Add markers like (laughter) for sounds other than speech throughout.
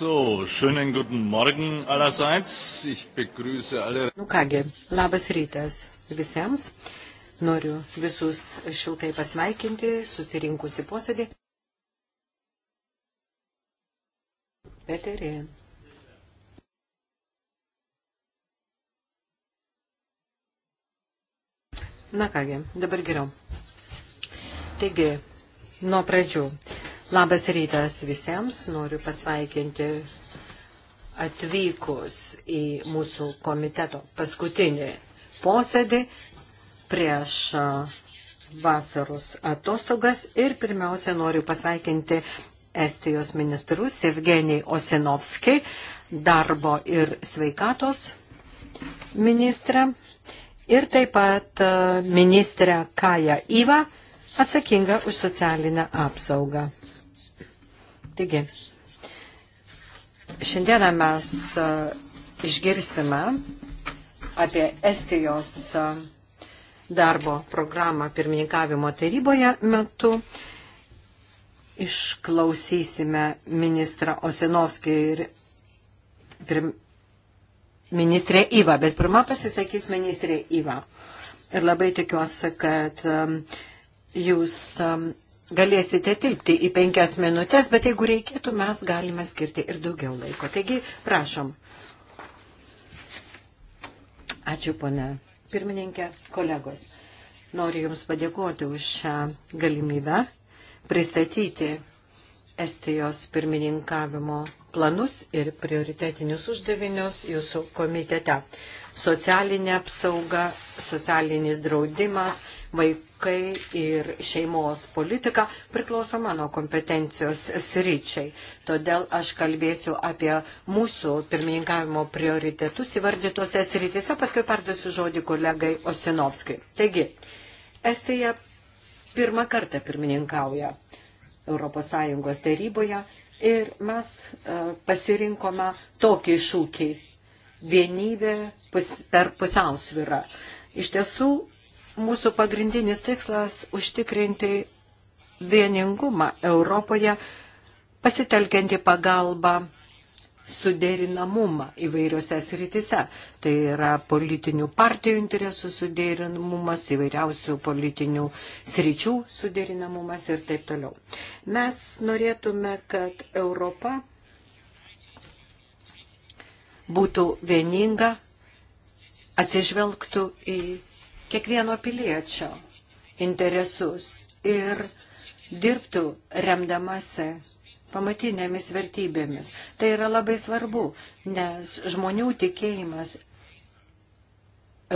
So, schönen guten Morgen allerseits. Ich begrüße alle. Nu kągi, labas rytas visiems. Noriu visus šiltai pasveikinti, susirinkusi posėdį. Peterė. Na kągi, dabar geriau. Taigi, nuo pradžių. Labas rytas visiems, noriu pasveikinti atvykus į mūsų komiteto paskutinį posėdį prieš vasaros atostogas ir pirmiausia noriu pasveikinti Estijos ministrus Evgenijai Osinovskiai, darbo ir sveikatos ministrą ir taip pat ministrę Kaja Iva, atsakingą už socialinę apsaugą. Taigi, šiandieną mes e, išgirsime apie Estijos e, darbo programą pirmininkavimo taryboje metu išklausysime ministrą Osinovskį ir prim, ministrė Iva, bet pirmą pasisakys ministrė Iva. Ir labai tikiuosi, kad e, jūs galėsite tilpti į penkias minutės, bet jeigu reikėtų, mes galime skirti ir daugiau laiko. Taigi, prašom. Ačiū, ponė pirmininkė, kolegos. Noriu Jums padėkoti už šią galimybę pristatyti Estijos pirmininkavimo planus ir prioritetinius uždavinius jūsų komitete. Socialinė apsauga, socialinis draudimas, vaikai ir šeimos politika priklauso mano kompetencijos sryčiai. Todėl aš kalbėsiu apie mūsų pirmininkavimo prioritetus įvardytose srityse, paskui perduosiu žodį kolegai Osinovskui. Taigi, Estija pirmą kartą pirmininkauja ES taryboje Ir mes e, pasirinkome tokį šūkį - vienybė per pusiausvyrą. Iš tiesų, mūsų pagrindinis tikslas - užtikrinti vieningumą Europoje, pasitelkianti pagalbą suderinamumą įvairiose sritise. Tai yra politinių partijų interesų suderinamumas, įvairiausių politinių sričių suderinamumas ir taip toliau. Mes norėtume, kad Europa būtų vieninga, atsižvelgtų į kiekvieno piliečio interesus ir dirbtų remdamasi pamatinėmis vertybėmis. Tai yra labai svarbu, nes žmonių tikėjimas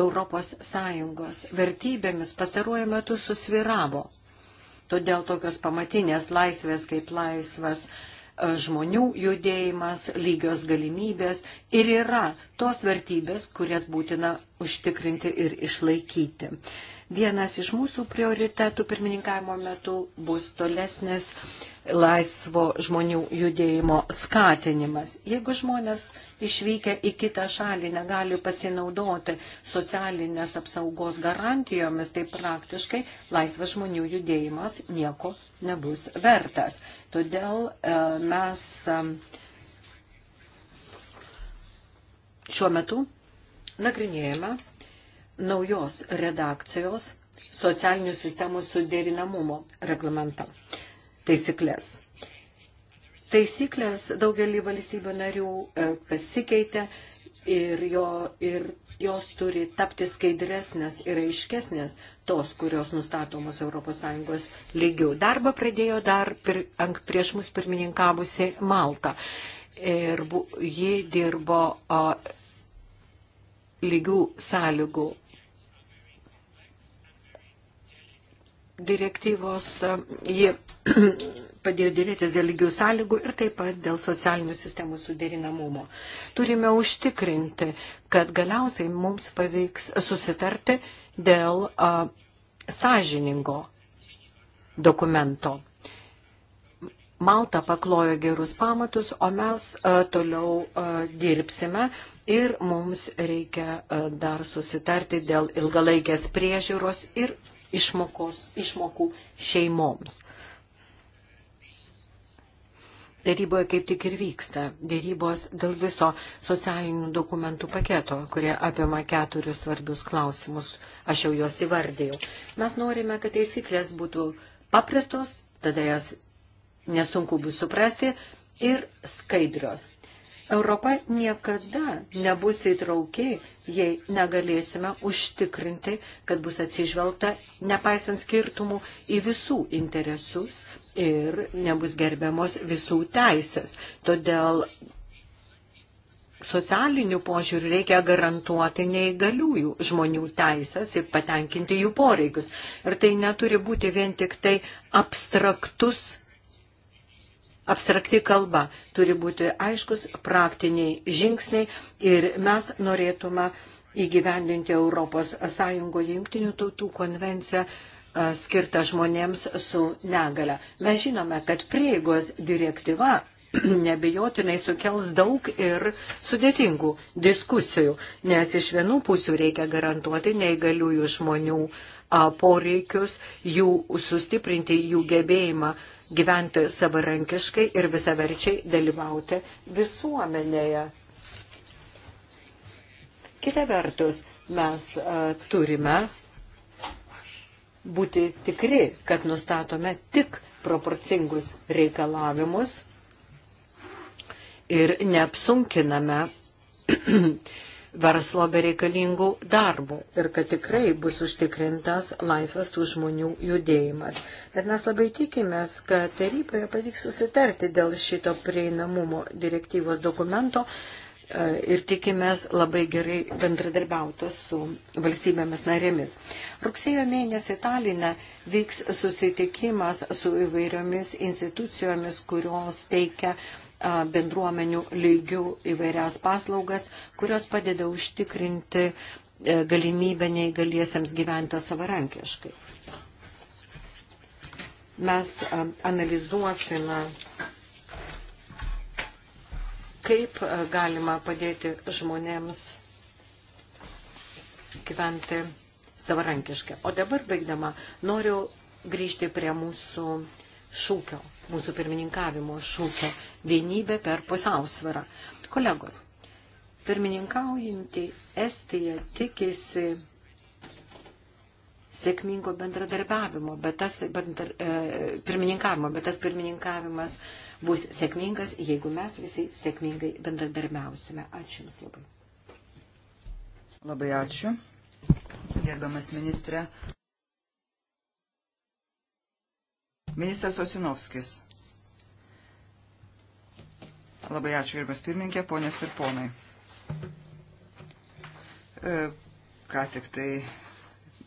Europos Sąjungos vertybėmis pastaruoju metu susviravo. Todėl tokios pamatinės laisvės kaip laisvas e, žmonių judėjimas, lygios galimybės ir yra tos vertybės, kurias būtina užtikrinti ir išlaikyti. Vienas iš mūsų prioritetų pirmininkavimo metu bus tolesnis uh, laisvo žmonių judėjimo skatinimas. Jeigu žmonės išvykę į kitą šalį negali pasinaudoti socialinės apsaugos garantijomis, tai praktiškai laisvas žmonių judėjimas nieko nebus vertas. Todėl e, mes e, šiuo metu nagrinėjame naujos redakcijos socialinių sistemų suderinamumo reglamentą taisyklės. Taisyklės daugelį valstybių narių e, pasikeitė ir, jo, ir jos turi tapti skaidresnės ir aiškesnės tos, kurios nustatomos ES lygių. Darbą pradėjo dar pir, prieš mus pirmininkavusi Malta. Ir bu, ji dirbo o, lygių sąlygų direktyvos, e, ji (clears throat) padėjo dėrėtis dėl lygių sąlygų ir taip pat dėl socialinių sistemų suderinamumo. Turime užtikrinti, kad galiausiai mums pavyks susitarti dėl a, sąžiningo dokumento. Malta paklojo gerus pamatus, o mes a, toliau a, dirbsime ir mums reikia a, dar susitarti dėl ilgalaikės priežiūros ir išmokos, išmokų šeimoms. Dėryboje kaip tik ir vyksta dėrybos dėl viso socialinių dokumentų paketo, kurie apima keturius svarbius klausimus. Aš jau juos įvardėjau. Mes norime, kad taisyklės būtų paprastos, tada jas nesunku bus suprasti ir skaidrios. Europa niekada nebus įtraukiai, jei negalėsime užtikrinti, kad bus atsižvelgta, nepaisant skirtumų, į visų interesus ir nebus gerbiamos visų teisės. Todėl socialinių požiūrių reikia garantuoti neįgaliųjų žmonių teisės ir patenkinti jų poreikius. Ir tai neturi būti vien tik tai abstraktus abstrakti kalba, turi būti aiškus praktiniai žingsniai ir mes norėtume įgyvendinti Europos Sąjungoje jungtinių tautų konvenciją skirtą žmonėms su negale. Mes žinome, kad prieigos direktyva (clears throat) nebejotinai sukels daug ir sudėtingų diskusijų, nes iš vienų pusių reikia garantuoti neįgaliųjų žmonių poreikius, jų sustiprinti jų gebėjimą uh, gyventi savarankiškai ir visaverčiai dalyvauti visuomenėje. Kita vertus, mes a, turime būti tikri, kad nustatome tik proporcingus reikalavimus ir neapsunkiname verslo bereikalingų darbų ir kad tikrai bus užtikrintas laisvas tų žmonių judėjimas. Bet mes labai tikimės, kad taryboje pavyks susitarti dėl šito prieinamumo direktyvos dokumento e, ir tikimės labai gerai bendradarbiauti su valstybėmis narėmis. Rugsėjo mėnesį Taline vyks susitikimas su įvairiomis institucijomis, kurios teikia uh, bendruomenių lygių įvairias paslaugas, kurios padeda užtikrinti e, galimybę neįgaliesiems gyventi savarankiškai. Mes analizuosime, kaip galima padėti žmonėms gyventi savarankiškai. O dabar baigdama noriu grįžti prie mūsų šūkio mūsų pirmininkavimo šūkio - vienybė per pusiausvyrą. Kolegos, pirmininkaujantį Estiją tikisi sėkmingo bendradarbiavimo, bet tas, bendra, e, pirmininkavimo, bet tas pirmininkavimas bus sėkmingas, jeigu mes visi sėkmingai bendradarbiausime. Ačiū Jums labai. Labai ačiū, gerbiamas ministrė. Ministras Osinovskis. Labai ačiū ir pirmininkė, ponės ir ponai. E, ką tik tai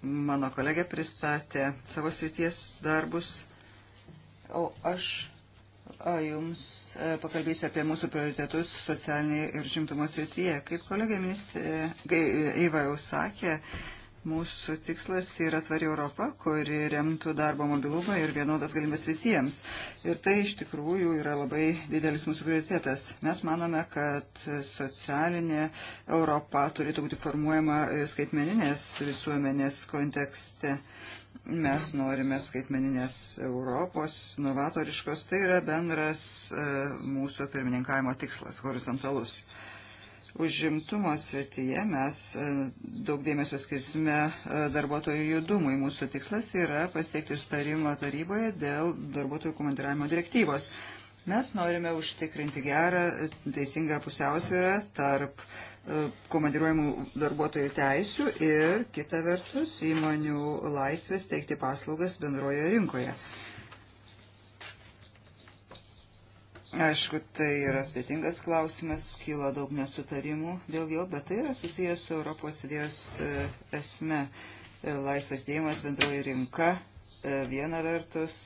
mano kolegė pristatė savo srities darbus, o aš o jums e, pakalbėsiu apie mūsų prioritetus socialinėje ir žimtumo srityje. Kaip kolegė ministrė Eiva jau sakė, Mūsų tikslas yra tvari Europa, kuri remtų darbo mobilumą ir vienodas galimybės visiems. Ir tai iš tikrųjų yra labai didelis mūsų prioritetas. Mes manome, kad socialinė Europa turėtų būti formuojama skaitmeninės visuomenės kontekste mes norime skaitmeninės Europos, novatoriškos, tai yra bendras e, mūsų pirmininkavimo tikslas, horizontalus. Uh, užimtumo srityje mes e, daug dėmesio skirsime e, darbuotojų judumui. Mūsų tikslas yra pasiekti sutarimą taryboje dėl darbuotojų komandiravimo direktyvos. Mes norime užtikrinti gerą, teisingą pusiausvyrą tarp e, komandiruojamų darbuotojų teisių ir kita vertus įmonių laisvės teikti paslaugas bendrojoje rinkoje. Aišku, tai yra sudėtingas klausimas, kyla daug nesutarimų dėl jo, bet tai yra susijęs su Europos idėjos e, esme. E, laisvas dėjimas, bendroji rinka, e, viena vertus,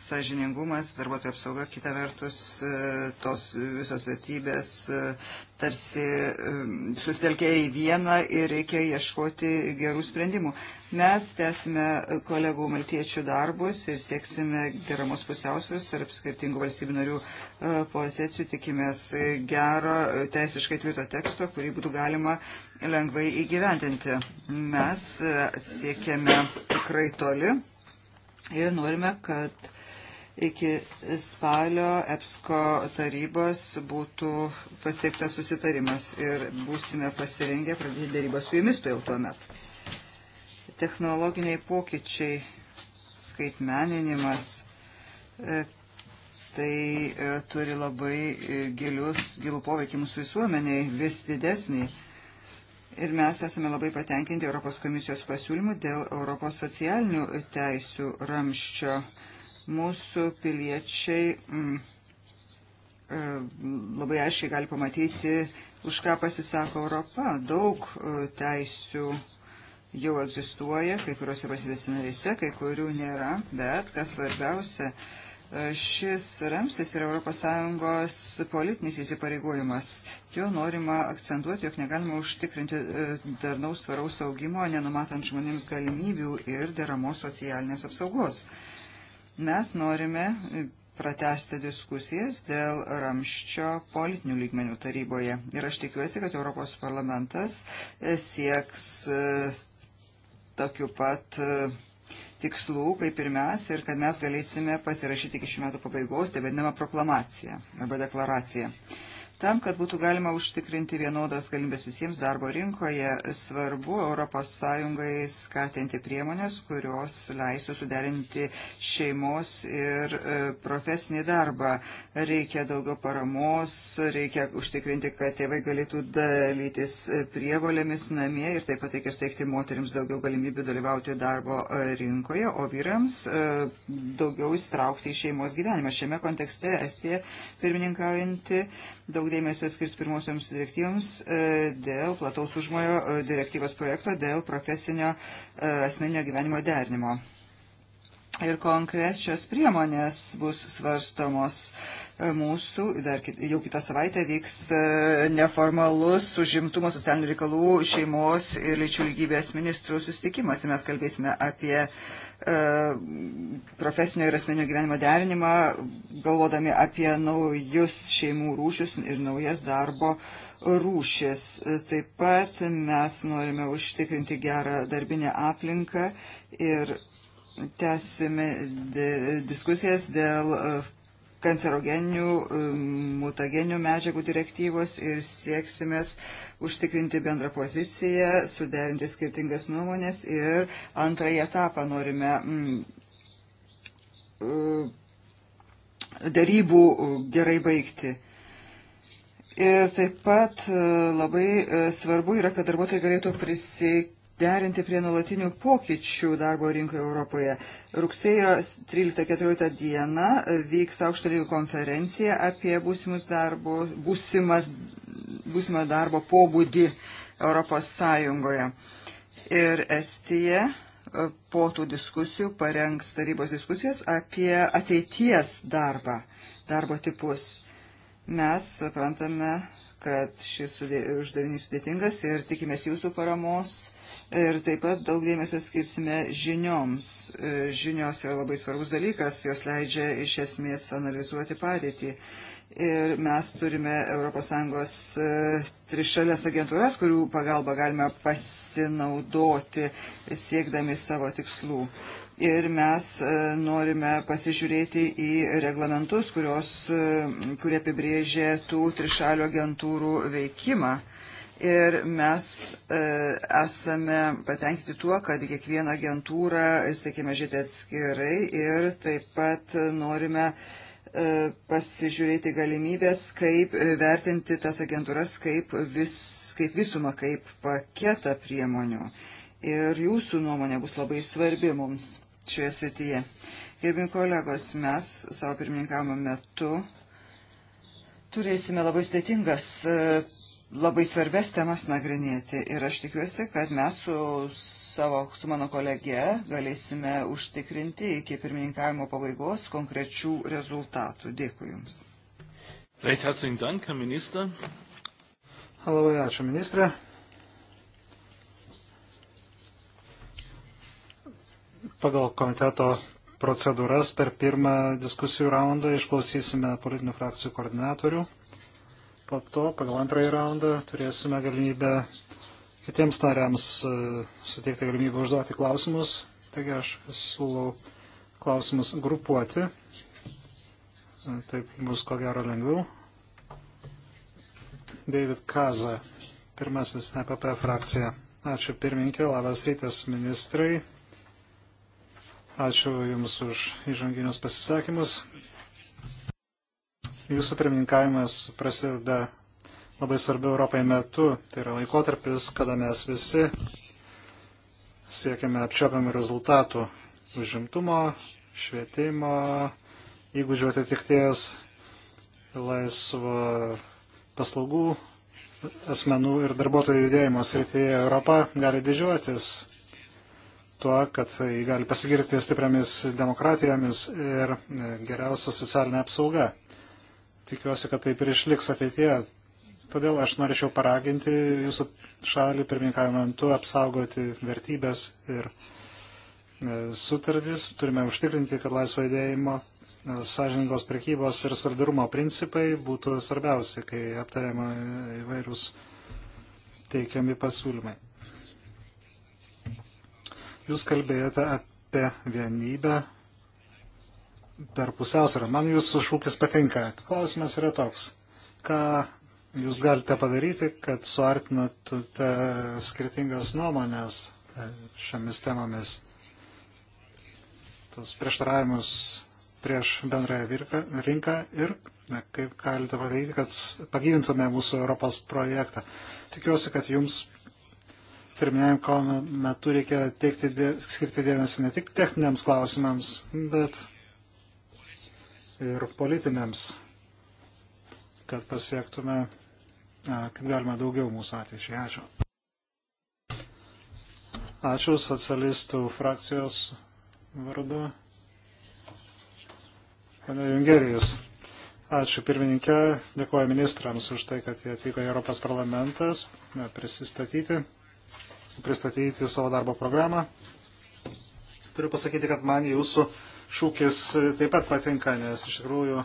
sažiningumas, darbuotojų apsauga, kita vertus, tos visos vertybės tarsi sustelkė į vieną ir reikia ieškoti gerų sprendimų. Mes tęsime kolegų maltiečių darbus ir sieksime deramos pusiausvės tarp skirtingų valstybių narių e, pozicijų. Tikimės gero teisiškai tvirto teksto, kurį būtų galima lengvai įgyvendinti. Mes e, siekiame tikrai toli ir norime, kad iki spalio EPSCO tarybos būtų pasiektas susitarimas ir būsime pasirengę pradėti darybą su jumis tuojau tuo metu. Technologiniai pokyčiai, skaitmeninimas, e, tai e, turi labai e, gilius, gilų poveikį mūsų visuomeniai, vis didesnį. Ir mes esame labai patenkinti Europos komisijos pasiūlymų dėl Europos socialinių teisių ramščio mūsų piliečiai mm, e, labai aiškiai gali pamatyti, už ką pasisako Europa. Daug e, teisių jau egzistuoja, kai kuriuose valstybės narėse, kai kurių nėra, bet kas svarbiausia, e, šis ramstis yra ES politinis įsipareigojimas. Jo norima akcentuoti, jog negalima užtikrinti darnaus svaraus augimo, nenumatant žmonėms galimybių ir deramos socialinės apsaugos. Mes norime pratesti diskusijas dėl ramščio politinių lygmenių taryboje. Ir aš tikiuosi, kad Europos parlamentas e, sieks e, tokiu pat e, tikslų, kaip ir mes, ir kad mes galėsime pasirašyti iki šių metų pabaigos, tai vadinamą proklamaciją arba deklaraciją. Tam, kad būtų galima užtikrinti vienodas galimybės visiems darbo rinkoje, svarbu ES skatinti priemonės, kurios leisų suderinti šeimos ir e, profesinį darbą. Reikia daugiau paramos, reikia užtikrinti, kad tėvai galėtų dalytis e, prievolėmis namie ir taip pat reikia steigti moteriams daugiau galimybių dalyvauti darbo e, rinkoje, o vyrams daugiau įstraukti į šeimos gyvenimą. Šiame kontekste Estija pirmininkaujanti daug dėmesio skirs pirmosioms direktyvams e, dėl plataus užmojo e, direktyvos projekto dėl profesinio e, asmeninio gyvenimo derinimo. Ir konkrečios priemonės bus svarstomos mūsų, dar jau kitą savaitę vyks neformalus užimtumo socialinių reikalų šeimos ir lyčių lygybės ministrų susitikimas. Mes kalbėsime apie uh, E, profesinio ir asmenio gyvenimo derinimą, galvodami apie naujus šeimų rūšius ir naujas darbo rūšis. Taip pat mes norime užtikrinti gerą darbinę aplinką ir tęsime diskusijas dėl e, kancerogeninių, um, mutageninių medžiagų direktyvos ir sieksimės užtikrinti bendrą poziciją, suderinti skirtingas nuomonės ir antrąjį etapą norime mm, darybų mm, gerai baigti. Ir taip pat mm, labai svarbu yra, kad darbuotojai galėtų prisikėti derinti prie nuolatinių pokyčių darbo rinkoje Europoje. Rugsėjo 13-14 dieną vyks aukšto lygio konferencija apie darbo, būsimas, būsimą darbo pobūdį Europos Sąjungoje. Ir Estija po tų diskusijų parengs tarybos diskusijas apie ateities darbą, darbo tipus. Mes suprantame, kad šis uždavinys sudėtingas ir tikimės jūsų paramos Ir taip pat daug dėmesio skirsime žinioms. E, žinios yra labai svarbus dalykas, jos leidžia iš esmės analizuoti padėtį. Ir mes turime ES e, trišalės agentūras, kurių pagalba galime pasinaudoti siekdami savo tikslų. Ir mes e, norime pasižiūrėti į reglamentus, kurios, kurie apibrėžė tų trišalių agentūrų veikimą ir mes e, esame patenkinti tuo, kad kiekvieną agentūrą, sakykime, žiūrėti atskirai ir taip pat norime e, pasižiūrėti galimybės, kaip vertinti tas agentūras kaip, vis, kaip visumą, kaip paketą priemonių. Ir jūsų nuomonė bus labai svarbi mums šioje srityje. Gerbim kolegos, mes savo pirmininkavimo metu turėsime labai sudėtingas e, labai svarbės temas nagrinėti ir aš tikiuosi, kad mes su savo, su mano kolege galėsime užtikrinti iki pirmininkavimo pabaigos konkrečių rezultatų. Dėkui Jums. Recht herzlichen Dank, Herr Minister. Labai ačiū, ministrė. Pagal komiteto procedūras per pirmą diskusijų raundą išklausysime politinių frakcijų koordinatorių po to, pagal antrąjį raundą, turėsime galimybę kitiems nariams e, suteikti galimybę užduoti klausimus. Taigi aš siūlau klausimus grupuoti. E, taip bus ko gero lengviau. David Kaza, pirmasis EPP frakcija. Ačiū pirmininkė, labas rytas ministrai. Ačiū Jums už įžanginius pasisakymus. Jūsų pirmininkavimas prasideda labai svarbiu Europai metu. Tai yra laikotarpis, kada mes visi siekiame apčiopiamų rezultatų užimtumo, švietimo, įgūdžių atitikties, laisvo paslaugų asmenų ir darbuotojų judėjimo srityje Europa gali didžiuotis tuo, kad jį gali pasigirti stipriamis demokratijomis ir geriausia socialinė apsauga tikiuosi, kad taip ir išliks ateitie. Todėl aš norėčiau paraginti jūsų šalį pirmininkavimą apsaugoti vertybės ir e, sutartys. Turime užtikrinti, kad laisvo judėjimo, e, sąžiningos prekybos ir solidarumo principai būtų svarbiausi, kai aptariama įvairūs teikiami pasiūlymai. Jūs kalbėjote apie vienybę per pusiausvyrą. Man jūsų šūkis patinka. Klausimas yra toks. Ką jūs galite padaryti, kad suartinate skirtingas nuomonės e, šiomis temomis? Tos prieštaravimus prieš bendrąją rinką ir na, kaip galite padaryti, kad pagyvintume mūsų Europos projektą. Tikiuosi, kad jums pirmininkavimo metu reikia teikti, skirti dėmesį ne tik techniniams klausimams, bet ir politiniams, kad pasiektume, kad galime daugiau mūsų ateičiai. Ačiū. Ačiū socialistų frakcijos vardu. Pane Jungerijus. Ačiū pirmininkė, dėkuoju ministrams už tai, kad jie atvyko į Europos parlamentas prisistatyti, pristatyti savo darbo programą. Turiu pasakyti, kad man jūsų šūkis taip pat patinka, nes iš tikrųjų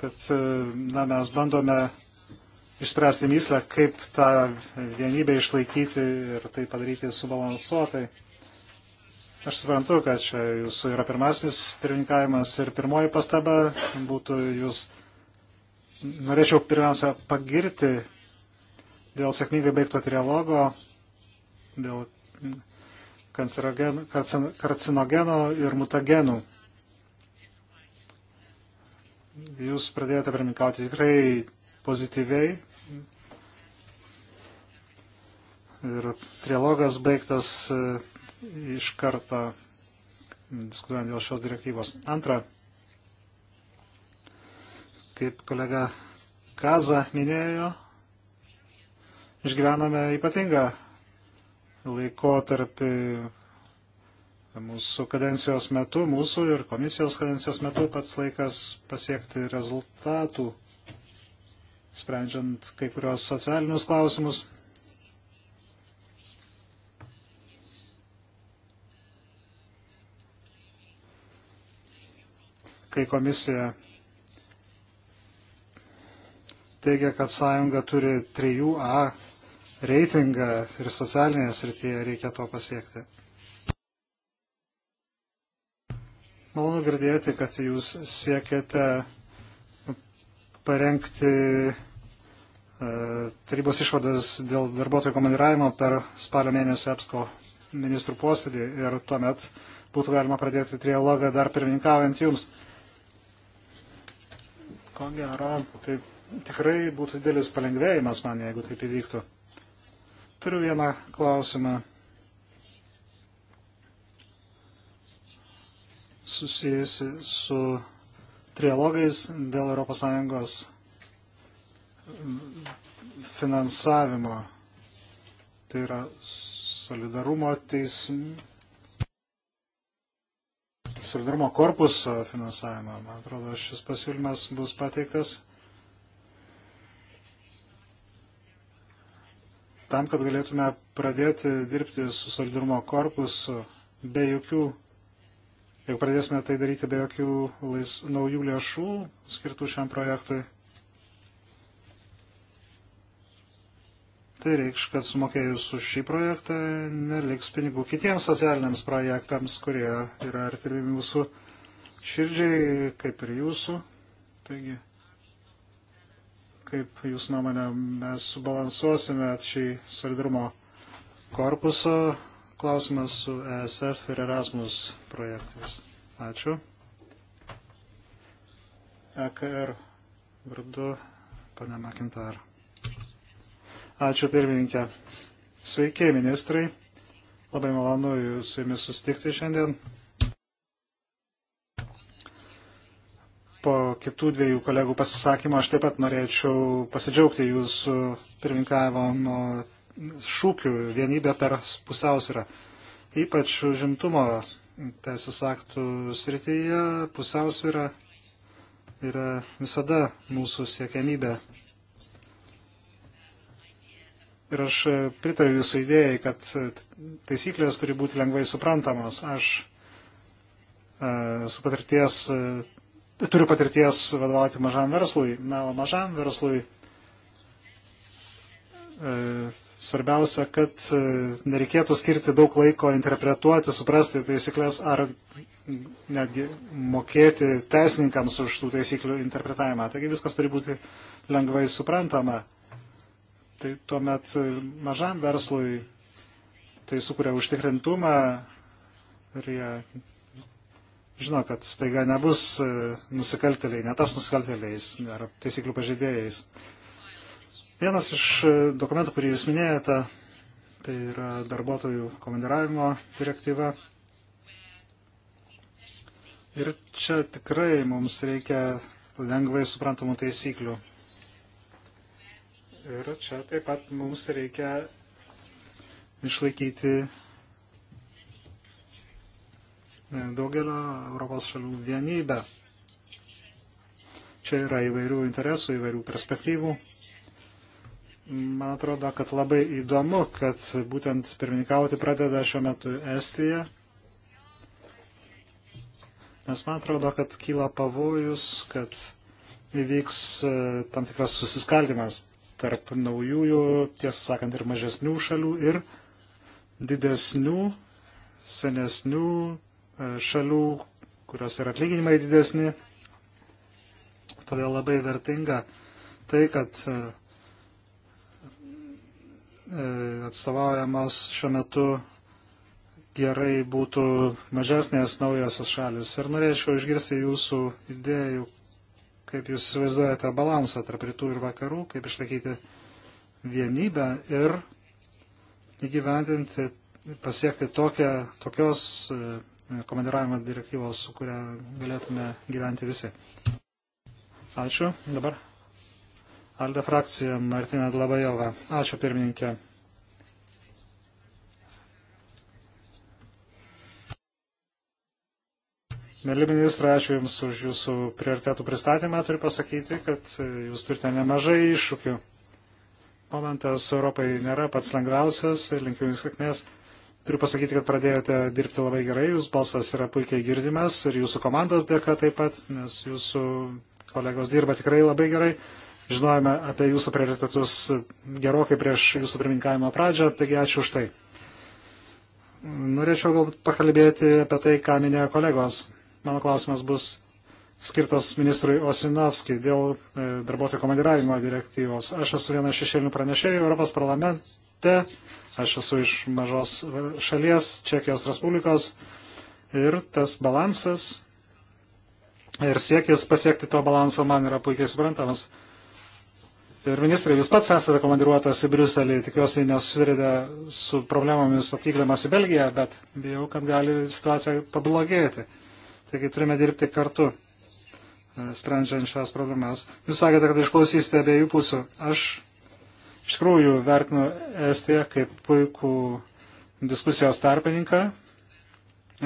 kad na, mes bandome išspręsti myslę, kaip tą vienybę išlaikyti ir tai padaryti subalansuotai. Aš suprantu, kad čia jūsų yra pirmasis pirmininkavimas ir pirmoji pastaba būtų jūs Norėčiau pirmiausia pagirti dėl sėkmingai baigto trialogo, dėl karcinogenų ir mutagenų. Jūs pradėjote pirmininkauti tikrai pozityviai. Ir trialogas baigtas e, iš karto diskutuojant dėl šios direktyvos. Antra, Kaip kolega Kaza minėjo, išgyvename ypatingą laikotarpį mūsų kadencijos metu, mūsų ir komisijos kadencijos metu pats laikas pasiekti rezultatų, sprendžiant kai kurios socialinius klausimus. Kai komisija teigia, kad sąjunga turi 3A reitingą ir socialinėje srityje reikia to pasiekti. Malonu girdėti, kad jūs siekiate parengti e, tarybos išvadas dėl darbuotojų komandiravimo per spalio mėnesio EPSCO ministrų posėdį ir tuomet būtų galima pradėti trialogą dar pirmininkaujant jums. Ko gero, taip tikrai būtų didelis palengvėjimas man, jeigu taip įvyktų. Turiu vieną klausimą susijusi su trialogais dėl ES finansavimo. Tai yra solidarumo teismų. Solidarumo korpuso finansavimą. Man atrodo, šis pasiūlymas bus pateiktas tam, kad galėtume pradėti dirbti su solidarumo korpusu be jokių, jeigu pradėsime tai daryti be jokių lais, naujų lėšų skirtų šiam projektui, tai reikš, kad sumokėjus už šį projektą neliks pinigų kitiems socialiniams projektams, kurie yra artimi mūsų širdžiai, kaip ir jūsų. Taigi kaip jūs nuomonė mes subalansuosime šį solidarumo korpuso klausimą su ESF ir Erasmus projektais. Ačiū. EKR vardu pane Makintar. Ačiū pirmininkė. Sveiki, ministrai. Labai malonu su jumis susitikti šiandien. po kitų dviejų kolegų pasisakymo aš taip pat norėčiau pasidžiaugti jūsų pirmininkavimo šūkių vienybė per pusiausvyrą. Ypač žimtumo teisės aktų srityje pusiausvyrą yra visada mūsų siekiamybė. Ir aš pritariu jūsų idėjai, kad taisyklės turi būti lengvai suprantamos. Aš e, su patirties e, turiu patirties vadovauti mažam verslui. Na, o mažam verslui e, svarbiausia, kad e, nereikėtų skirti daug laiko interpretuoti, suprasti taisyklės ar netgi mokėti teisininkams už tų taisyklių interpretavimą. Taigi viskas turi būti lengvai suprantama. Tai tuomet e, mažam verslui tai sukuria užtikrintumą ir jie žino, kad staiga nebus e, nusikaltėliai, netaps nusikaltėliais ar taisyklių pažeidėjais. Vienas iš e, dokumentų, kurį jūs minėjote, tai yra darbuotojų komandiravimo direktyva. Ir čia tikrai mums reikia lengvai suprantamų taisyklių. Ir čia taip pat mums reikia išlaikyti daugelio Europos šalių vienybę. Čia yra įvairių interesų, įvairių perspektyvų. Man atrodo, kad labai įdomu, kad būtent pirmininkauti pradeda šiuo metu Estija. Nes man atrodo, kad kyla pavojus, kad įvyks e, tam tikras susiskaldimas tarp naujųjų, tiesą sakant, ir mažesnių šalių, ir didesnių, senesnių, E, šalių, kurios yra atlyginimai didesni. Todėl labai vertinga tai, kad e, e, atstovaujamos šiuo metu gerai būtų mažesnės naujosios šalis. Ir norėčiau išgirsti jūsų idėjų, kaip jūs įsivaizduojate balansą tarp rytų ir vakarų, kaip išlaikyti vienybę ir įgyvendinti, pasiekti tokią, tokios komandiravimo direktyvos, su kuria galėtume gyventi visi. Ačiū. Dabar Alde frakcija Martina Dlabajova. Ačiū pirmininkė. Mėly ministrai, ačiū Jums už Jūsų prioritetų pristatymą. Turiu pasakyti, kad Jūs turite nemažai iššūkių. Momentas Europai nėra pats lengviausias ir linkiu Jums sėkmės Turiu pasakyti, kad pradėjote dirbti labai gerai, jūs balsas yra puikiai girdimas ir jūsų komandos dėka taip pat, nes jūsų kolegos dirba tikrai labai gerai. Žinojame apie jūsų prioritetus gerokai prieš jūsų pirmininkavimo pradžią, taigi ačiū už tai. Norėčiau galbūt pakalbėti apie tai, ką minėjo kolegos. Mano klausimas bus skirtas ministrui Osinovskijai dėl e, darbuotojų komandiravimo direktyvos. Aš esu vienas šešėlinių pranešėjų Europos parlamente Aš esu iš mažos šalies, Čekijos Respublikos ir tas balansas ir siekis pasiekti to balanso man yra puikiai suprantamas. Ir ministrai, jūs pats esate komandiruotas į Briuselį, tikiuosi nesusidurėte su problemomis atvykdamas į Belgiją, bet bijau, kad gali situacija pablogėti. Taigi turime dirbti kartu, e, sprendžiant šias problemas. Jūs sakėte, kad išklausysite abiejų pusių. Aš Iš tikrųjų, vertinu Estiją kaip puikų diskusijos tarpininką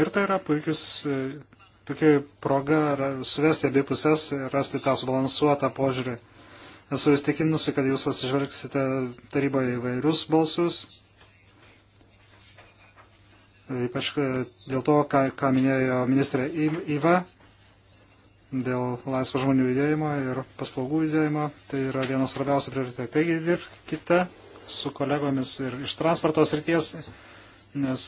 ir tai yra puikius, e, puikiai proga suvesti abi pusės ir rasti tą subalansuotą požiūrį. Esu įstikinusi, kad jūs atsižvelgsite taryboje įvairius balsus, ypač e, dėl to, ką, ką minėjo ministrė Iva dėl laisvo žmonių judėjimo ir paslaugų judėjimo. Tai yra vienas svarbiausių prioritetų. Taigi dirbkite su kolegomis ir iš transporto srities, nes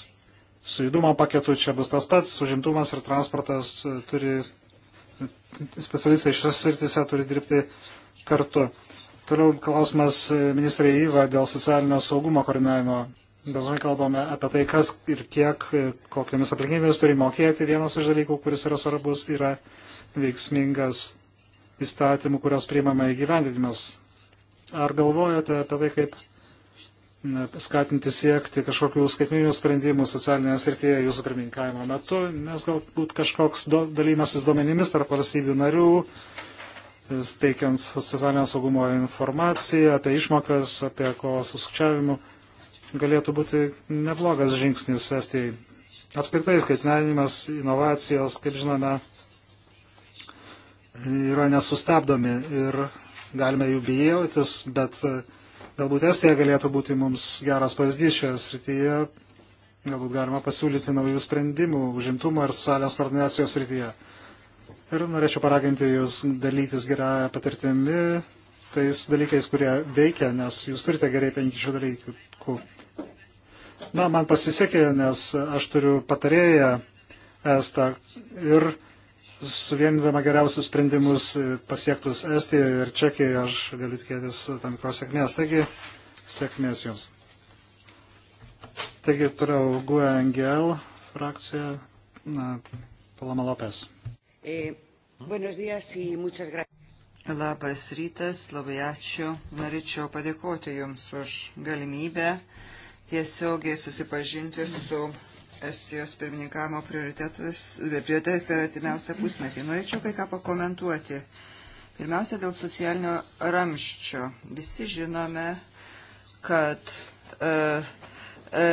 su judumo paketu čia bus tas pats, užimtumas ir transportas e, turi, specialistai šios srityse turi dirbti kartu. Toliau klausimas e, ministrė Įva dėl socialinio saugumo koordinavimo. Dažnai kalbame apie tai, kas ir kiek, e, kokiamis aplinkybėmis turi mokėti. Vienas iš dalykų, kuris yra svarbus, yra veiksmingas įstatymų, kurios priimama įgyvendinimas. Ar galvojate apie tai, kaip skatinti siekti kažkokių skaitmeninių sprendimų socialinėje srityje jūsų pirmininkavimo metu, nes galbūt kažkoks do, dalymasis duomenimis tarp valstybių narių, e, steikiant socialinio saugumo informaciją apie išmokas, apie ko susukčiavimų, galėtų būti neblogas žingsnis Estijai. Apskritai skaitmeninimas, inovacijos, kaip žinome, yra nesustabdomi ir galime jų bijautis, bet e, galbūt Estija galėtų būti mums geras pavyzdys šioje srityje. Galbūt galima pasiūlyti naujų sprendimų užimtumo ir salės koordinacijos srityje. Ir norėčiau paraginti jūs dalytis gerąją patirtimi, tais dalykais, kurie veikia, nes jūs turite gerai penkišių dalykų. Na, man pasisekė, nes aš turiu patarėją Estą ir suvienydama geriausius sprendimus pasiektus Estijoje ir Čekijoje, aš galiu tikėtis tam tikros sėkmės. Taigi, sėkmės jums. Taigi, toliau GUE NGL frakcija, na, Palama Lopes. E, Labas rytas, labai ačiū. Norėčiau padėkoti Jums už galimybę tiesiogiai susipažinti su Estijos pirmininkavimo e, prioritetais per artimiausią pusmetį. Norėčiau kai ką pakomentuoti. Pirmiausia, dėl socialinio ramščio. Visi žinome, kad e, e,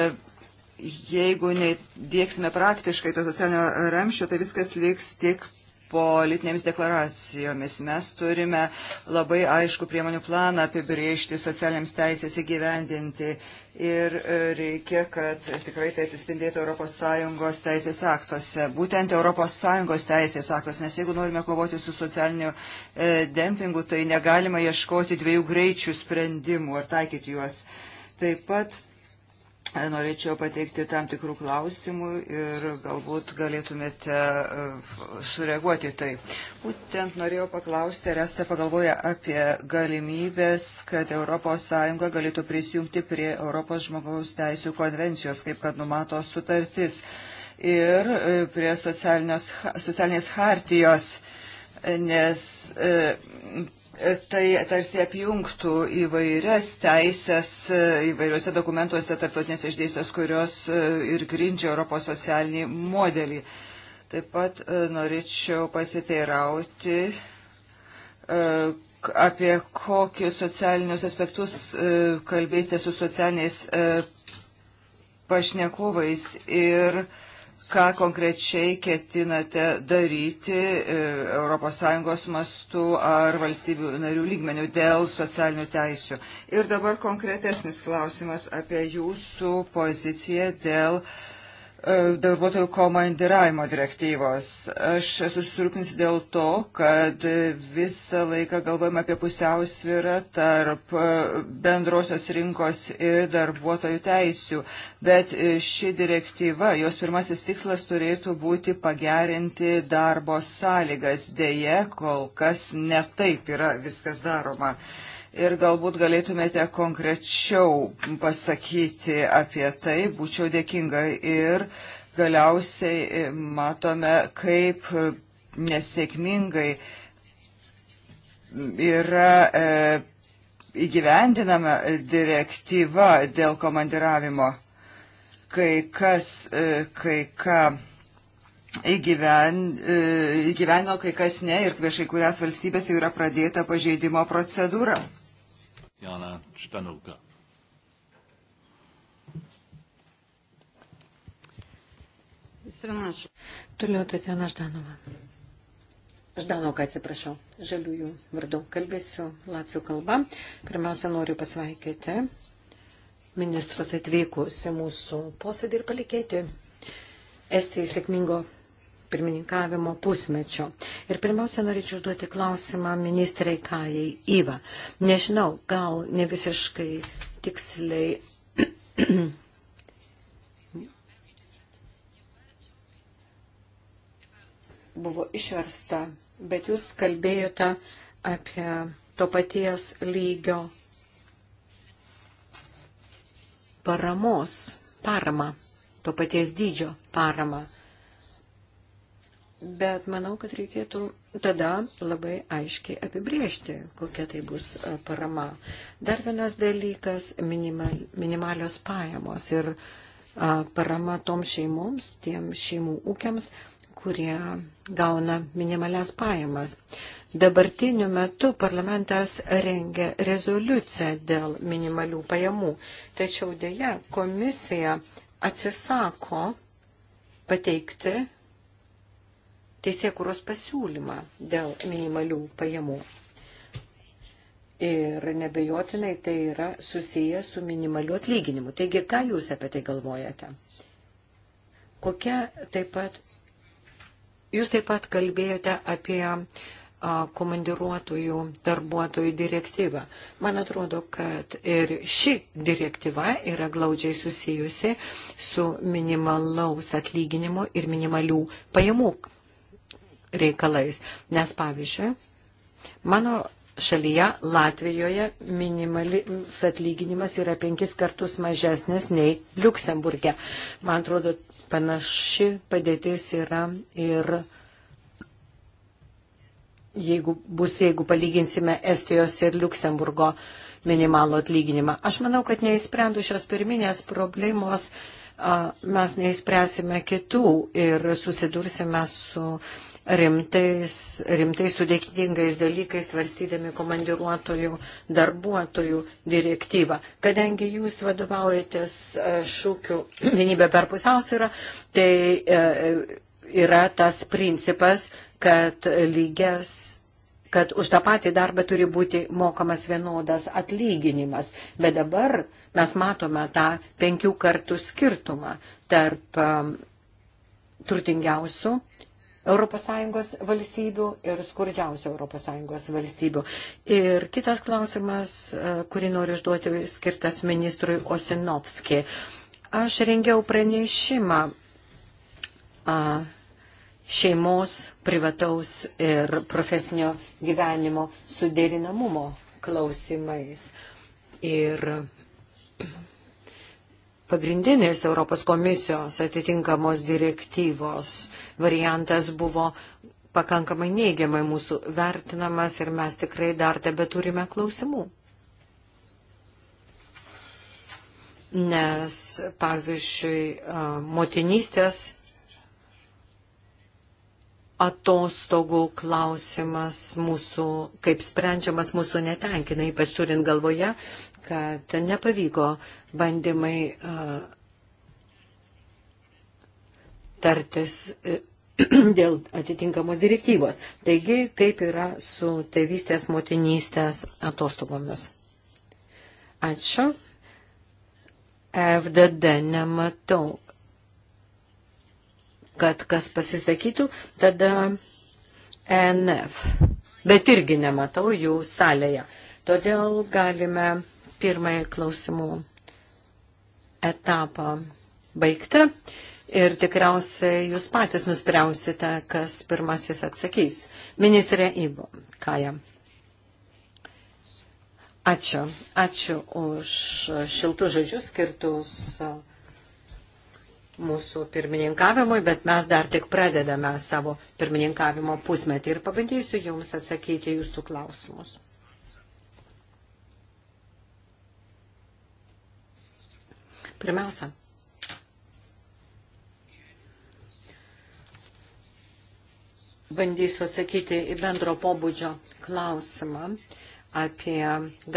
jeigu neįdėksime praktiškai to socialinio ramščio, tai viskas liks tik politinėmis deklaracijomis. Mes turime labai aišku priemonių planą apibriežti socialiniams teisės įgyvendinti ir e, reikia, kad tikrai tai atsispindėtų ES teisės aktuose, būtent ES teisės aktuose, nes jeigu norime kovoti su socialiniu e, dempingu, tai negalima ieškoti dviejų greičių sprendimų ar taikyti juos. Taip pat norėčiau pateikti tam tikrų klausimų ir galbūt galėtumėte e, sureaguoti tai. Būtent norėjau paklausti, ar esate pagalvoję apie galimybės, kad ES galėtų prisijungti prie Europos žmogaus teisų konvencijos, kaip kad numato sutartis, ir e, prie socialinės hartijos, nes e, tai tarsi apjungtų įvairias teisės e, įvairiuose dokumentuose tarptautinės išdėstės, kurios e, ir grindžia Europos socialinį modelį. Taip pat e, norėčiau pasiteirauti apie kokius socialinius aspektus kalbėsite su socialiniais pašnekovais ir uh, ką konkrečiai ketinate daryti ES mastu ar valstybių narių lygmenių dėl socialinių teisių. Ir dabar konkretesnis klausimas apie jūsų poziciją dėl uh, E, darbuotojų komandiravimo direktyvos. Aš esu susirūpinusi dėl to, kad visą laiką galvojame apie pusiausvyrą tarp e, bendrosios rinkos ir darbuotojų teisių, bet e, ši direktyva, jos pirmasis tikslas turėtų būti pagerinti darbo sąlygas. Deja, kol kas netaip yra viskas daroma. Uh, ir galbūt galėtumėte konkrečiau pasakyti apie tai, būčiau dėkinga ir galiausiai e, matome, kaip nesėkmingai yra e, įgyvendinama direktyva dėl komandiravimo. Kai kas, e, kai ką įgyven, e, įgyveno, kai kas ne ir priešai kurias valstybės jau yra pradėta pažeidimo procedūra. Jana Štanuka. Toliau Tatjana Ždanova. Ždanoka, atsiprašau, žaliųjų vardu. Kalbėsiu latvių kalbą. Pirmiausia, noriu pasveikyti ministrus atvykus į mūsų posėdį ir palikėti Estijai sėkmingo pirmininkavimo pusmečio. Ir pirmiausia, norėčiau užduoti klausimą ministrai Kajai Iva. Nežinau, gal ne visiškai tiksliai. (clears throat) buvo išversta, bet jūs kalbėjote apie to paties lygio paramos, paramą, to paties dydžio paramą Bet manau, kad reikėtų tada labai aiškiai apibriežti, kokia tai bus e, parama. Dar vienas dalykas minimal, - minimalios pajamos ir a, e, parama toms šeimoms, tiem šeimų ūkiams, kurie gauna minimalias pajamas. Dabartiniu metu parlamentas rengia rezoliuciją dėl minimalių pajamų, tačiau dėja komisija atsisako pateikti teisėkuros pasiūlymą dėl minimalių pajamų. Ir nebejotinai tai yra susiję su minimaliu atlyginimu. Taigi, ką Jūs apie tai galvojate? Kokia taip pat, Jūs taip pat kalbėjote apie komandiruotojų darbuotojų direktyvą. Man atrodo, kad ir ši direktyva yra glaudžiai susijusi su minimalaus atlyginimo ir minimalių pajamų reikalais. Nes pavyzdžiui, mano šalyje, Latvijoje, minimalis atlyginimas yra penkis kartus mažesnis nei Luksemburgė. Man atrodo, panaši padėtis yra ir jeigu bus, jeigu palyginsime Estijos ir Luksemburgo minimalų atlyginimą. Aš manau, kad neįsprendus šios pirminės problemos mes neįspręsime kitų ir susidursime su rimtais, rimtais sudėkingais dalykais svarstydami komandiruotojų darbuotojų direktyvą. Kadangi jūs vadovaujatės e, šūkiu (clears throat) vienybė per pusiausvyrą, tai e, e, yra tas principas, kad lygias kad už tą patį darbą turi būti mokamas vienodas atlyginimas. Bet dabar mes matome tą penkių kartų skirtumą tarp turtingiausių ES valstybių ir skurdžiausių ES valstybių. Ir kitas klausimas, e, kurį noriu išduoti, skirtas ministrui Osinovski. Aš rengiau pranešimą a, šeimos, privataus ir profesinio gyvenimo suderinamumo klausimais. Ir pagrindinis Europos komisijos atitinkamos direktyvos variantas buvo pakankamai neigiamai mūsų vertinamas ir mes tikrai dar tebe turime klausimų. Nes, pavyzdžiui, motinystės atostogų klausimas mūsų, kaip sprendžiamas mūsų netenkina, ypač turint galvoje, kad nepavyko bandymai tartis e, (clears throat) dėl atitinkamos direktyvos. Taigi, kaip yra su tėvystės motinystės atostogomis? Ačiū. FDD nematau, kad kas pasisakytų, tada NF. Bet irgi nematau jų salėje. Todėl galime pirmąjį klausimų etapą baigti ir tikriausiai jūs patys nuspręsite, kas pirmasis atsakys. Ministrė Ibo, Kaja. Ačiū. Ačiū už šiltus žodžius skirtus mūsų pirmininkavimui, bet mes dar tik pradedame savo pirmininkavimo pusmetį ir pabandysiu jums atsakyti jūsų klausimus. Pirmiausia, bandysiu atsakyti į bendro pobūdžio klausimą apie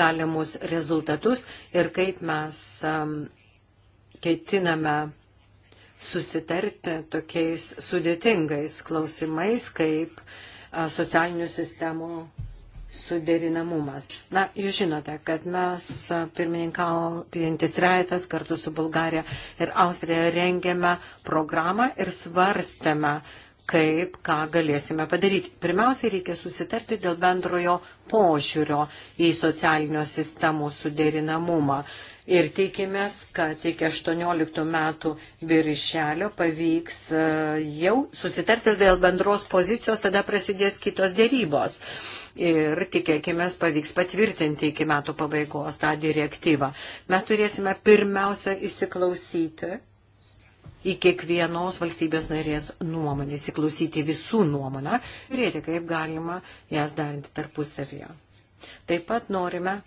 galimus rezultatus ir kaip mes um, ketiname susitarti tokiais sudėtingais klausimais, kaip uh, socialinių sistemų suderinamumas. Na, jūs žinote, kad mes pirmininkaujantis trejetas kartu su Bulgarija ir Austrija rengėme programą ir svarstėme, kaip ką galėsime padaryti. Pirmiausiai reikia susitarti dėl bendrojo požiūrio į socialinio sistemų suderinamumą ir tikimės, kad iki 18 metų birželio pavyks e, jau susitarti dėl bendros pozicijos, tada prasidės kitos dėrybos. Ir tikėkime, pavyks patvirtinti iki metų pabaigos tą direktyvą. Mes turėsime pirmiausia įsiklausyti į kiekvienos valstybės narės nuomonę, įsiklausyti visų nuomonę ir kaip galima jas darinti tarpusavyje. Taip pat norime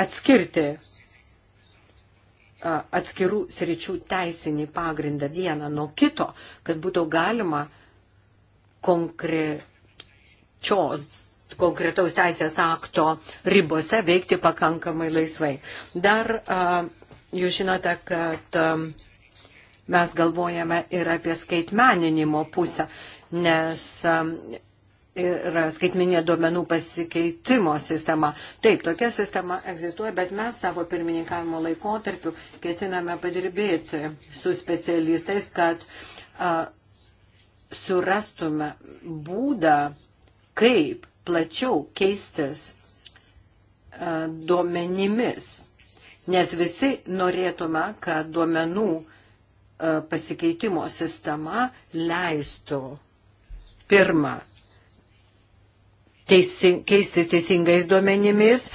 atskirti atskirų sričių teisinį pagrindą vieną nuo kito, kad būtų galima konkrečios, konkretaus teisės akto ribose veikti pakankamai laisvai. Dar jūs žinote, kad mes galvojame ir apie skaitmeninimo pusę, nes yra skaitminė duomenų pasikeitimo sistema. Taip, tokia sistema egzistuoja, bet mes savo pirmininkavimo laikotarpiu ketiname padirbėti su specialistais, kad a, surastume būdą, kaip plačiau keistis a, duomenimis, nes visi norėtume, kad duomenų a, pasikeitimo sistema leistų pirmą teisi, keistis teisingais duomenimis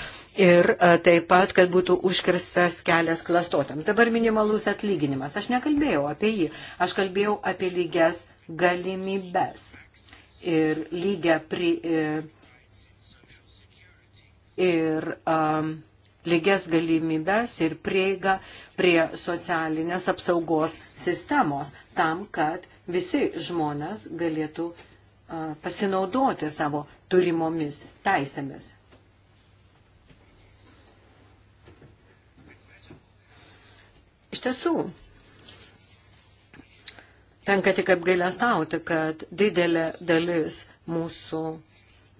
ir e, taip pat, kad būtų užkirstas kelias klastotam. Dabar minimalus atlyginimas. Aš nekalbėjau apie jį, aš kalbėjau apie lygias galimybes ir lygia pri, e, ir um, lygias galimybes ir prieiga prie socialinės apsaugos sistemos tam, kad visi žmonės galėtų uh, pasinaudoti savo turimomis teisėmis. Iš tiesų, tenka tik apgailestauti, kad didelė dalis mūsų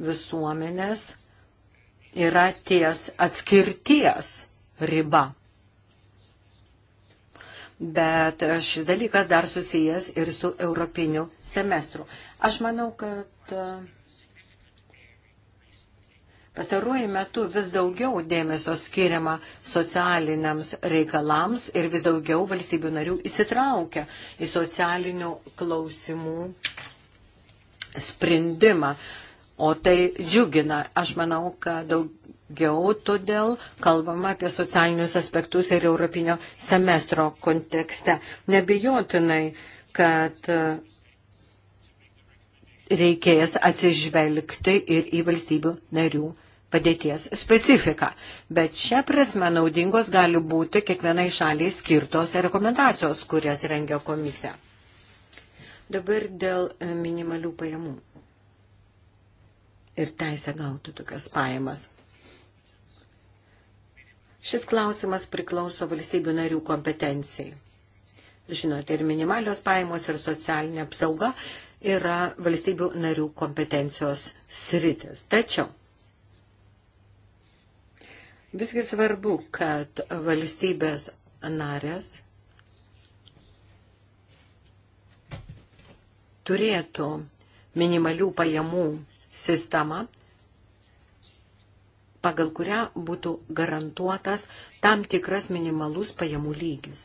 visuomenės yra ties atskirties riba. Bet šis dalykas dar susijęs ir su europiniu semestru. Aš manau, kad Pastaruoju metu vis daugiau dėmesio skiriama socialiniams reikalams ir vis daugiau valstybių narių įsitraukia į socialinių klausimų sprendimą. O tai džiugina. Aš manau, kad daugiau todėl kalbama apie socialinius aspektus ir Europinio semestro kontekste. Nebijotinai, kad e, reikės atsižvelgti ir į valstybių narių padėties specifiką. Bet šią prasme naudingos gali būti kiekvienai šaliai skirtos rekomendacijos, kurias rengia komisija. Dabar dėl e, minimalių pajamų ir teisę gauti tokias pajamas. Šis klausimas priklauso valstybių narių kompetencijai. Žinote, ir minimalios pajamos, ir socialinė apsauga yra valstybių narių kompetencijos sritis. Tačiau Visgi svarbu, kad valstybės narės turėtų minimalių pajamų sistemą, pagal kurią būtų garantuotas tam tikras minimalus pajamų lygis.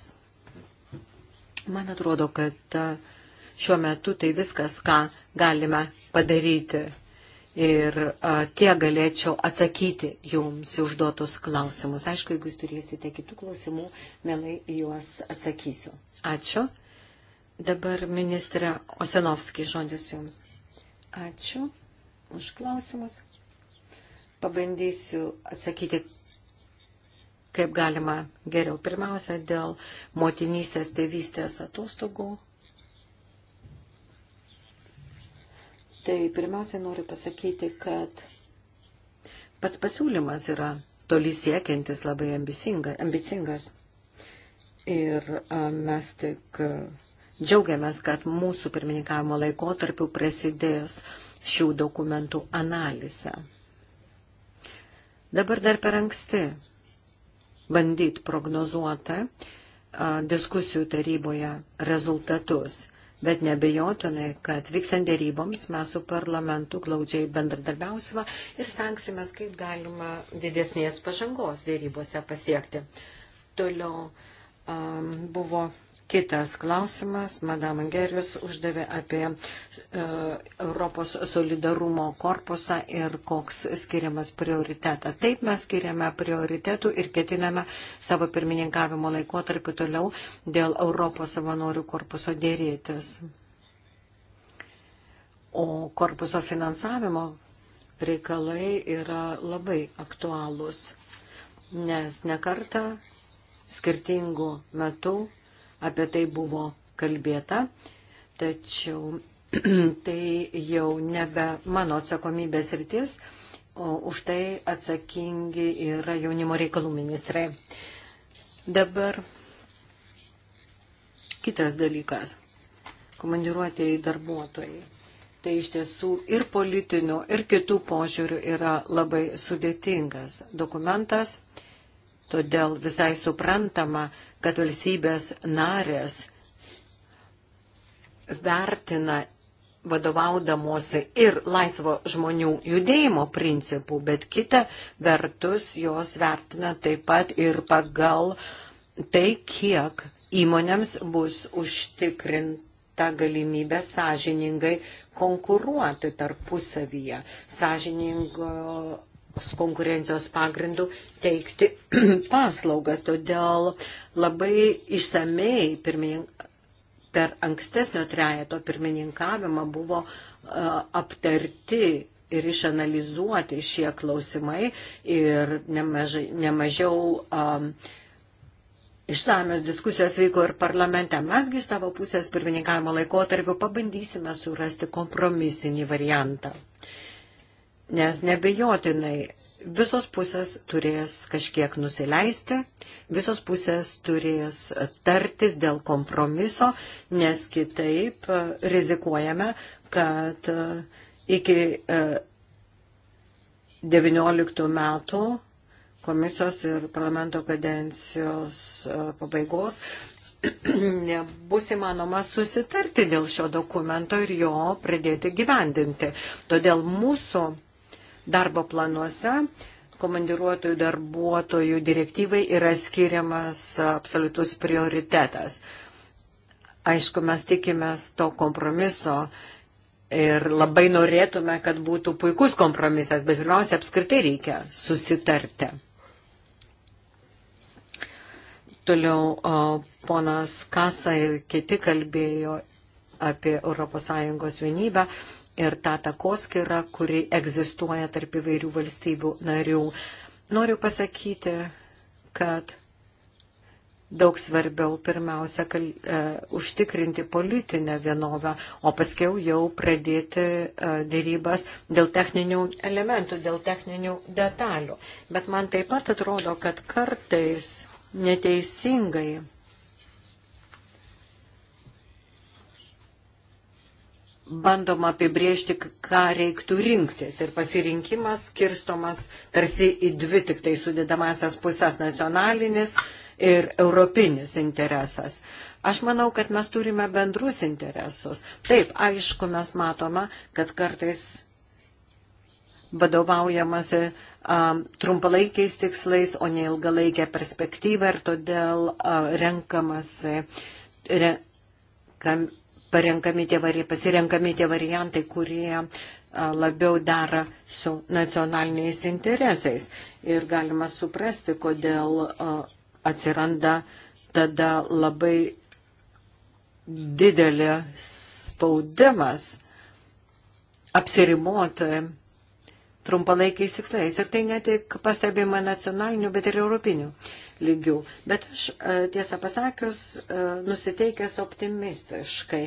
Man atrodo, kad šiuo metu tai viskas, ką galime padaryti ir tiek galėčiau atsakyti jums užduotus klausimus. Aišku, jeigu jūs turėsite kitų klausimų, mielai juos atsakysiu. Ačiū. Dabar ministrė Osenovskiai žodis jums. Ačiū už klausimus. Pabandysiu atsakyti kaip galima geriau. Pirmiausia, dėl motinystės tėvystės atostogų Tai pirmiausia noriu pasakyti, kad pats pasiūlymas yra toli siekiantis, labai ambicinga, ambicingas. Ir mes tik džiaugiamės, kad mūsų pirmininkavimo laikotarpiu prasidės šių dokumentų analizė. Dabar dar per anksti bandyti prognozuoti diskusijų taryboje rezultatus bet nebejotinai, kad vykstant dėryboms mes su parlamentu glaudžiai bendradarbiausime ir stengsime, kaip galima didesnės pažangos dėrybose pasiekti. Toliau um, buvo Kitas klausimas, madam Angerijus uždavė apie e, Europos solidarumo korpusą ir koks skiriamas prioritetas. Taip mes skiriame prioritetų ir ketiname savo pirmininkavimo laikotarpį toliau dėl Europos savanorių korpuso dėrėtis. O korpuso finansavimo reikalai yra labai aktualūs, nes nekarta skirtingų metų apie tai buvo kalbėta, tačiau (clears throat) tai jau nebe mano atsakomybės rytis, o už tai atsakingi yra jaunimo reikalų ministrai. Dabar kitas dalykas - komandiruotėjai darbuotojai. Tai iš tiesų ir politinių, ir kitų požiūrių yra labai sudėtingas dokumentas. Todėl visai suprantama, kad valstybės narės vertina vadovaudamosi ir laisvo žmonių judėjimo principų, bet kita vertus jos vertina taip pat ir pagal tai, kiek įmonėms bus užtikrinta galimybė sąžiningai konkuruoti tarpusavyje. Sąžiningo konkurencijos pagrindų teikti (clears throat) paslaugas. Todėl labai išsamei pirmininkas per ankstesnio trejeto pirmininkavimą buvo aptarti ir išanalizuoti šie klausimai ir nemažai, nemažiau um, išsamios diskusijos vyko ir parlamente. Mesgi iš savo pusės pirmininkavimo laikotarpiu pabandysime surasti kompromisinį variantą. Uh, nes nebejotinai visos pusės turės kažkiek nusileisti, visos pusės turės tartis dėl kompromiso, nes kitaip e, rizikuojame, kad e, iki 19 e, metų komisijos ir parlamento kadencijos pabaigos (clears throat) nebus įmanoma susitarti dėl šio dokumento ir jo pradėti gyvendinti. Todėl mūsų darbo planuose komandiruotojų darbuotojų direktyvai yra skiriamas absoliutus prioritetas. Aišku, mes tikimės to kompromiso ir labai norėtume, kad būtų puikus kompromisas, bet pirmiausia, apskritai reikia susitarti. Toliau o, ponas Kasa ir kiti kalbėjo apie ES vienybę ir tą takoskirą, kuri egzistuoja tarp įvairių valstybių narių. Noriu pasakyti, kad daug svarbiau pirmiausia kal, e, užtikrinti politinę vienovę, o paskiau jau pradėti e, dėrybas dėl techninių elementų, dėl techninių detalių. Bet man taip pat atrodo, kad kartais neteisingai bandoma apibriežti, ką reiktų rinktis. Ir pasirinkimas skirstomas tarsi į dvi tik tai sudėdamasias pusės - nacionalinis ir europinis interesas. Aš manau, kad mes turime bendrus interesus. Taip, aišku, mes matome, kad kartais vadovaujamasi um, trumpalaikiais tikslais, o ne ilgalaikę perspektyvą ir todėl uh, renkamasi. Re, kam, parenkami tie, pasirenkami tie variantai, kurie labiau dera su nacionaliniais interesais. Ir galima suprasti, kodėl atsiranda tada labai didelė spaudimas apsirimoti trumpalaikiais tikslais. Ir tai ne tik pastebima nacionaliniu, bet ir europiniu lygių. Bet aš, e, tiesą pasakius, e, nusiteikęs optimistiškai,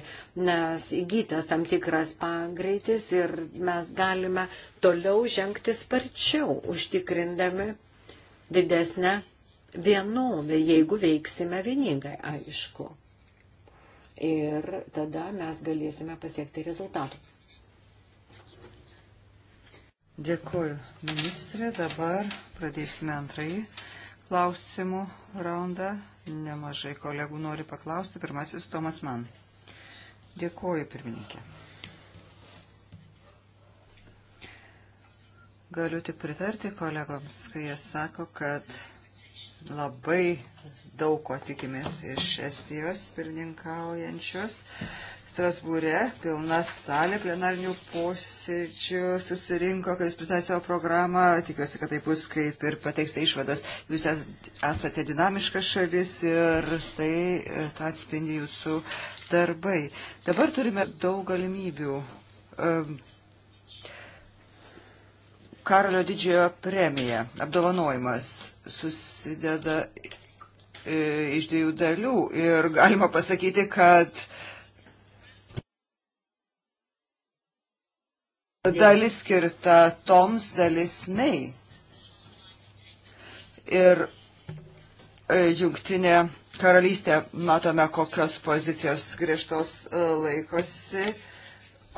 nes įgytas tam tikras pagreitis ir mes galime toliau žengti sparčiau, užtikrindami didesnę vienovę, jeigu veiksime vieningai, aišku. Ir tada mes galėsime pasiekti rezultatų. Dėkuoju, ministrė. Dabar pradėsime antrąjį klausimų raundą. Nemažai kolegų nori paklausti. Pirmasis Tomas Man. Dėkuoju, pirmininkė. Galiu tik pritarti kolegoms, kai jie sako, kad labai daug ko tikimės iš Estijos pirmininkaujančios. Strasbūre pilna salė plenarnių posėdžių susirinko, kai jūs pristatėte savo programą. Tikiuosi, kad tai bus kaip ir pateiksite tai išvadas. Jūs esate dinamiška šalis ir tai e, tą atspindi jūsų darbai. Dabar turime daug galimybių. Um, Karolio didžiojo premija, apdovanojimas, susideda e, iš dviejų dalių ir galima pasakyti, kad Dalis skirta toms, dalis mei. Ir e, jungtinė karalystė, matome, kokios pozicijos griežtos e, laikosi,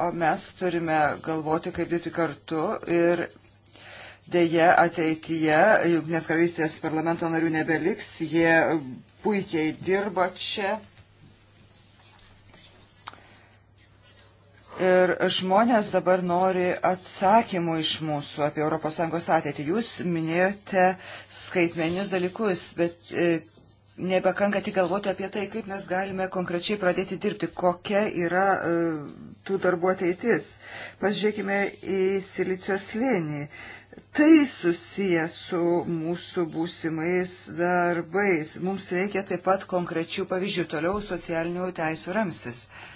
o mes turime galvoti, kaip dirbti kartu ir dėje ateityje jungtinės karalystės parlamento narių nebeliks, jie puikiai dirba čia. Ir žmonės dabar nori atsakymų iš mūsų apie ES ateitį. Jūs minėjote skaitmeninius dalykus, bet e, nebekanka tik galvoti apie tai, kaip mes galime konkrečiai pradėti dirbti, kokia yra e, tų darbuo ateitis. Pažiūrėkime į Silicio slėnį. Tai susiję su mūsų būsimais darbais. Mums reikia taip pat konkrečių pavyzdžių toliau socialinių teisų ramsis. E,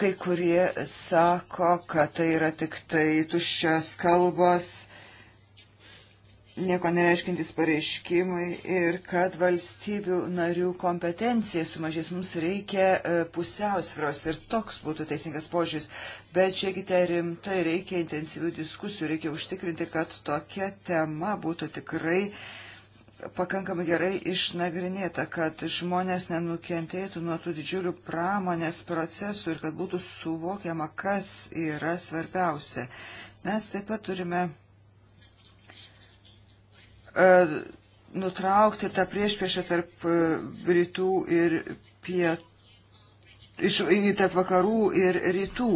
Kai kurie sako, kad tai yra tik tai tuščios kalbos, nieko nereiškintis pareiškimai ir kad valstybių narių kompetencija sumažės. Mums reikia e, pusiausvros ir toks būtų teisingas požiūris. Bet žiūrėkite rimtai, reikia intensyvių diskusijų, reikia užtikrinti, kad tokia tema būtų tikrai uh, pakankamai gerai išnagrinėta, kad žmonės nenukentėtų nuo tų didžiulių pramonės procesų ir kad būtų suvokiama, kas yra svarbiausia. Mes taip pat turime uh, nutraukti tą priešpriešą tarp e, rytų ir pietų, iš, tarp vakarų ir rytų.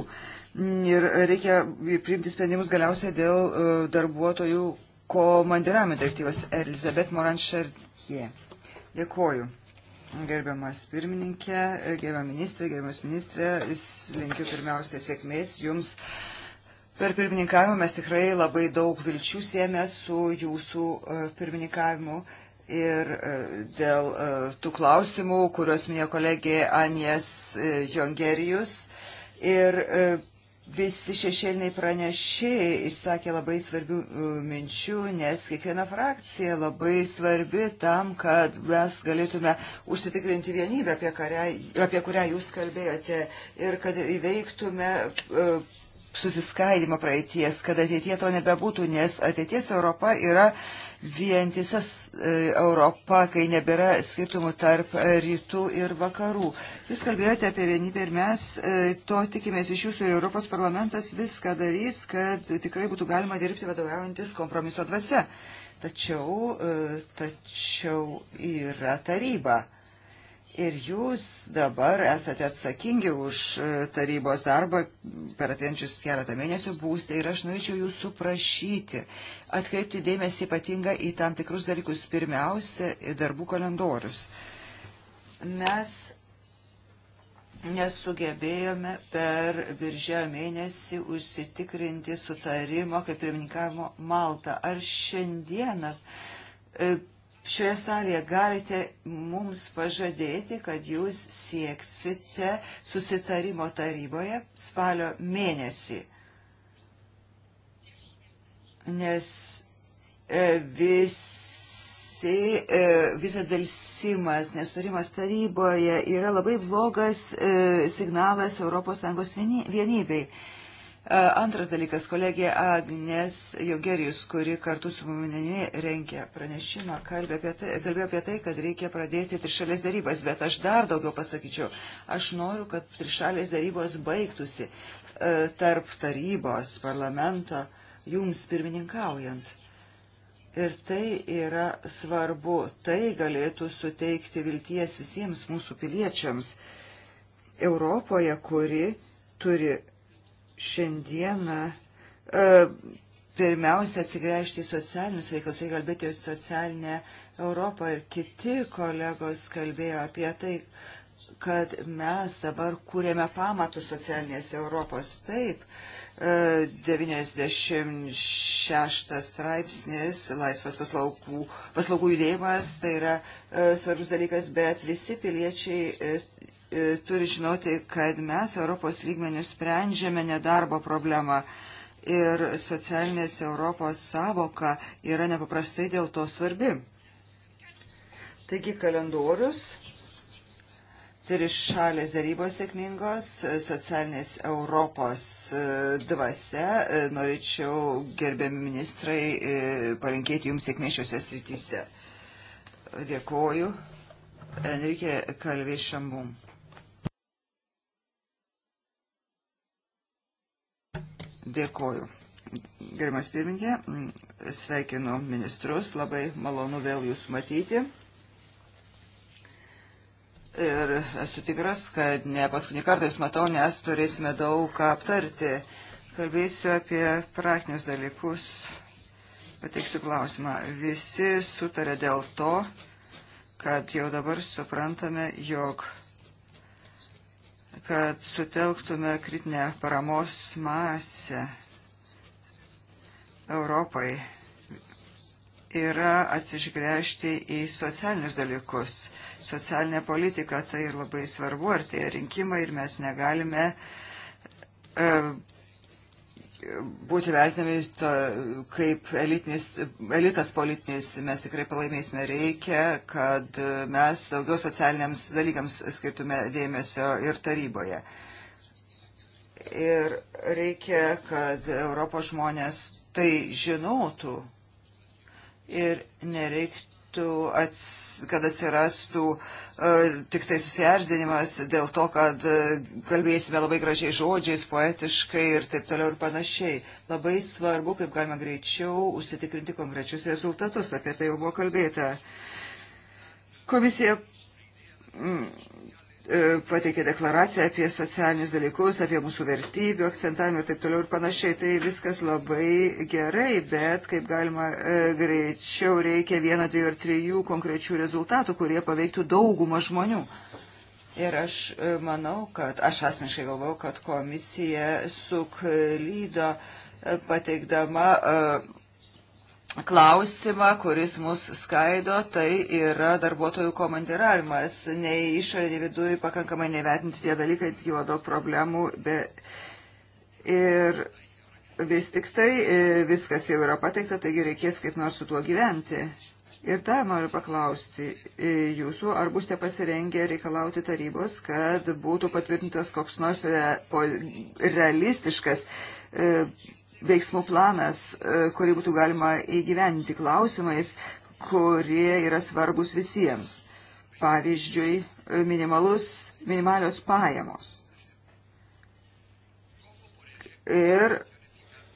Ir reikia priimti sprendimus galiausiai dėl e, darbuotojų komandiravimo direktyvos Elizabet Moran Šartie. Dėkoju. Gerbiamas pirmininkė, gerbiamas ministrė, gerbiamas ministrė, linkiu pirmiausia sėkmės jums. Per pirmininkavimą mes tikrai labai daug vilčių siemė su jūsų e, pirmininkavimu ir e, dėl e, tų klausimų, kuriuos minėjo kolegė Anijas Jongerijus. Ir Visi šešėliniai pranešėjai išsakė labai svarbių e, minčių, nes kiekviena frakcija labai svarbi tam, kad mes galėtume užsitikrinti vienybę, apie, karę, apie kurią jūs kalbėjote, ir kad įveiktume e, susiskaidimą praeities, kad ateitie to nebebūtų, nes ateities Europa yra vientisas e, Europa, kai nebėra skirtumų tarp e, rytų ir vakarų. Jūs kalbėjote apie vienybę ir mes e, to tikimės iš jūsų ir Europos parlamentas viską darys, kad tikrai būtų galima dirbti vadovaujantis kompromiso dvasia. Tačiau, tačiau yra taryba. Ir jūs dabar esate atsakingi už e, tarybos darbą per atėjančius keletą mėnesių būstę ir aš norėčiau jūsų prašyti atkreipti dėmesį ypatingą į tam tikrus dalykus. Pirmiausia, darbų kalendorius. Mes nesugebėjome per birželio mėnesį užsitikrinti sutarimo, kaip pirmininkavimo Malta. Ar šiandieną e, šioje salėje galite mums pažadėti, kad jūs sieksite susitarimo taryboje spalio mėnesį. Nes e, visi, e, visas dalsimas, nesutarimas taryboje yra labai blogas e, signalas ES vienybei. E, antras dalykas, kolegė Agnes Jogerijus, kuri kartu su manimi renkė pranešimą, kalbėjo apie, tai, kalbėjo apie tai, kad reikia pradėti trišalės darybas, bet aš dar daugiau pasakyčiau, aš noriu, kad trišalės darybos baigtųsi e, tarp tarybos, parlamento, jums pirmininkaujant. Ir tai yra svarbu, tai galėtų suteikti vilties visiems mūsų piliečiams Europoje, kuri turi šiandieną e, pirmiausia atsigręžti į socialinius reikalus, reikia kalbėti apie socialinę Europą ir kiti kolegos kalbėjo apie tai, kad mes dabar kūrėme pamatus socialinės Europos. Taip, 96 e, straipsnis, laisvas paslaugų, paslaugų judėjimas, tai yra e, svarbus dalykas, bet visi piliečiai E, turi žinoti, kad mes Europos lygmenių sprendžiame nedarbo problemą. Ir socialinės Europos savoka yra nepaprastai dėl to svarbi. Taigi kalendorius, trišalės darybos sėkmingos, socialinės Europos e, dvasia. E, norėčiau, gerbiami ministrai, palinkėti jums sėkmės šiuose srityse. Dėkoju. Enrique Kalvė Šambum. Dėkoju. Gerimas pirmininkė, sveikinu ministrus, labai malonu vėl jūs matyti. Ir esu tikras, kad ne paskutinį kartą jūs matau, nes turėsime daug ką aptarti. Kalbėsiu apie praktinius dalykus. Pateiksiu klausimą. Visi sutarė dėl to, kad jau dabar suprantame, jog kad sutelktume kritinę paramos masę Europai, yra atsižgręžti į socialinius dalykus. Socialinė politika tai ir labai svarbu, artėja rinkimai ir mes negalime e, būti vertinami to, kaip elitinis, elitas politinis, mes tikrai palaimėsime reikia, kad mes daugiau socialiniams dalykams skirtume dėmesio ir taryboje. Ir reikia, kad Europos žmonės tai žinotų ir nereiktų reikėtų, ats, kad atsirastų e, tik tai susierzinimas dėl to, kad e, kalbėsime labai gražiai žodžiais, poetiškai ir taip toliau ir panašiai. Labai svarbu, kaip galima greičiau, užsitikrinti konkrečius rezultatus. Apie tai jau buvo kalbėta. Komisija mm, E, pateikė deklaraciją apie socialinius dalykus, apie mūsų vertybių akcentavimą ir taip toliau ir panašiai. Tai viskas labai gerai, bet kaip galima e, greičiau reikia vieno, dviejų ar trijų konkrečių rezultatų, kurie paveiktų daugumą žmonių. Ir aš e, manau, kad aš asmeniškai galvau, kad komisija suklydo pateikdama uh, klausimą, kuris mus skaido, tai yra darbuotojų komandiravimas. Nei išorė, nei viduje pakankamai nevertinti tie dalykai, tai kyla daug problemų. Be... Ir vis tik tai e, viskas jau yra pateikta, taigi reikės kaip nors su tuo gyventi. Ir dar noriu paklausti e, jūsų, ar būsite pasirengę reikalauti tarybos, kad būtų patvirtintas koks nors re, po, realistiškas e, veiksmų planas, e, kurį būtų galima įgyveninti klausimais, kurie yra svarbus visiems. Pavyzdžiui, e, minimalus, minimalios pajamos. Ir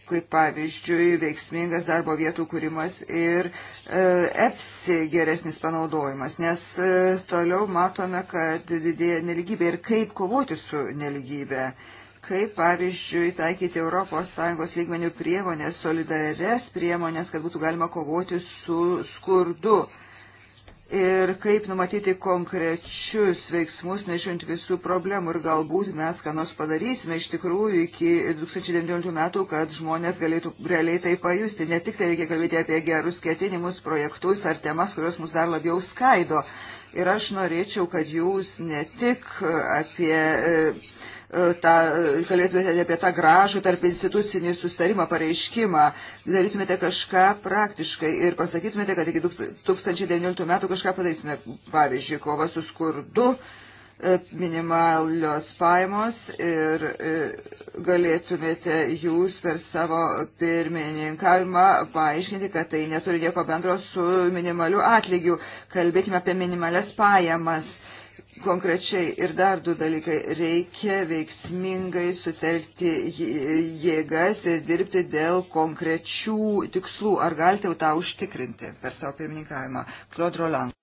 kaip pavyzdžiui veiksmingas darbo vietų kūrimas ir EFSI geresnis panaudojimas, nes e, toliau matome, kad didėja neligybė ir kaip kovoti su neligybė. E, kaip pavyzdžiui taikyti ES lygmenių priemonės, solidarės priemonės, kad būtų galima kovoti su skurdu. Ir kaip numatyti konkrečius veiksmus, nežiūrint visų problemų. Ir galbūt mes ką nors padarysime iš tikrųjų iki 2019 metų, kad žmonės galėtų realiai tai pajusti. Ne tik tai reikia kalbėti apie gerus ketinimus, projektus ar temas, kurios mus dar labiau skaido. Ir aš norėčiau, kad jūs ne tik apie e, E, tą, kalbėtumėte apie tą gražų tarp institucinį sustarimą, pareiškimą, darytumėte kažką praktiškai ir pasakytumėte, kad iki 2019 metų kažką padarysime. Pavyzdžiui, kova su skurdu, e, minimalios paimos ir e, galėtumėte jūs per savo pirmininkavimą paaiškinti, kad tai neturi nieko bendro su minimaliu atlygiu. Kalbėkime apie minimales pajamas. Uh, konkrečiai ir dar du dalykai. Reikia veiksmingai sutelkti jėgas ir dirbti dėl konkrečių tikslų. Ar galite jau tą užtikrinti per savo pirmininkavimą? Claude Roland.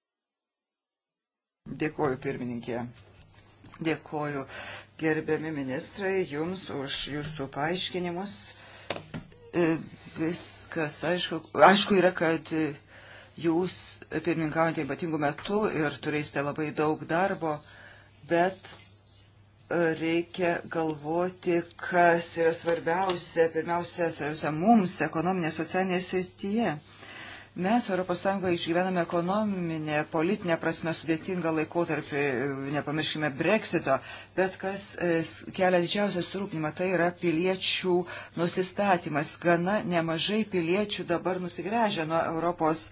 Dėkoju, pirmininkė. Dėkoju, gerbiami ministrai, jums už jūsų paaiškinimus. E, viskas, aišku, aišku yra, kad jūs pirmininkaujant ypatingų metų ir turėsite labai daug darbo, bet e, reikia galvoti, kas yra svarbiausia, pirmiausia, svarbiausia mums ekonominė, socialinė srityje. Mes ES išgyvename ekonominę, politinę prasme sudėtingą laikotarpį, nepamirškime Brexito, bet kas e, kelia didžiausią surūpnimą, tai yra piliečių nusistatymas. Gana nemažai piliečių dabar nusigręžia nuo Europos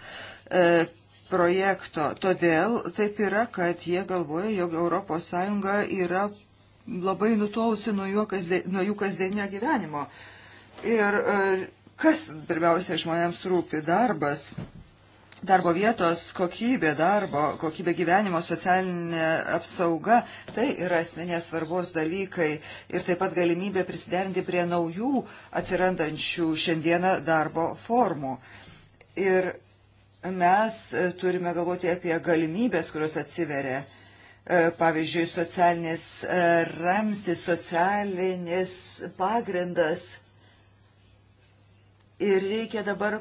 e, projekto. Todėl taip yra, kad jie galvoja, jog ES yra labai nutolusi nuo, kasdien, nuo jų kasdienio gyvenimo. Ir e, kas pirmiausia žmonėms rūpi darbas, darbo vietos kokybė, darbo kokybė gyvenimo, socialinė apsauga, tai yra asmenės svarbos dalykai ir taip pat galimybė prisiderinti prie naujų atsirandančių šiandieną darbo formų. Ir Mes e, turime galvoti apie galimybės, kurios atsiveria. E, pavyzdžiui, socialinis e, ramstis, socialinis pagrindas. Ir reikia dabar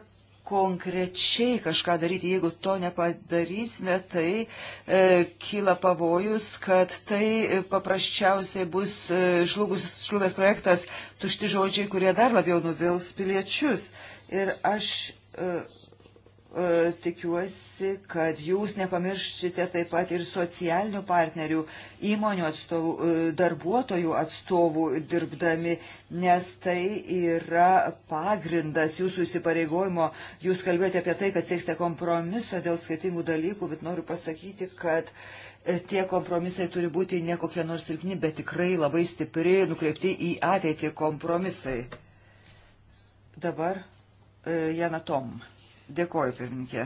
konkrečiai kažką daryti. Jeigu to nepadarysime, tai e, kyla pavojus, kad tai paprasčiausiai bus e, žlugus, žlugas projektas, tušti žodžiai, kurie dar labiau nuvils piliečius. Ir aš e, E, tikiuosi, kad jūs nepamiršite taip pat ir socialinių partnerių, įmonių atstovų, e, darbuotojų atstovų dirbdami, nes tai yra pagrindas jūsų įsipareigojimo. Jūs kalbėjote apie tai, kad sieksite kompromiso dėl skirtingų dalykų, bet noriu pasakyti, kad e, tie kompromisai turi būti ne kokie nors silpni, bet tikrai labai stipri, nukreipti į ateitį kompromisai. Dabar Jana Tom. Dėkoju, pirmininkė.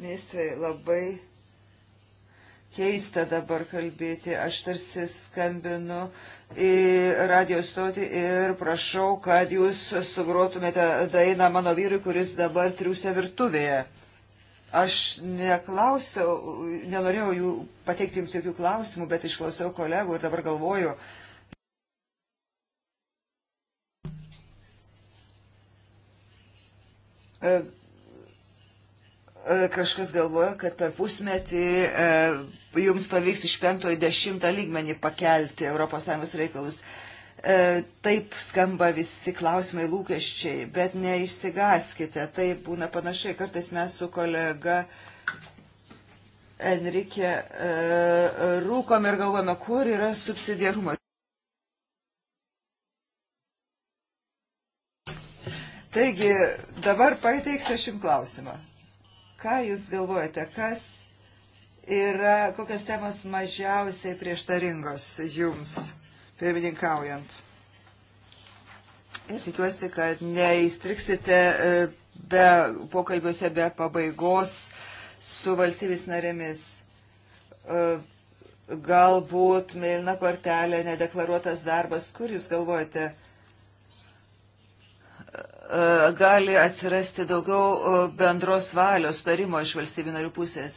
Ministrai, labai keista dabar kalbėti. Aš tarsi skambinu į radio stotį ir prašau, kad jūs sugrotumėte dainą mano vyrui, kuris dabar triusia virtuvėje. Aš neklausiau, nenorėjau jų pateikti jums jokių klausimų, bet išklausiau kolegų ir dabar galvoju, E, e, kažkas galvoja, kad per pusmetį e, jums pavyks iš penkto į dešimtą lygmenį pakelti ES reikalus. E, taip skamba visi klausimai, lūkesčiai, bet neišsigaskite, tai būna panašiai. Kartais mes su kolega Enrike e, rūkom ir galvojame, kur yra subsidiarumas. Taigi, dabar pateiksiu aš jums klausimą. Ką jūs galvojate, kas yra, kokios temos mažiausiai prieštaringos jums, pirmininkaujant? Ir tikiuosi, kad neįstriksite e, be, pokalbiuose be pabaigos su valstybės narėmis. E, galbūt mėlyna kortelė, nedeklaruotas darbas, kur jūs galvojate, E, gali atsirasti daugiau e, bendros valios tarimo iš valstybių narių pusės,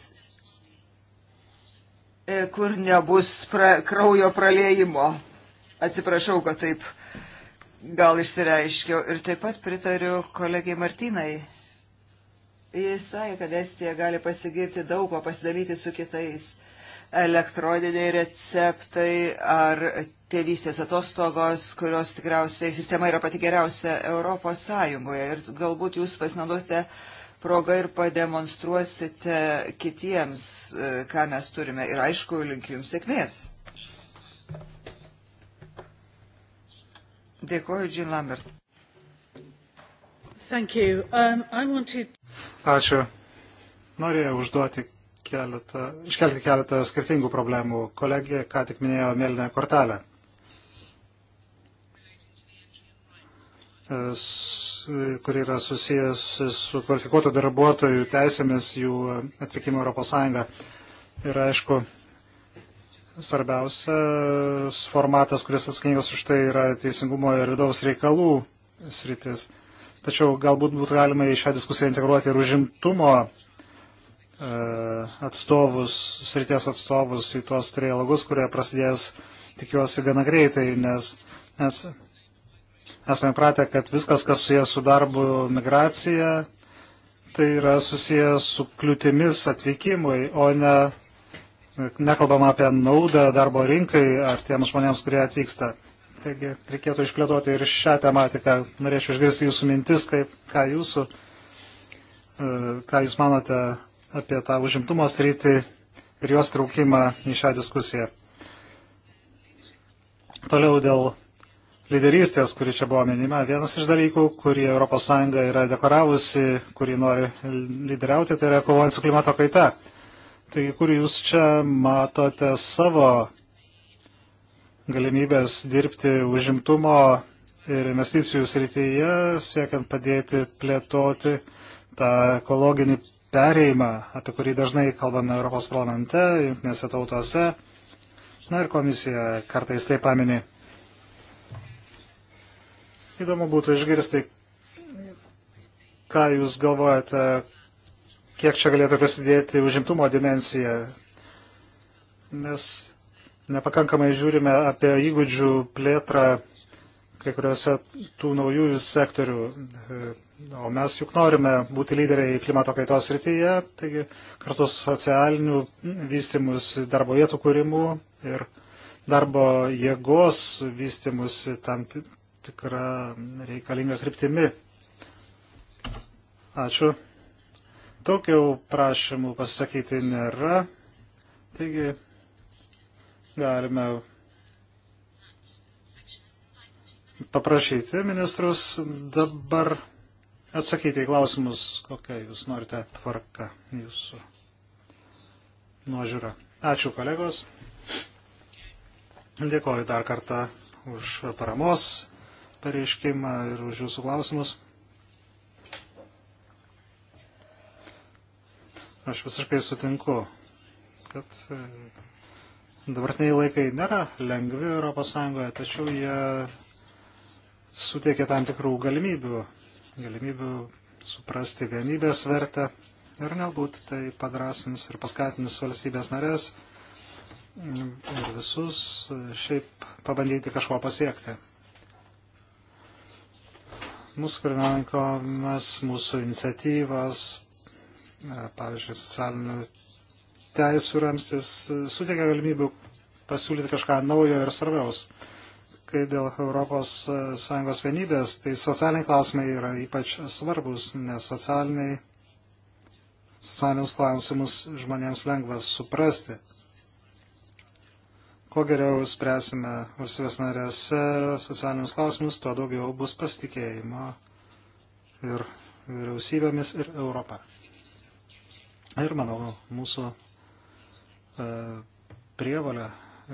e, kur nebus pra, kraujo praliejimo. Atsiprašau, kad taip gal išsireiškiau. Ir taip pat pritariu kolegiai Martinai. Jis sakė, kad Estija gali pasigirti daug ko pasidalyti su kitais elektroniniai receptai ar tėvystės atostogos, kurios tikriausiai sistema yra pati geriausia Europos Sąjungoje. Ir galbūt jūs pasinaudosite progą ir pademonstruosite kitiems, e, ką mes turime. Ir aišku, linkiu jums sėkmės. Dėkuoju, Jean Lambert. Thank you. Um, I wanted... Ačiū. Norėjau užduoti keletą, iškelti keletą skirtingų problemų. Kolegija ką tik minėjo mėlyną kortelę. kuri yra susijęs su kvalifikuotų darbuotojų teisėmis jų atvykimo Europos Sąjungą. Ir aišku, svarbiausias formatas, kuris atsakingas už tai yra teisingumo ir vidaus reikalų sritis. Tačiau galbūt būtų galima į šią diskusiją integruoti ir užimtumo E, atstovus, srities atstovus į tuos trialogus, kurie prasidės, tikiuosi, gana greitai, nes mes esame pratę, kad viskas, kas susijęs su darbu migracija, tai yra susijęs su kliūtimis atvykimui, o ne nekalbam apie naudą darbo rinkai ar tiems žmonėms, kurie atvyksta. Taigi reikėtų išplėtoti ir šią tematiką. Norėčiau išgirsti jūsų mintis, kaip, ką, jūsų, e, ką jūs manote apie tą užimtumo sritį ir jos traukimą į šią diskusiją. Toliau dėl lyderystės, kuri čia buvo minima, vienas iš dalykų, kurį ES yra deklaravusi, kurį nori lyderiauti, tai yra kovojant su klimato kaita. Taigi, kur jūs čia matote savo galimybės dirbti užimtumo ir investicijų srityje, siekiant padėti plėtoti tą ekologinį pereimą, apie kurį dažnai kalbame Europos parlamente, jungtinėse tautose. Na ir komisija kartais tai paminė. Įdomu būtų išgirsti, ką Jūs galvojate, kiek čia galėtų prisidėti užimtumo dimensija. Nes nepakankamai žiūrime apie įgūdžių plėtrą kai kuriuose tų naujųjų sektorių O mes juk norime būti lyderiai klimato kaitos rytyje, taigi kartu su socialiniu vystimus darbo vietų kūrimu ir darbo jėgos vystimus tam tikrą reikalingą kryptimi. Ačiū. Daugiau prašymų pasakyti nėra. Taigi galime paprašyti ministrus dabar atsakyti į klausimus, kokią jūs norite tvarką jūsų nuožiūrą. Ačiū kolegos. Dėkoju dar kartą už paramos pareiškimą ir už jūsų klausimus. Aš visiškai sutinku, kad e, dabartiniai laikai nėra lengvi ES, tačiau jie suteikia tam tikrų galimybių galimybių suprasti vienybės vertę ir galbūt tai padrasins ir paskatins valstybės narės ir visus šiaip pabandyti kažko pasiekti. Mūsų pirmininkomis, mūsų iniciatyvas, e, pavyzdžiui, socialinių teisų ramstis suteikia galimybių pasiūlyti kažką naujo ir svarbiaus kai dėl ES e, vienybės, tai socialiniai klausimai yra ypač svarbus, nes socialiniai, socialinius klausimus žmonėms lengva suprasti. Kuo geriau spręsime valstybės narėse socialinius klausimus, tuo daugiau bus pasitikėjimo ir vyriausybėmis ir Europą. Ir manau, mūsų e, prievalė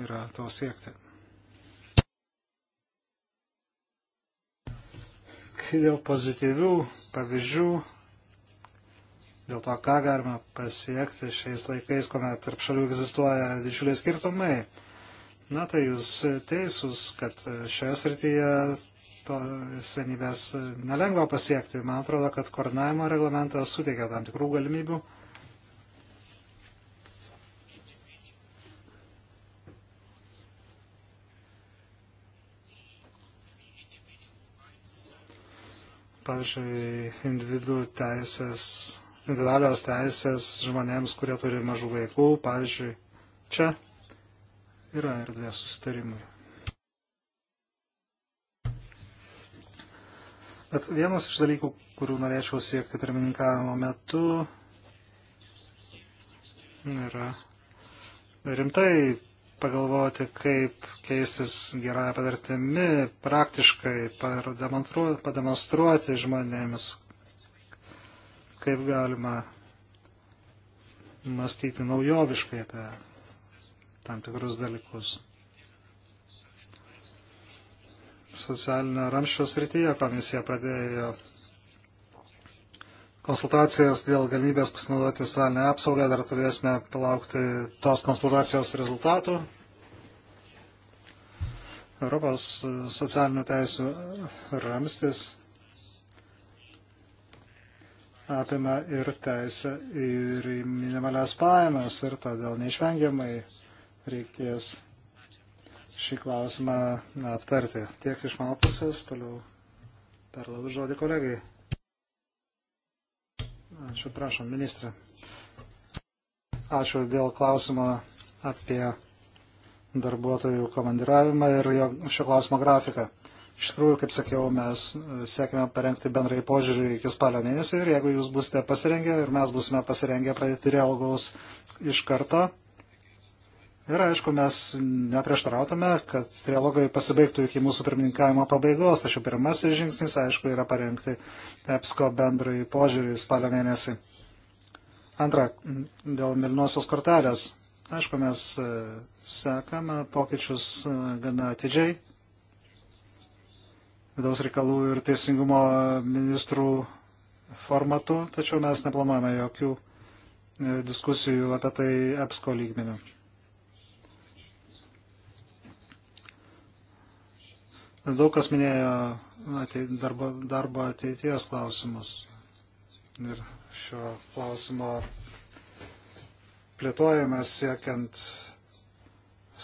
yra to siekti. tiek dėl pozityvių pavyzdžių, dėl to, ką galima pasiekti šiais laikais, kuomet tarp šalių egzistuoja didžiuliai skirtumai. Na tai jūs teisūs, kad šioje srityje to vienybės nelengva pasiekti. Man atrodo, kad koordinavimo reglamentas suteikia tam tikrų galimybių pavyzdžiui, individų teisės, individualios teisės žmonėms, kurie turi mažų vaikų, pavyzdžiui, čia yra erdvė susitarimui. Bet vienas iš dalykų, kurių norėčiau siekti pirmininkavimo metu, yra rimtai pagalvoti, kaip keistis gerąją patirtimi, praktiškai pademonstruoti žmonėmis, kaip galima mąstyti naujoviškai apie tam tikrus dalykus. Socialinio ramščio srityje komisija pradėjo konsultacijas dėl galimybės pasinaudoti socialinę apsaugą, dar turėsime palaukti tos konsultacijos rezultatų. Europos socialinių teisų ramstis apima ir teisę ir minimalias pajamas ir todėl neišvengiamai reikės šį klausimą aptarti. Tiek iš mano pusės, toliau perlaužu žodį kolegai. Ačiū, prašom, ministrė. Ačiū dėl klausimo apie darbuotojų komandiravimą ir jo, šio klausimo grafiką. Iš tikrųjų, kaip sakiau, mes siekime parengti bendrai požiūrį iki spalio mėnesio ir jeigu jūs būsite pasirengę ir mes būsime pasirengę pradėti reagaus iš karto, Ir aišku, mes neprieštarautume, kad trialogai pasibaigtų iki mūsų pirmininkavimo pabaigos, tačiau pirmasis žingsnis, aišku, yra parengti EPSCO bendrai požiūrį spalio mėnesį. Antra, dėl milinosios kortelės. Aišku, mes e, sekame pokyčius e, gana atidžiai. Vidaus reikalų ir teisingumo ministrų formatu, tačiau mes neplanuojame jokių e, diskusijų apie tai EPSCO lygmeniu. Daug kas minėjo ateit, darbo, darbo ateities klausimus ir šio klausimo plėtojimas siekiant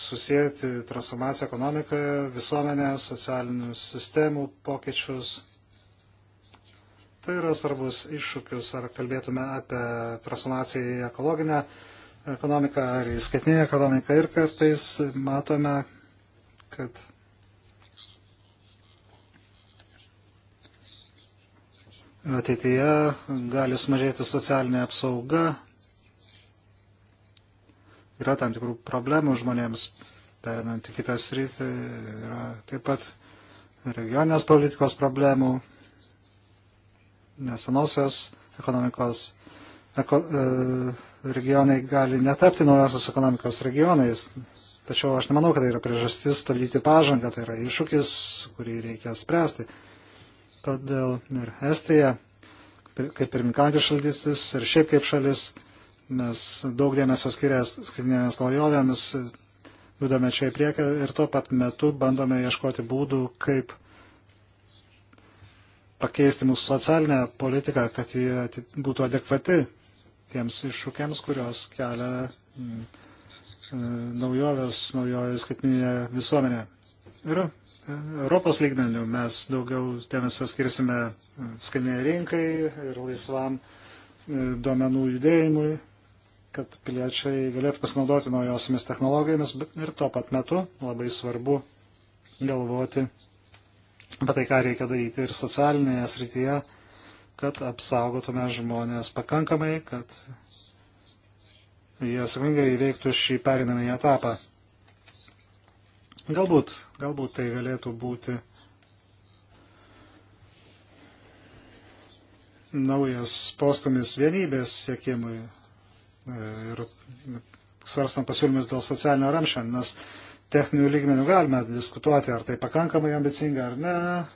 susijęti transformaciją ekonomikoje, visuomenę, socialinių sistemų pokyčius. Tai yra svarbus iššūkius, ar kalbėtume apie transformaciją į ekologinę ekonomiką ar į skaitinę ekonomiką. Ir kartais matome, kad ateityje gali sumažėti socialinė apsauga. Yra tam tikrų problemų žmonėms, perinant į kitą sritį, yra taip pat regioninės politikos problemų, nesenosios ekonomikos eko, e, regionai gali netapti naujosios ekonomikos regionais. Tačiau aš nemanau, kad tai yra priežastis stabdyti pažangą, tai yra iššūkis, kurį reikia spręsti todėl ir Estija, kaip pirminkantys šaldysis ir šiaip kaip šalis, mes daug dėmesio skiriamės naujovėmis, judame čia į priekį ir tuo pat metu bandome ieškoti būdų, kaip pakeisti mūsų socialinę politiką, kad ji būtų adekvati tiems iššūkiams, kurios kelia mm, e, naujovės, naujovės skaitminė visuomenė. Ir Europos lygmenių mes daugiau dėmesio skirsime skaitmeniniai rinkai ir laisvam e, duomenų judėjimui, kad piliečiai galėtų pasinaudoti naujosiamis technologijomis ir tuo pat metu labai svarbu galvoti apie tai, ką reikia daryti ir socialinėje srityje, kad apsaugotume žmonės pakankamai, kad jie sėkmingai įveiktų šį perinamąjį etapą. Galbūt Galbūt tai galėtų būti naujas postumis vienybės siekimui e, ir svarstant pasiūlymus dėl socialinio ramšio, nes techninių lygmenių galime diskutuoti, ar tai pakankamai ambicinga ar ne. E,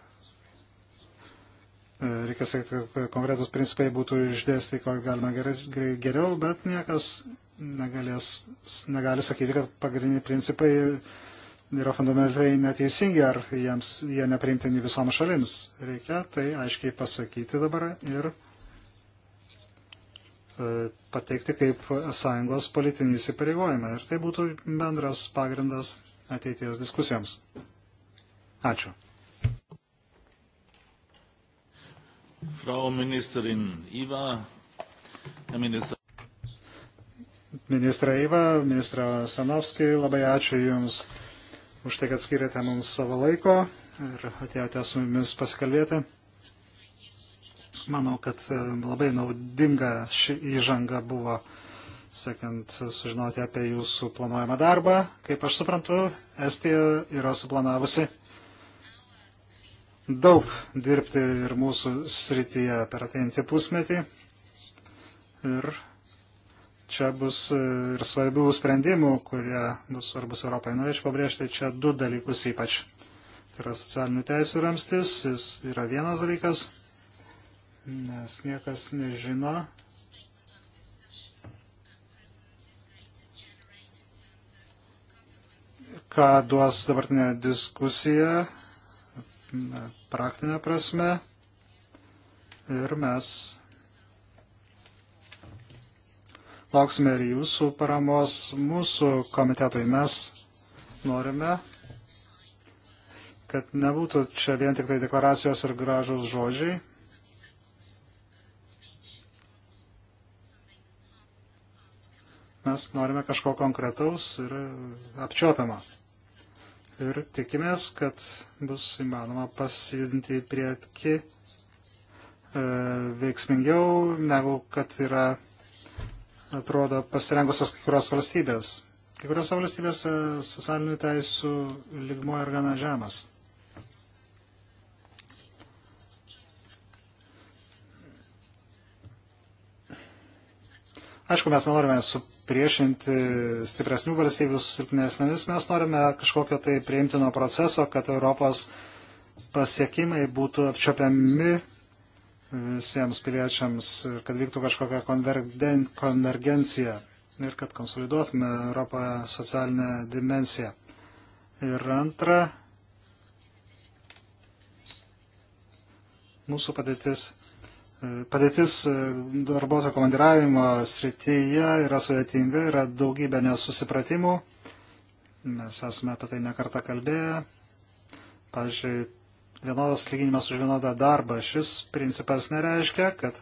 reikia sakyti, kad konkretus principai būtų išdėsti, ko galima geriau, bet niekas negalės, negali sakyti, kad pagrindiniai principai yra fundamentaliai neteisingi, ar jiems jie nepriimtini visoms šalims. Reikia tai aiškiai pasakyti dabar ir e, pateikti kaip sąjungos politinį įsipareigojimą. Ir tai būtų bendras pagrindas ateities diskusijoms. Ačiū. Frau Ministerin Iva, Herr Minister. Ministra Iva, ministra Sanovski, labai ačiū Jums už tai, kad skirėte mums savo laiko ir atėjote su mumis pasikalbėti. Manau, kad e, labai naudinga ši įžanga buvo, siekiant sužinoti apie jūsų planuojamą darbą. Kaip aš suprantu, Estija yra suplanavusi daug dirbti ir mūsų srityje per ateinantį pusmetį. Ir čia bus e, ir svarbių sprendimų, kurie bus svarbus Europai. Norėčiau pabrėžti čia du dalykus ypač. Tai yra socialinių teisų ramstis, jis yra vienas dalykas, nes niekas nežino. ką duos dabartinė diskusija praktinė prasme. Ir mes lauksime ir jūsų paramos mūsų komitetui. Mes norime, kad nebūtų čia vien tik tai deklaracijos ir gražus žodžiai. Mes norime kažko konkretaus ir apčiopiamą. Ir tikimės, kad bus įmanoma pasijudinti į priekį e, veiksmingiau, negu kad yra atrodo pasirengusios kai kurios valstybės. Kai kuriuose valstybėse socialinių teisų lygmo yra gana žemas. Aišku, mes norime supriešinti stipresnių valstybių su silpnesnėmis, mes norime kažkokio tai priimtino proceso, kad Europos pasiekimai būtų apčiopiami visiems piliečiams, kad vyktų kažkokia konvergencija ir kad konsoliduotume Europoje socialinę dimensiją. Ir antra, mūsų padėtis, padėtis darbuotojo komandiravimo srityje yra sudėtinga, yra daugybė nesusipratimų, mes esame apie tai nekartą kalbėję. Pavyzdžiui, vienodas atlyginimas už vienodą darbą. Šis principas nereiškia, kad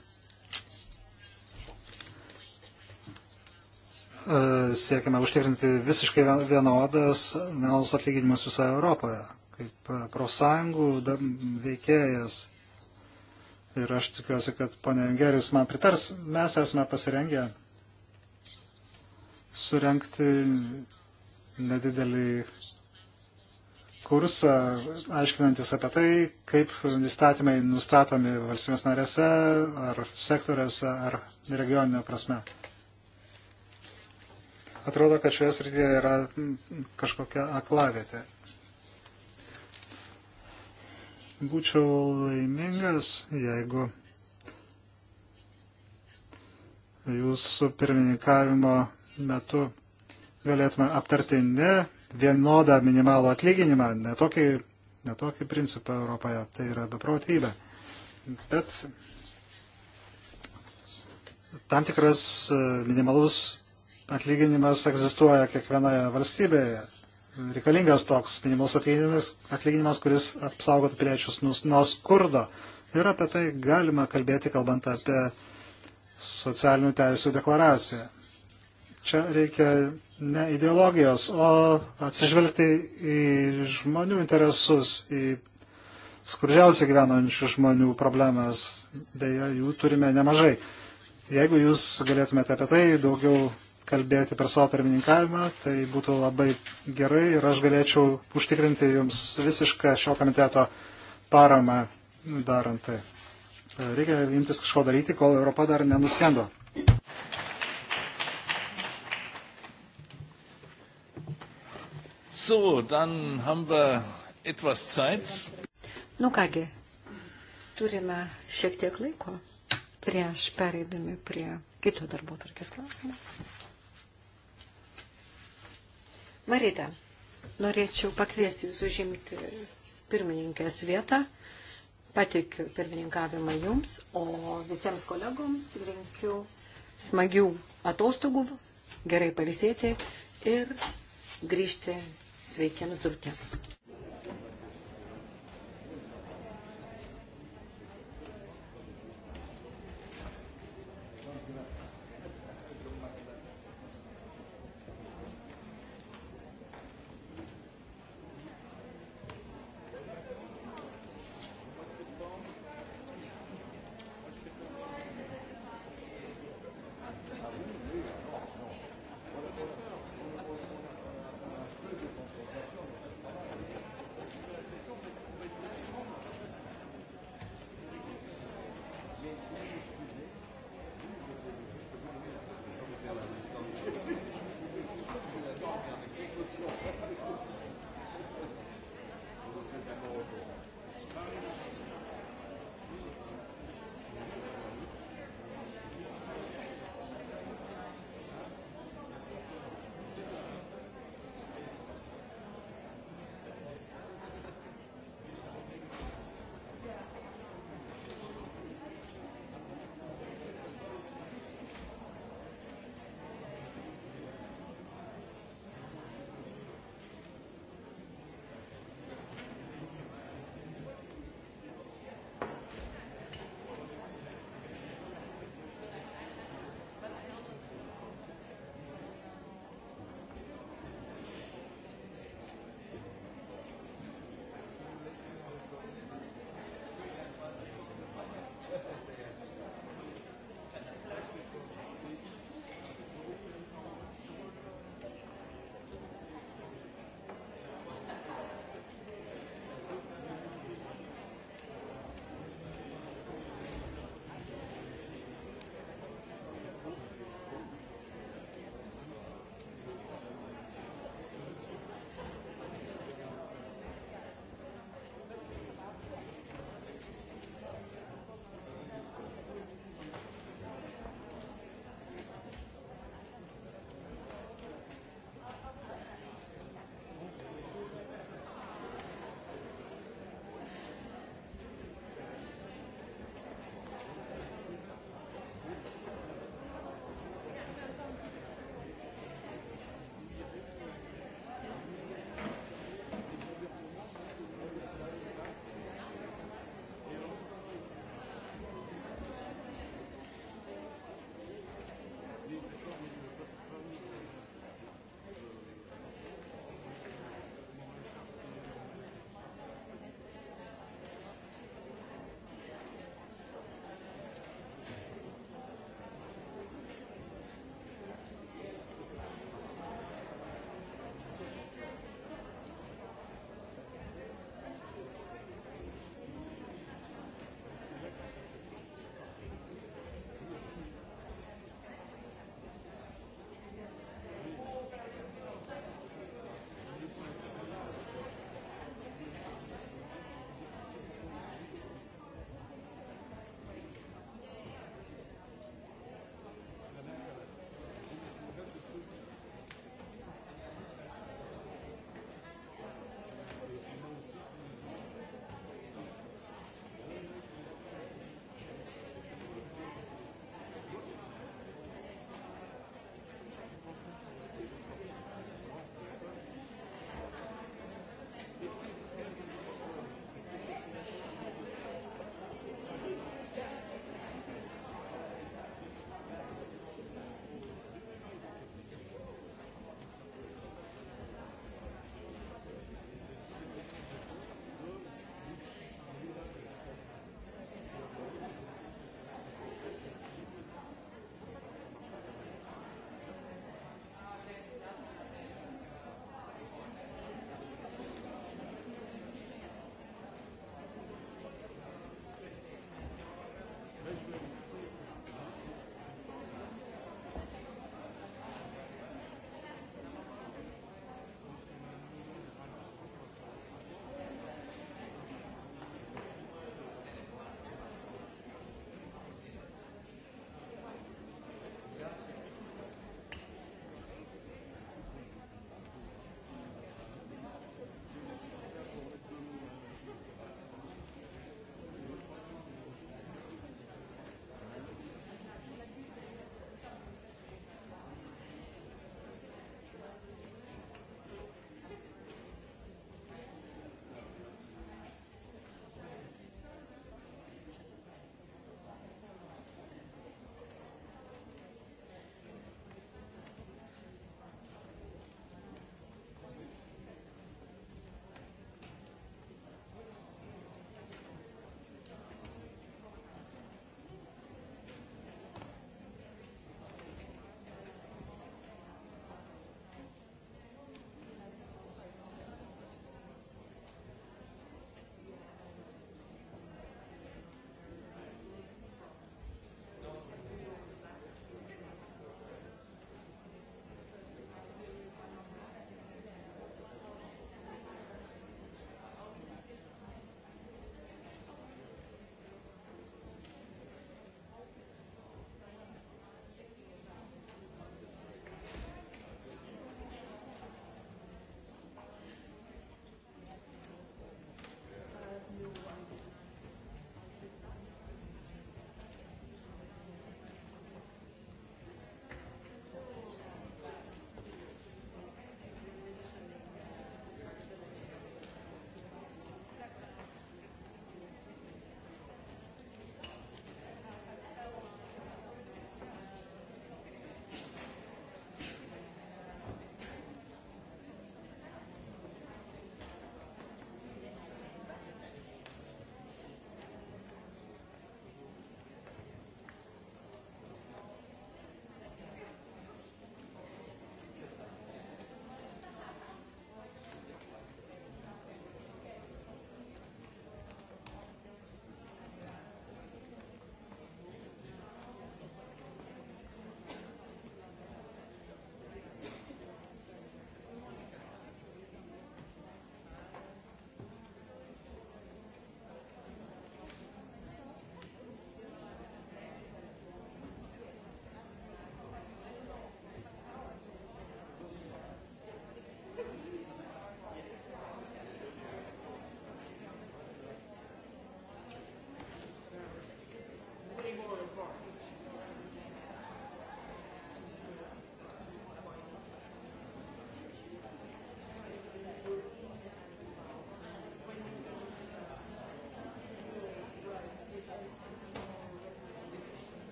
e, siekime užtikrinti visiškai vienodas, vienodus atlyginimus visoje Europoje, kaip e, profsąjungų veikėjas. Ir aš tikiuosi, kad ponė Ingeris man pritars, mes esame pasirengę surenkti nedidelį kursą, aiškinantis apie tai, kaip įstatymai nustatomi valstybės narėse, ar sektoriuose, ar regioninė prasme. Atrodo, kad šioje srityje yra kažkokia aklavietė. Būčiau laimingas, jeigu jūsų pirmininkavimo metu galėtume aptarti ne vienodą minimalų atlyginimą, netokį, netokį principą Europoje, tai yra beprotybė. Bet tam tikras e, minimalus atlyginimas egzistuoja kiekvienoje valstybėje. Reikalingas toks minimalus atlyginimas, atlyginimas kuris apsaugotų piliečius nuo skurdo. Ir apie tai galima kalbėti, kalbant apie socialinių teisų deklaraciją. Čia reikia ne ideologijos, o atsižvelgti į žmonių interesus, į skurdžiausiai gyvenančių žmonių problemas. Deja, jų turime nemažai. Jeigu jūs galėtumėte apie tai daugiau kalbėti per savo pirmininkavimą, tai būtų labai gerai ir aš galėčiau užtikrinti jums visišką šio komiteto paramą darant tai. Reikia imtis kažko daryti, kol Europa dar nenuskendo. So, dann haben wir etwas Zeit. Nu kągi, turime šiek tiek laiko prieš pereidami prie kito darbo tarkės klausimo. Marita, norėčiau pakviesti jūs užimti pirmininkės vietą. Patikiu pirmininkavimą jums, o visiems kolegoms linkiu smagių atostogų, gerai palisėti ir grįžti sveikiams durtėms.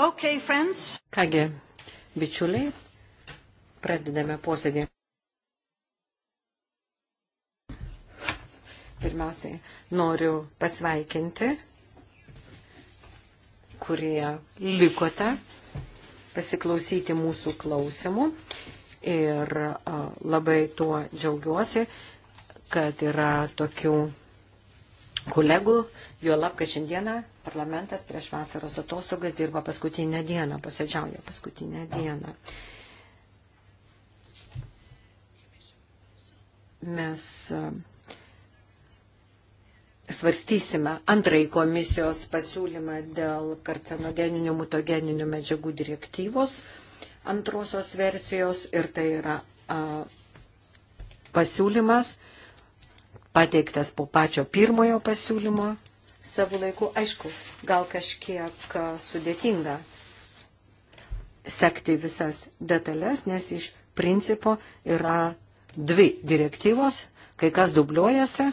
Okay, friends. Kągi, bičiuliai, pradedame posėdį. Pirmiausiai noriu pasveikinti, kurie likote pasiklausyti mūsų klausimų ir labai tuo džiaugiuosi, kad yra tokių kolegų, jo lab, kad šiandieną parlamentas prieš vasaros atostogas dirba paskutinę dieną, posėdžiauja paskutinę dieną. Mes e, svarstysime antrąjį komisijos pasiūlymą dėl karcinogeninių mutogeninių medžiagų direktyvos antrosios versijos ir tai yra a, pasiūlymas, a, pateiktas po pačio pirmojo pasiūlymo savo laiku. Aišku, gal kažkiek sudėtinga sekti visas detalės, nes iš principo yra dvi direktyvos, kai kas dubliuojasi.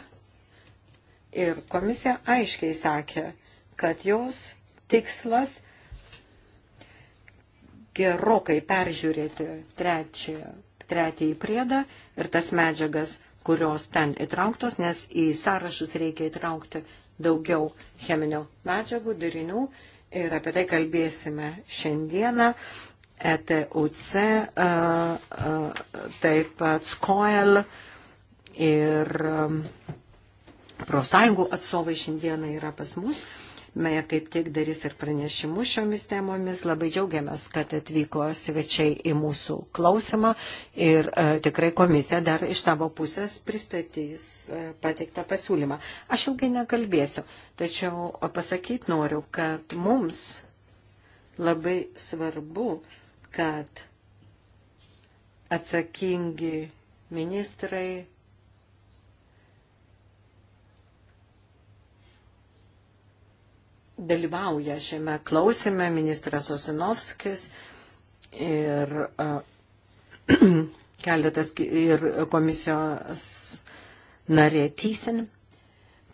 Ir komisija aiškiai sakė, kad jos tikslas gerokai peržiūrėti trečiąjį priedą ir tas medžiagas kurios ten įtrauktos, nes į sąrašus reikia įtraukti daugiau cheminių medžiagų, darinių ir apie tai kalbėsime šiandieną. ETUC, e, e, taip pat SCOEL ir e, profsąjungų atstovai šiandieną yra pas mus. Meja kaip tik darys ir pranešimus šiomis temomis. Labai džiaugiamės, kad atvyko svečiai į mūsų klausimą ir e, tikrai komisija dar iš savo pusės pristatys e, pateiktą pasiūlymą. Aš ilgai nekalbėsiu, tačiau pasakyti noriu, kad mums labai svarbu, kad atsakingi ministrai, dalyvauja šiame klausime ministras Osinovskis ir (clears throat) keletas ir komisijos narė Tysen.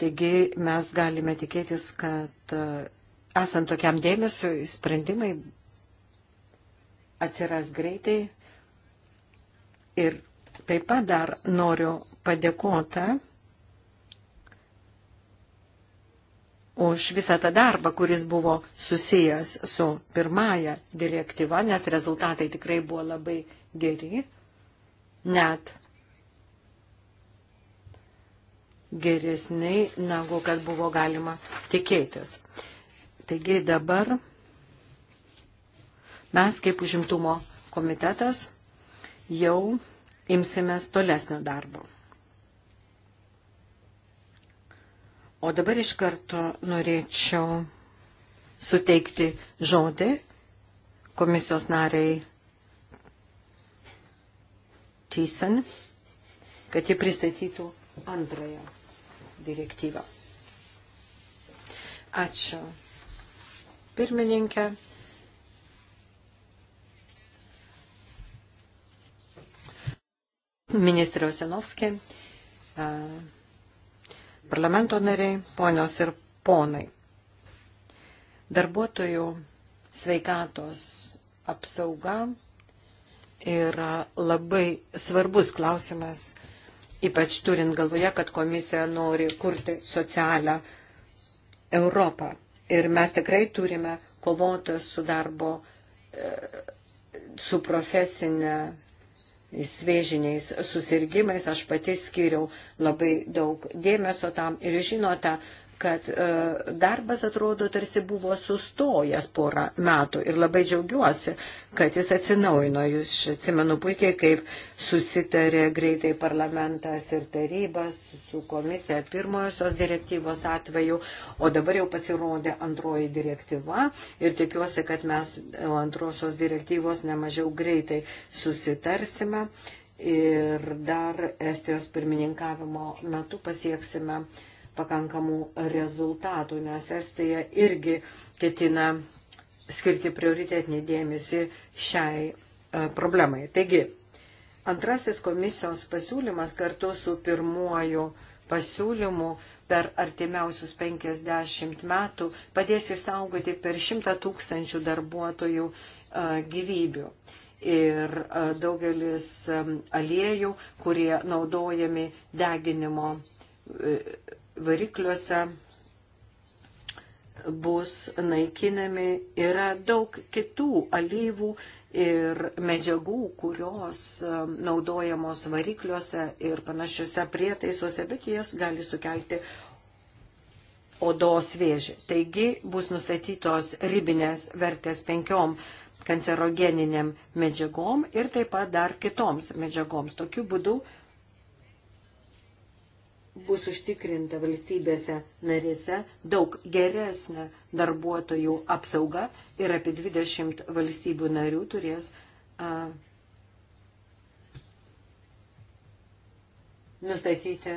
Taigi mes galime tikėtis, kad esant tokiam dėmesiu, sprendimai atsiras greitai. Ir taip pat dar noriu padėkoti už visą tą darbą, kuris buvo susijęs su pirmąją direktyva, nes rezultatai tikrai buvo labai geri, net geresni, negu kad buvo galima tikėtis. Taigi dabar mes kaip užimtumo komitetas jau imsimės tolesnio darbo. O dabar iš karto norėčiau suteikti žodį komisijos nariai Tysen, kad jie pristatytų antrąją direktyvą. Ačiū. Pirmininkė. Ministrė Osenovskė. Uh, parlamento nariai, ponios ir ponai. Darbuotojų sveikatos apsauga yra labai svarbus klausimas, ypač turint galvoje, kad komisija nori kurti socialią Europą. Ir mes tikrai turime kovoti su darbo, e, su profesinė svėžiniais susirgymais. Aš pati skiriau labai daug dėmesio tam ir žinote, kad e, darbas atrodo tarsi buvo sustojęs porą metų ir labai džiaugiuosi, kad jis atsinaujino. Jūs atsimenu puikiai, kaip susitarė greitai parlamentas ir tarybas su komisija pirmojosios direktyvos atveju, o dabar jau pasirodė antroji direktyva ir tikiuosi, kad mes antrosios direktyvos nemažiau greitai susitarsime ir dar Estijos pirmininkavimo metu pasieksime uh, pakankamų rezultatų, nes Estija irgi ketina skirti prioritetinį dėmesį šiai e, problemai. Taigi, antrasis komisijos pasiūlymas kartu su pirmuoju pasiūlymu per artimiausius 50 metų padės išsaugoti per 100 tūkstančių darbuotojų e, gyvybių. Ir e, daugelis aliejų, kurie naudojami deginimo varikliuose bus naikinami. Yra daug kitų alyvų ir medžiagų, kurios um, naudojamos varikliuose ir panašiuose prietaisuose, bet jas gali sukelti odos vėžį. Taigi bus nustatytos ribinės vertės penkiom kancerogeniniam medžiagom ir taip pat dar kitoms medžiagoms. Tokiu būdu bus užtikrinta valstybėse narėse daug geresnė darbuotojų apsauga ir apie 20 valstybių narių turės a, nustatyti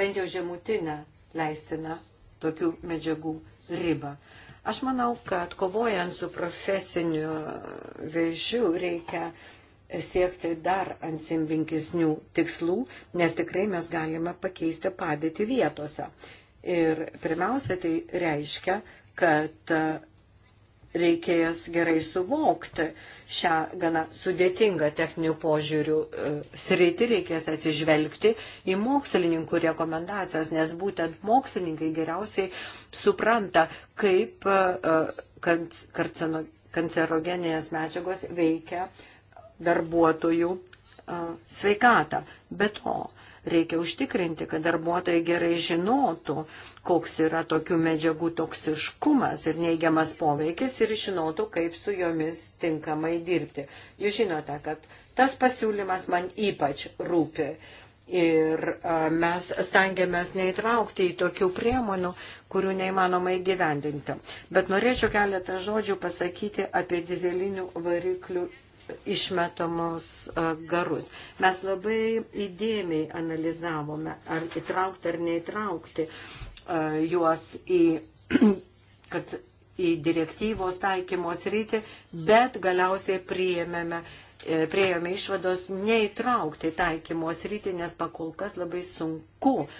bent jau žemutinę leistiną tokių medžiagų ribą. Aš manau, kad kovojant su profesiniu vėžiu reikia siekti dar ansimbinkesnių tikslų, nes tikrai mes galime pakeisti padėtį vietose. Ir pirmiausia, tai reiškia, kad reikės gerai suvokti šią gana sudėtingą techninių požiūrių e, sritį, reikės atsižvelgti į mokslininkų rekomendacijas, nes būtent mokslininkai geriausiai supranta, kaip e, kancerogeninės medžiagos veikia darbuotojų sveikatą. Bet o reikia užtikrinti, kad darbuotojai gerai žinotų, koks yra tokių medžiagų toksiškumas ir neigiamas poveikis ir žinotų, kaip su jomis tinkamai dirbti. Jūs žinote, kad tas pasiūlymas man ypač rūpi. Ir mes stengiamės neįtraukti į tokių priemonių, kurių neįmanoma įgyvendinti. Bet norėčiau keletą žodžių pasakyti apie dizelinių variklių išmetamus e, garus. Mes labai įdėmiai analizavome, ar įtraukti ar neįtraukti e, juos į, (clears throat) kad, į direktyvos taikymos rytį, bet galiausiai priėmėme e, priejome išvados neįtraukti taikymos rytį, nes pakol kas labai sunku uh,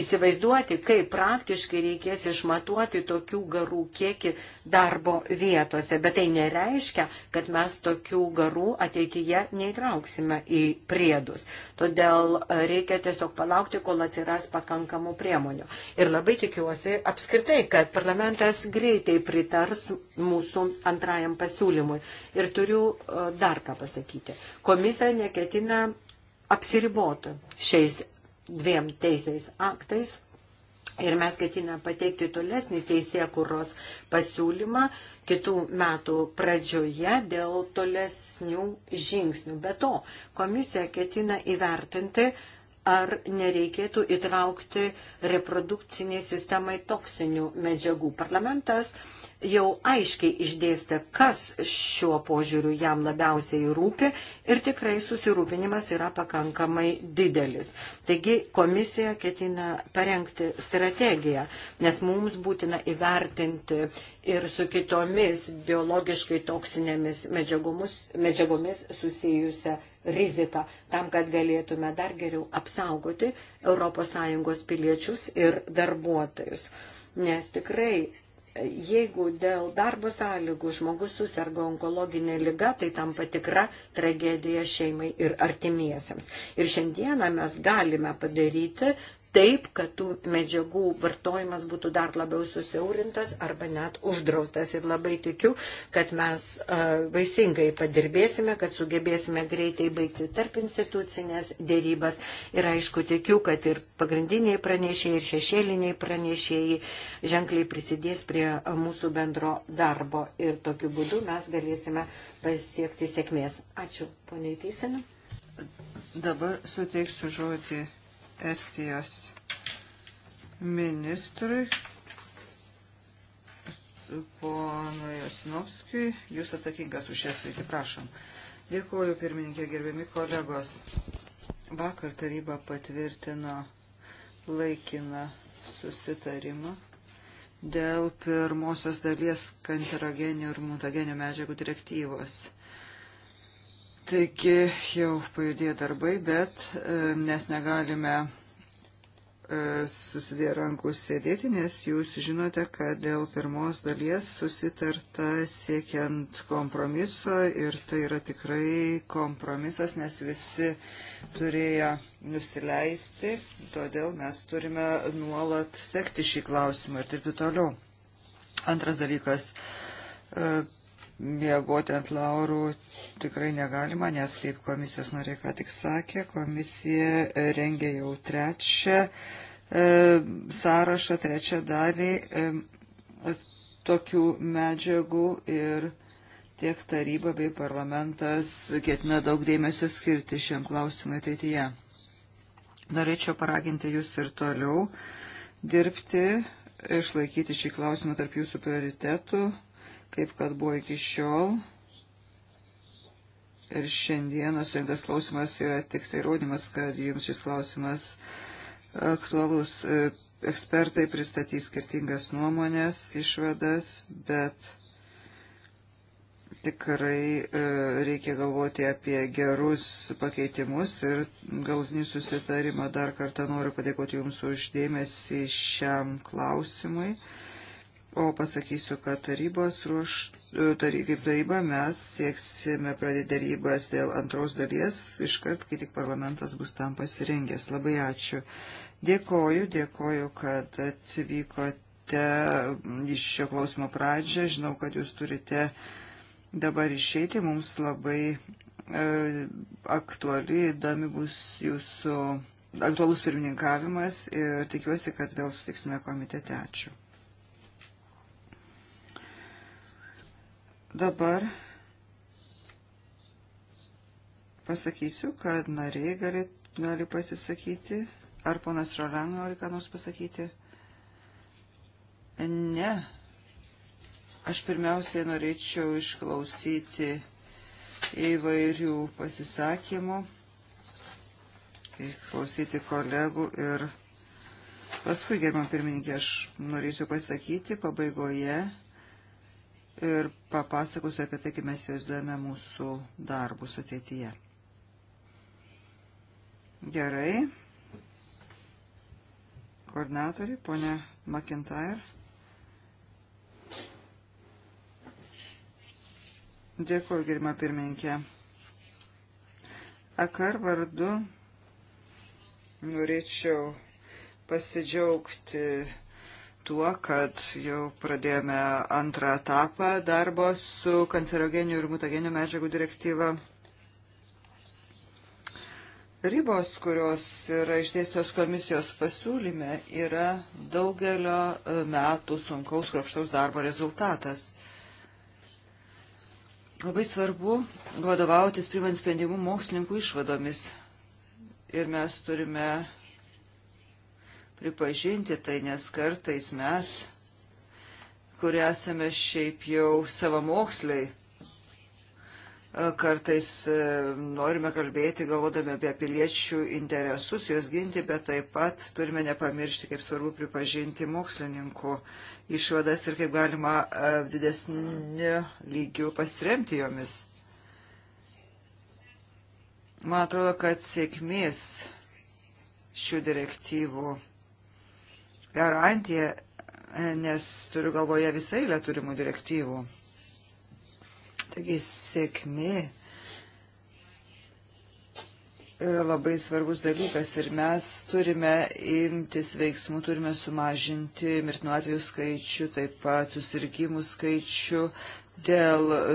įsivaizduoti, kaip praktiškai reikės išmatuoti tokių garų kiekį darbo vietose. Bet tai nereiškia, kad mes tokių garų ateityje neįtrauksime į priedus. Todėl e, reikia tiesiog palaukti, kol atsiras pakankamų priemonių. Ir labai tikiuosi apskritai, kad parlamentas greitai pritars mūsų antrajam pasiūlymui. Ir turiu e, dar ką pasakyti. Komisija neketina apsiriboti šiais dviem teisės aktais. Ir mes ketiname pateikti tolesnį teisėkuros pasiūlymą kitų metų pradžioje dėl tolesnių žingsnių. Be to, komisija ketina įvertinti, ar nereikėtų įtraukti reprodukciniai sistemai toksinių medžiagų. Parlamentas uh, jau aiškiai išdėstė, kas šiuo požiūriu jam labiausiai rūpi ir tikrai susirūpinimas yra pakankamai didelis. Taigi komisija ketina parengti strategiją, nes mums būtina įvertinti ir su kitomis biologiškai toksinėmis medžiagomis susijusią riziką, tam, kad galėtume dar geriau apsaugoti ES piliečius ir darbuotojus. Nes tikrai jeigu dėl darbo sąlygų žmogus susirga onkologinė lyga, tai tam patikra tragedija šeimai ir artimiesiems. Ir šiandieną mes galime padaryti taip, kad tų medžiagų vartojimas būtų dar labiau susiaurintas arba net uždraustas. Ir labai tikiu, kad mes vaisingai padirbėsime, kad sugebėsime greitai baigti tarp institucinės dėrybas. Ir aišku, tikiu, kad ir pagrindiniai pranešėjai, ir šešėliniai pranešėjai ženkliai prisidės prie mūsų bendro darbo. Ir tokiu būdu mes galėsime pasiekti sėkmės. Ačiū, poniai Teisinu. Dabar suteiksiu žodį Estijos ministrui, ponui Jasinovskijui. Jūs atsakingas už šią sveitį, prašom. Dėkuoju, pirmininkė, gerbiami kolegos. Vakar taryba patvirtino laikiną susitarimą dėl pirmosios dalies kancerogeninių ir mutagenių medžiagų direktyvos. Taigi jau pajudėjo darbai, bet e, mes negalime e, susidėję rankų sėdėti, nes jūs žinote, kad dėl pirmos dalies susitarta siekiant kompromiso ir tai yra tikrai kompromisas, nes visi turėjo nusileisti, todėl mes turime nuolat sekti šį klausimą ir dirbti toliau. Antras dalykas e, Mėgoti ant laurų tikrai negalima, nes kaip komisijos norė ką tik sakė, komisija e, rengia jau trečią e, sąrašą, trečią dalį e, tokių medžiagų ir tiek taryba bei parlamentas ketina daug dėmesio skirti šiam klausimui ateityje. Norėčiau paraginti jūs ir toliau dirbti, išlaikyti šį klausimą tarp jūsų prioritetų kaip kad buvo iki šiol. Ir šiandieną surinktas klausimas yra tik tai rodimas, kad jums šis klausimas aktualus. E, ekspertai pristatys skirtingas nuomonės, išvadas, bet tikrai e, reikia galvoti apie gerus pakeitimus ir galutinį susitarimą dar kartą noriu padėkoti Jums uždėmesi šiam klausimui. O pasakysiu, kad tarybos ruoš, e, tary, kaip taryba mes sieksime pradėti darybas dėl antros dalies iškart, kai tik parlamentas bus tam pasirengęs. Labai ačiū. Dėkoju, dėkoju, kad atvykote iš šio klausimo pradžią. Žinau, kad jūs turite dabar išeiti. Mums labai e, aktuali, įdomi bus jūsų aktualus pirmininkavimas ir tikiuosi, kad vėl sutiksime komitete. Ačiū. Dabar pasakysiu, kad nariai gali, gali pasisakyti. Ar ponas Rolan nori ką nors pasakyti? Ne. Aš pirmiausiai norėčiau išklausyti įvairių pasisakymų, išklausyti kolegų ir paskui, gerbam pirmininkė, aš norėsiu pasakyti pabaigoje ir papasakosiu apie tai, kaip mes įsivaizduojame mūsų darbus ateityje. Gerai. Koordinatoriai, ponia McIntyre. Dėkuoju, gerima pirmininkė. Akar vardu norėčiau pasidžiaugti tuo, kad jau pradėjome antrą etapą darbo su kancerogenių ir mutagenių medžiagų direktyva. Ribos, kurios yra išdėstos komisijos pasiūlyme, yra daugelio e, metų sunkaus kruopštaus darbo rezultatas. Labai svarbu vadovautis primant sprendimų mokslininkų išvadomis. Ir mes turime pripažinti tai, nes kartais mes, kurie esame šiaip jau savamoksliai, e, kartais e, norime kalbėti, galvodami apie piliečių interesus, juos ginti, bet taip pat turime nepamiršti, kaip svarbu pripažinti mokslininkų išvadas ir kaip galima e, didesniu lygiu pasiremti jomis. Man atrodo, kad sėkmės šių direktyvų garantiją, nes turiu galvoje visą eilę turimų direktyvų. Taigi sėkmė yra labai svarbus dalykas ir mes turime imtis veiksmų, turime sumažinti mirtinų atvejų skaičių, taip pat susirgymų skaičių dėl e,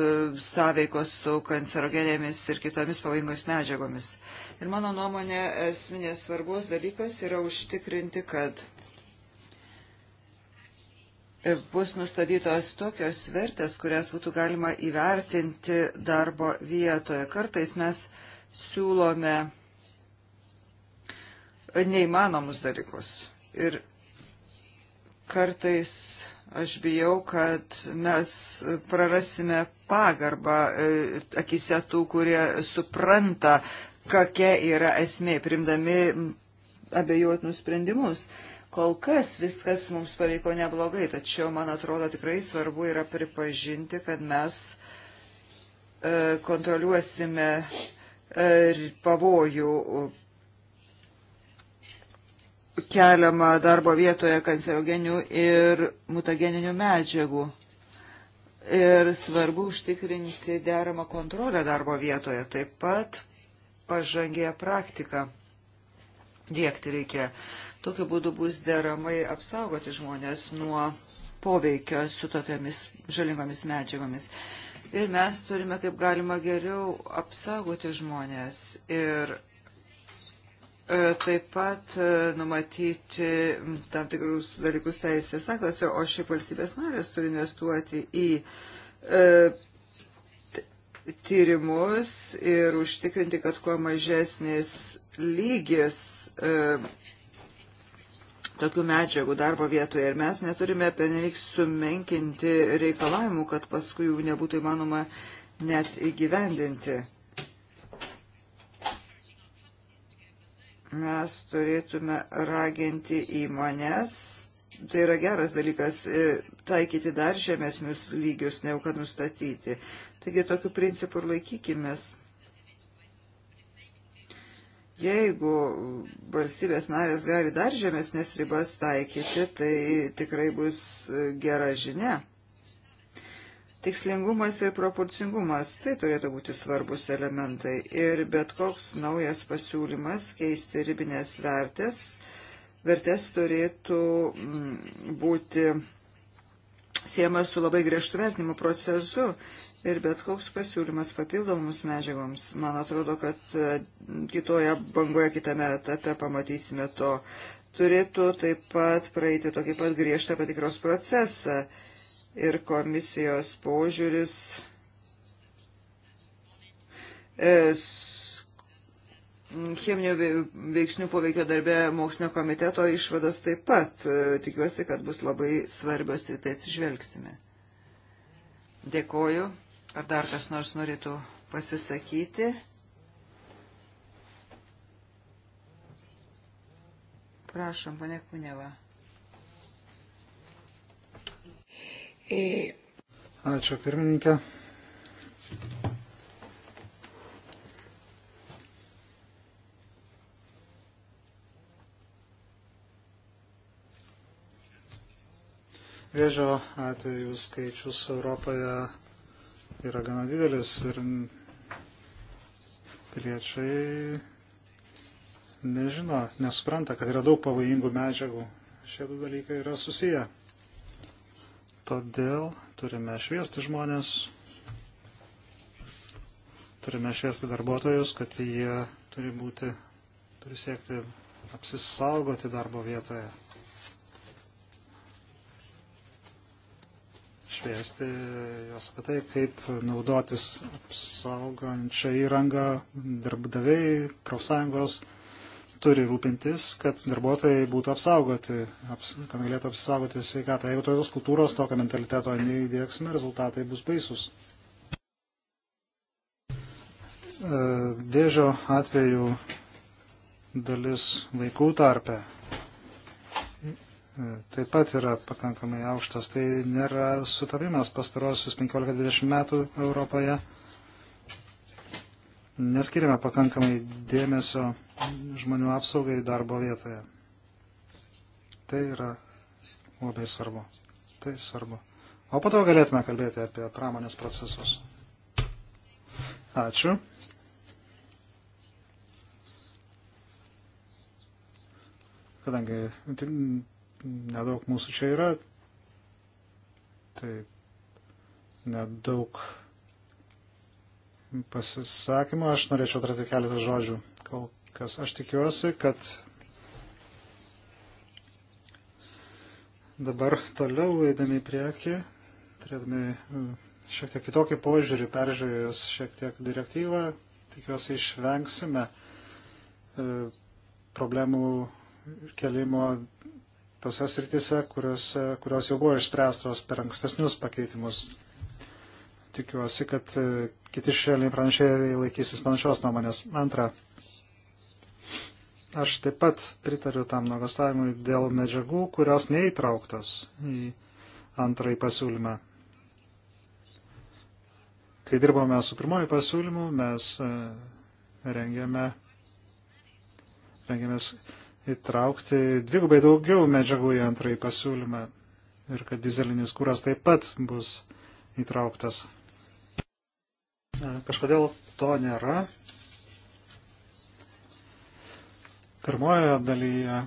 sąveikos su kancerogenėmis ir kitomis pavojingomis medžiagomis. Ir mano nuomonė esminės svarbos dalykas yra užtikrinti, kad E, bus nustatytos tokios vertės, kurias būtų galima įvertinti darbo vietoje. Kartais mes siūlome neįmanomus dalykus. Ir kartais aš bijau, kad mes prarasime pagarbą e, akise tų, kurie supranta, kokia yra esmė, primdami abejotinus sprendimus. Kol kas viskas mums pavyko neblogai, tačiau, man atrodo, tikrai svarbu yra pripažinti, kad mes e, kontroliuosime e, pavojų keliamą darbo vietoje kancerogenių ir mutageninių medžiagų. Ir svarbu užtikrinti deramą kontrolę darbo vietoje, taip pat pažangėję praktiką. Dėkti reikia. Uh, Tokiu būdu bus deramai apsaugoti žmonės nuo poveikio su tokiamis žalingomis medžiagomis. Ir mes turime kaip galima geriau apsaugoti žmonės ir e, taip pat e, numatyti tam tikrus dalykus teisės aktuose, o šiaip valstybės narės turi investuoti į e, tyrimus ir užtikrinti, kad kuo mažesnis lygis tokių medžiagų darbo vietoje ir mes neturime penelik sumenkinti reikalavimų, kad paskui jų nebūtų įmanoma net įgyvendinti. Mes turėtume raginti įmonės, tai yra geras dalykas, e, taikyti dar žemesnius lygius, negu kad nustatyti. Taigi tokių principų ir laikykimės. Jeigu valstybės narės gali dar žemesnės ribas taikyti, tai tikrai bus gera žinia. Tikslingumas ir proporcingumas - tai turėtų būti svarbus elementai. Ir bet koks naujas pasiūlymas keisti ribinės vertės, vertės turėtų mm, būti siejamas su labai griežtų vertinimo procesu ir bet koks pasiūlymas papildomoms medžiagoms. Man atrodo, kad e, kitoje bangoje, kitame etape pamatysime to. Turėtų taip pat praeiti tokį pat griežtą patikros procesą ir komisijos požiūris e, cheminių veiksnių poveikio darbė mokslinio komiteto išvados taip pat. E, tikiuosi, kad bus labai svarbios ir tai atsižvelgsime. Dėkoju. Ar dar kas nors norėtų pasisakyti? Prašom, pane Kuneva. E, Ačiū, pirmininkė. Vėžio atvejų skaičius Europoje yra gana didelis ir piliečiai nežino, nesupranta, kad yra daug pavojingų medžiagų. Šie du dalykai yra susiję. Todėl turime šviesti žmonės, turime šviesti darbuotojus, kad jie turi būti, turi siekti apsisaugoti darbo vietoje. šviesti jos apie tai, kaip naudotis apsaugančią įrangą darbdaviai, profsąjungos turi rūpintis, kad darbuotojai būtų apsaugoti, aps, kad galėtų apsaugoti sveikatą. Jeigu tokios kultūros, tokio mentaliteto neįdėksime, rezultatai bus baisus. E, vėžio atveju dalis vaikų tarpe taip pat yra pakankamai aukštas. Tai nėra sutapimas pastarosius 15-20 metų Europoje. Neskiriame pakankamai dėmesio žmonių apsaugai darbo vietoje. Tai yra labai svarbu. Tai svarbu. O po to galėtume kalbėti apie pramonės procesus. Ačiū. kadangi nedaug mūsų čia yra, tai nedaug pasisakymų. Aš norėčiau atrati keletą žodžių. Kol kas aš tikiuosi, kad dabar toliau eidami į priekį, turėdami uh, šiek tiek kitokį požiūrį, peržiūrėjus šiek tiek direktyvą, tikiuosi išvengsime uh, problemų kelimo tose sritise, kurios, kurios jau buvo išspręstos per ankstesnius pakeitimus. Tikiuosi, kad e, kiti šėliniai pranešėjai laikysis panašios nuomonės. Antra, aš taip pat pritariu tam nuogastavimui dėl medžiagų, kurios neįtrauktos į antrąjį pasiūlymą. Kai dirbome su pirmoju pasiūlymu, mes e, rengėme, rengėmės įtraukti dvigubai daugiau medžiagų į antrąjį pasiūlymą ir kad dizelinis kūras taip pat bus įtrauktas. Kažkodėl to nėra. Pirmojoje dalyje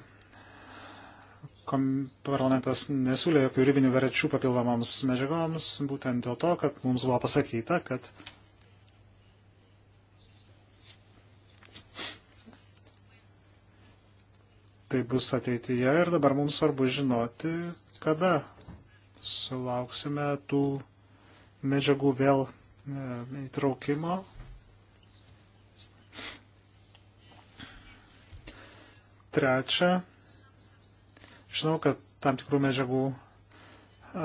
parlamentas nesiūlė jokių ribinių verčių papildomams medžiagoms, būtent dėl to, kad mums buvo pasakyta, kad tai bus ateityje ir dabar mums svarbu žinoti, kada sulauksime tų medžiagų vėl e, įtraukimo. Trečia, žinau, kad tam tikrų medžiagų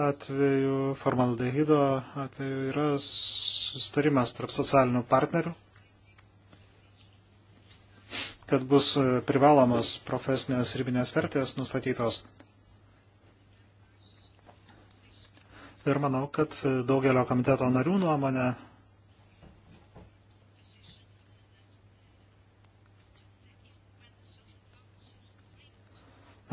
atveju, formaldehido atveju yra sustarimas tarp socialinių partnerių kad bus e, privalomos profesinės ribinės vertės nustatytos. Ir manau, kad e, daugelio komiteto narių nuomonė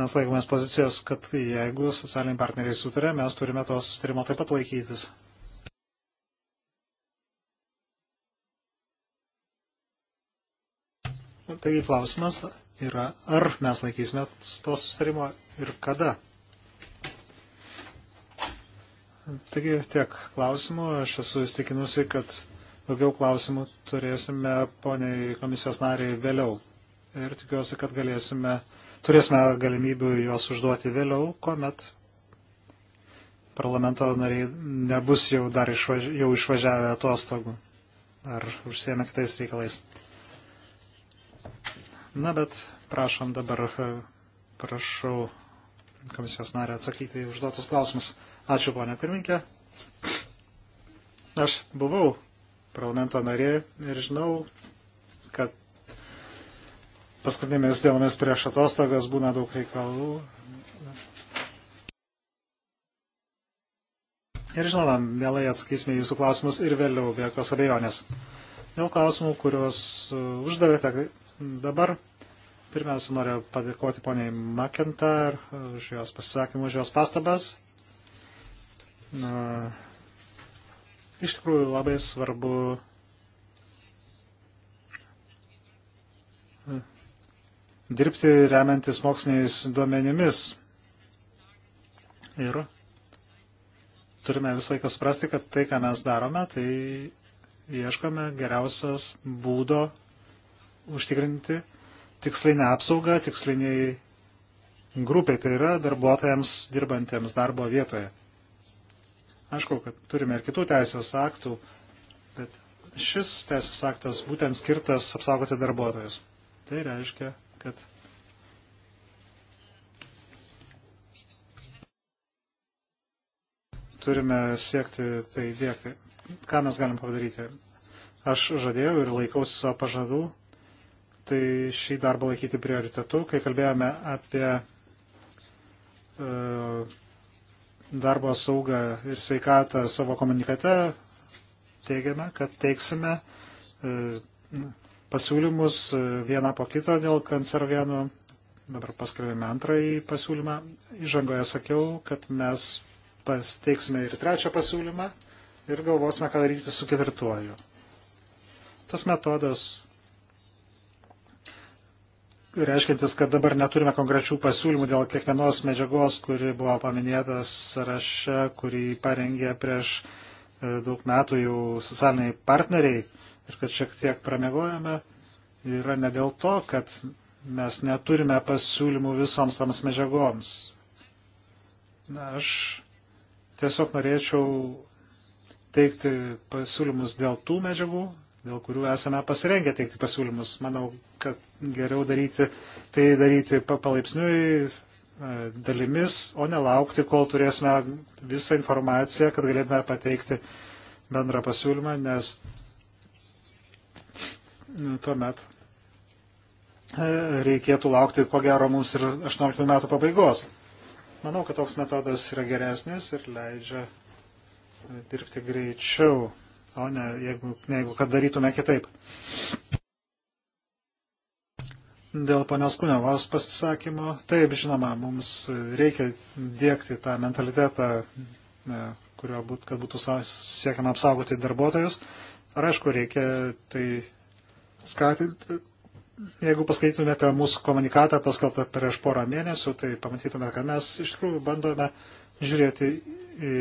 mes laikomės pozicijos, kad jeigu socialiniai partneriai sutarė, mes turime to sustarimo taip pat laikytis. Taigi klausimas yra, ar mes laikysime to sustarimo ir kada. Taigi tiek klausimų. Aš esu įstikinusi, kad daugiau klausimų turėsime poniai komisijos nariai vėliau. Ir tikiuosi, kad galėsime, turėsime galimybių juos užduoti vėliau, kuomet parlamento nariai nebus jau dar išvaž, jau išvažiavę atostogų ar užsiemę kitais reikalais. Na, bet prašom dabar, e, prašau komisijos narę atsakyti į užduotus klausimus. Ačiū, ponė pirminkė. Aš buvau parlamento narė ir žinau, kad paskutinėmis dienomis prieš atostogas būna daug reikalų. Ir žinoma, mielai atsakysime jūsų klausimus ir vėliau, be jokios abejonės. Dėl klausimų, kuriuos e, uždavėte, Dabar pirmiausia noriu padėkoti poniai McIntyre už jos pasisakymą, už jos pastabas. Na, iš tikrųjų labai svarbu e, dirbti remiantis moksliniais duomenimis. Ir turime visą laiką suprasti, kad tai, ką mes darome, tai ieškome geriausios būdo užtikrinti tikslinę apsaugą tiksliniai grupiai, tai yra darbuotojams dirbantiems darbo vietoje. Aišku, kad turime ir kitų teisės aktų, bet šis teisės aktas būtent skirtas apsaugoti darbuotojus. Tai reiškia, kad turime siekti tai dėkti. Ką mes galim padaryti? Aš žadėjau ir laikausi savo pažadų tai šį darbą laikyti prioritetu. Kai kalbėjome apie e, darbo saugą ir sveikatą savo komunikate, teigiame, kad teiksime e, pasiūlymus e, vieną po kito dėl kancerogenų. Dabar paskelbėme antrąjį pasiūlymą. Įžangoje sakiau, kad mes pasteiksime ir trečią pasiūlymą ir galvosime, ką daryti su ketvirtuoju. Tas metodas reiškintis, kad dabar neturime konkrečių pasiūlymų dėl kiekvienos medžiagos, kuri buvo paminėtas sąraše, kurį parengė prieš e, daug metų jau socialiniai partneriai ir kad šiek tiek pramegojame, yra ne dėl to, kad mes neturime pasiūlymų visoms tams medžiagoms. Na, aš tiesiog norėčiau teikti pasiūlymus dėl tų medžiagų, dėl kurių esame pasirengę teikti pasiūlymus. Manau, kad geriau daryti, tai daryti palaipsniui e, dalimis, o nelaukti, kol turėsime visą informaciją, kad galėtume pateikti bendrą pasiūlymą, nes nu, tuomet e, reikėtų laukti, ko gero, mums ir 18 metų pabaigos. Manau, kad toks metodas yra geresnis ir leidžia e, dirbti greičiau, o ne jeigu, ne, jeigu kad darytume kitaip. Dėl ponios Kunevos pasisakymo, taip, žinoma, mums reikia dėkti tą mentalitetą, e, kurio būt, kad būtų siekiama apsaugoti darbuotojus. Ar aišku, reikia tai skatinti. Jeigu paskaitytumėte mūsų komunikatą paskelbtą prieš porą mėnesių, tai pamatytumėte, kad mes iš tikrųjų bandome žiūrėti į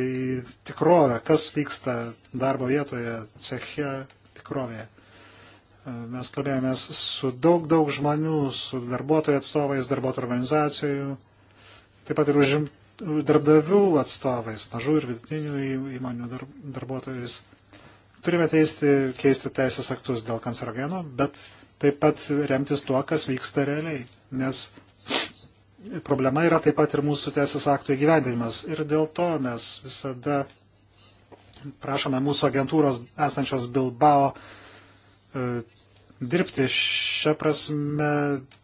tikrovę, kas vyksta darbo vietoje, ceche tikrovėje. Mes kalbėjomės su daug, daug žmonių, su darbuotojų atstovais, darbuotojų organizacijų, taip pat ir užim, darbdavių atstovais, mažų ir vidutinių įmonių darb, darbuotojais. Turime teisti, keisti teisės aktus dėl kancerogeno, bet taip pat remtis tuo, kas vyksta realiai. Nes problema yra taip pat ir mūsų teisės aktų įgyvendinimas. Ir dėl to mes visada prašome mūsų agentūros esančios Bilbao E, dirbti šią prasme,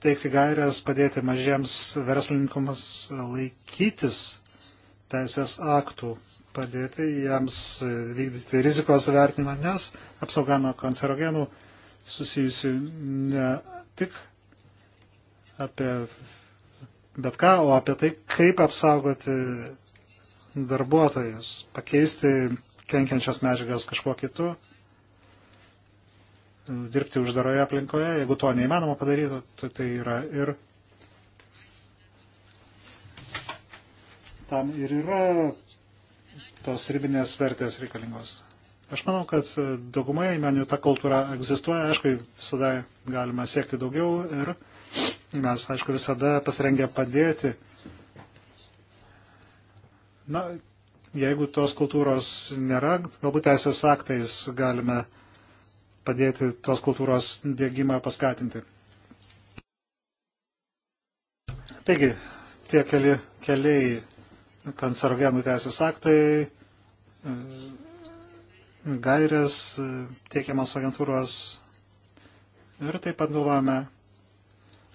teikti gairias, padėti mažiems verslininkams laikytis teisės aktų, padėti jiems vykdyti rizikos vertinimą, nes apsauga nuo kancerogenų susijusi ne tik apie bet ką, o apie tai, kaip apsaugoti darbuotojus, pakeisti kenkiančias medžiagas kažkuo kitu dirbti uždaroje aplinkoje. Jeigu to neįmanoma padaryti, tai, tai yra ir tam ir yra tos ribinės vertės reikalingos. Aš manau, kad daugumai įmenių ta kultūra egzistuoja, aišku, visada galima siekti daugiau ir mes, aišku, visada pasirengę padėti. Na, jeigu tos kultūros nėra, galbūt teisės aktais galime padėti tos kultūros dėgymą paskatinti. Taigi, tie keli keliai kancerogenų teisės aktai, gairės tiekiamos agentūros ir taip pat galvojame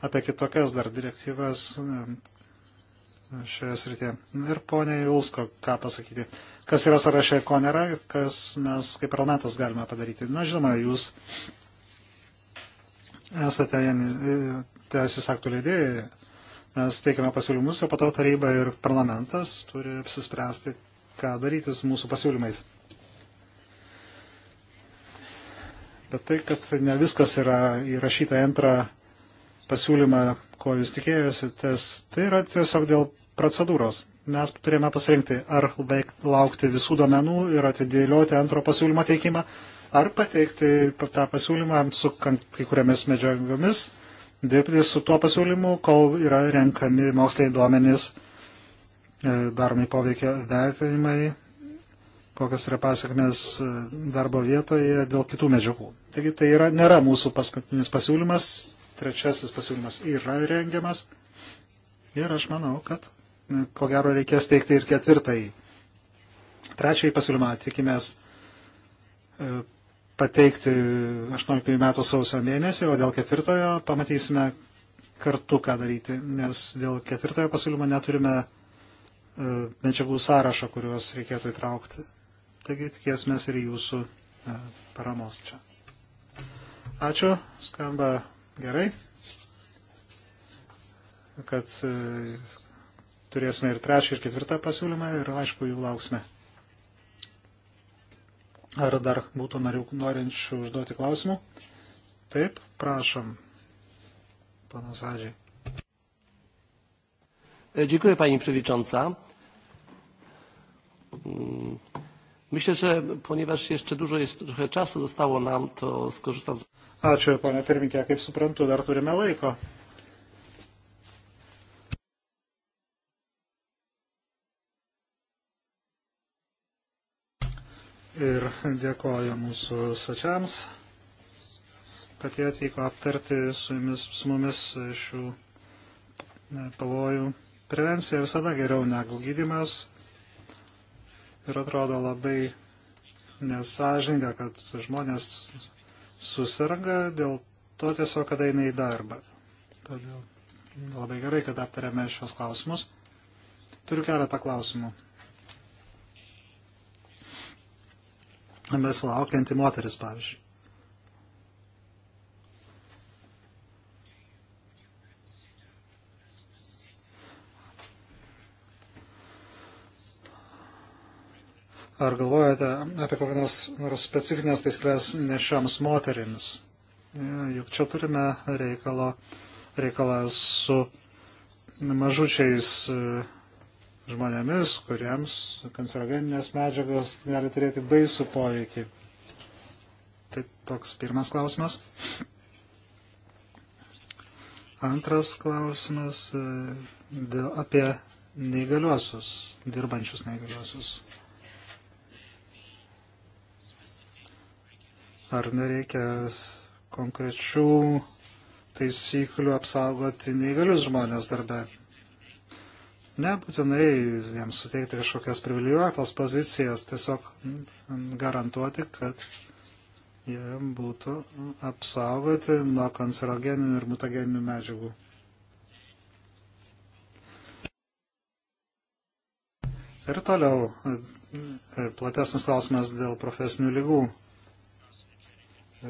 apie kitokias dar direktyvas e, šioje srityje. Ir ponė Julsko, ką pasakyti kas yra sąraše, ko nėra ir kas mes kaip parlamentas galime padaryti. Na, žinoma, jūs esate e, teisės aktų leidėjai, mes teikiame pasiūlymus, o pato taryba ir parlamentas turi apsispręsti, ką daryti su mūsų pasiūlymais. Bet tai, kad ne viskas yra įrašyta antrą pasiūlymą, ko jūs tikėjusitės, tai yra tiesiog dėl procedūros mes turėjome pasirinkti, ar laukti visų domenų ir atidėlioti antro pasiūlymo teikimą, ar pateikti tą pasiūlymą su kai kuriamis medžiagomis, dirbti su tuo pasiūlymu, kol yra renkami moksliniai duomenys, e, daromi poveikia vertinimai, kokias yra pasiekmes e, darbo vietoje dėl kitų medžiagų. Taigi tai yra, nėra mūsų paskutinis pasiūlymas, trečiasis pasiūlymas yra rengiamas ir aš manau, kad ko gero reikės teikti ir ketvirtąjį. Trečiąjį pasiūlymą tikimės e, pateikti 18 metų sausio mėnesį, o dėl ketvirtojo pamatysime kartu, ką daryti, nes dėl ketvirtojo pasiūlymo neturime e, medžiagų sąrašą, kuriuos reikėtų įtraukti. Taigi tikėsime ir jūsų e, paramos čia. Ačiū, skamba gerai, kad turėsime ir trečią, ir ketvirtą pasiūlymą ir aišku, jų lauksime. Ar dar būtų narių norinčių užduoti klausimų? Taip, prašom, panas Adžiai. E, dziękuję Pani Przewodnicząca. Mm, myślę, że ponieważ jeszcze dużo jest, trochę czasu zostało nam, to skorzystam. Ačiū, ponia pirmininkė, kaip suprantu, dar turime laiko. ir dėkoju mūsų svečiams, kad jie atvyko aptarti su, jumis, su mumis šių pavojų. Prevencija visada geriau negu gydimas ir atrodo labai nesažinga, kad žmonės susirga dėl to tiesiog, kada eina į darbą. Todėl labai gerai, kad aptarėme šios klausimus. Turiu keletą klausimų. besilaukianti moteris, pavyzdžiui. Ar galvojate apie kokias nors specifines taisyklės nešioms moterims? Juk čia turime reikalo, reikalą su mažučiais žmonėmis, kuriems kancerogeninės medžiagos gali turėti baisų poveikį. Tai toks pirmas klausimas. Antras klausimas e, dėl, apie neįgaliuosius, dirbančius neįgaliuosius. Ar nereikia konkrečių taisyklių apsaugoti neįgalius žmonės darbe? Nebūtinai jiems suteikti kažkokias privilegijuotas pozicijas, tiesiog garantuoti, kad jie būtų apsaugoti nuo kancerogeninių ir mutageninių medžiagų. Ir toliau e, platesnis klausimas dėl profesinių lygų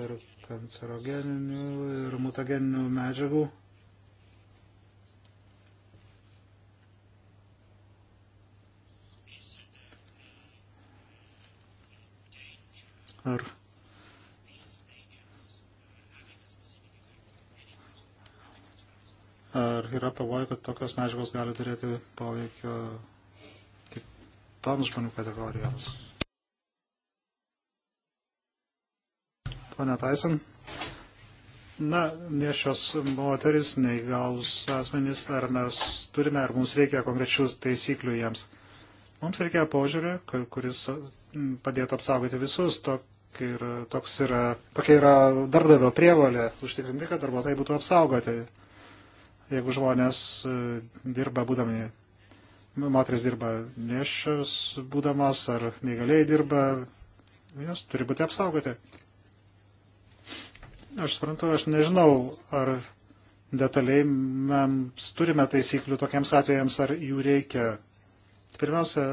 ir kancerogeninių ir mutageninių medžiagų. ar Ar yra pavojų, kad tokios medžiagos gali turėti poveikio kitoms žmonių kategorijoms? Pane Tyson. Na, nešios moteris, neįgalus asmenys, ar mes turime, ar mums reikia konkrečių taisyklių jiems. Mums reikia požiūrį, kuris padėtų apsaugoti visus. To, ir toks yra, tokia yra darbdavio prievalė užtikrinti, kad darbuotojai būtų apsaugoti. Jeigu žmonės e, dirba būdami, moteris dirba nešios būdamas ar negaliai dirba, jos turi būti apsaugoti. Aš suprantu, aš nežinau, ar detaliai mes turime taisyklių tokiems atvejams, ar jų reikia. Pirmiausia,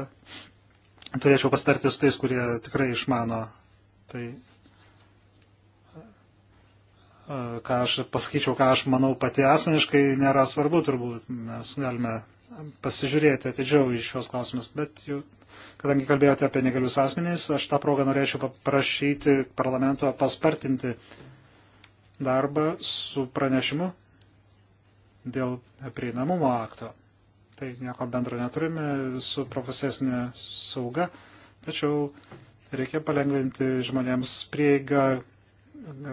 turėčiau pastarti su tais, kurie tikrai išmano tai ką aš pasakyčiau, ką aš manau pati asmeniškai, nėra svarbu turbūt. Mes galime pasižiūrėti atidžiau į šios klausimus, bet jų, kadangi kalbėjote apie negalius asmenys, aš tą progą norėčiau paprašyti parlamento paspartinti darbą su pranešimu dėl prieinamumo akto. Tai nieko bendro neturime su profesinė sauga, tačiau Reikia palengvinti žmonėms prieigą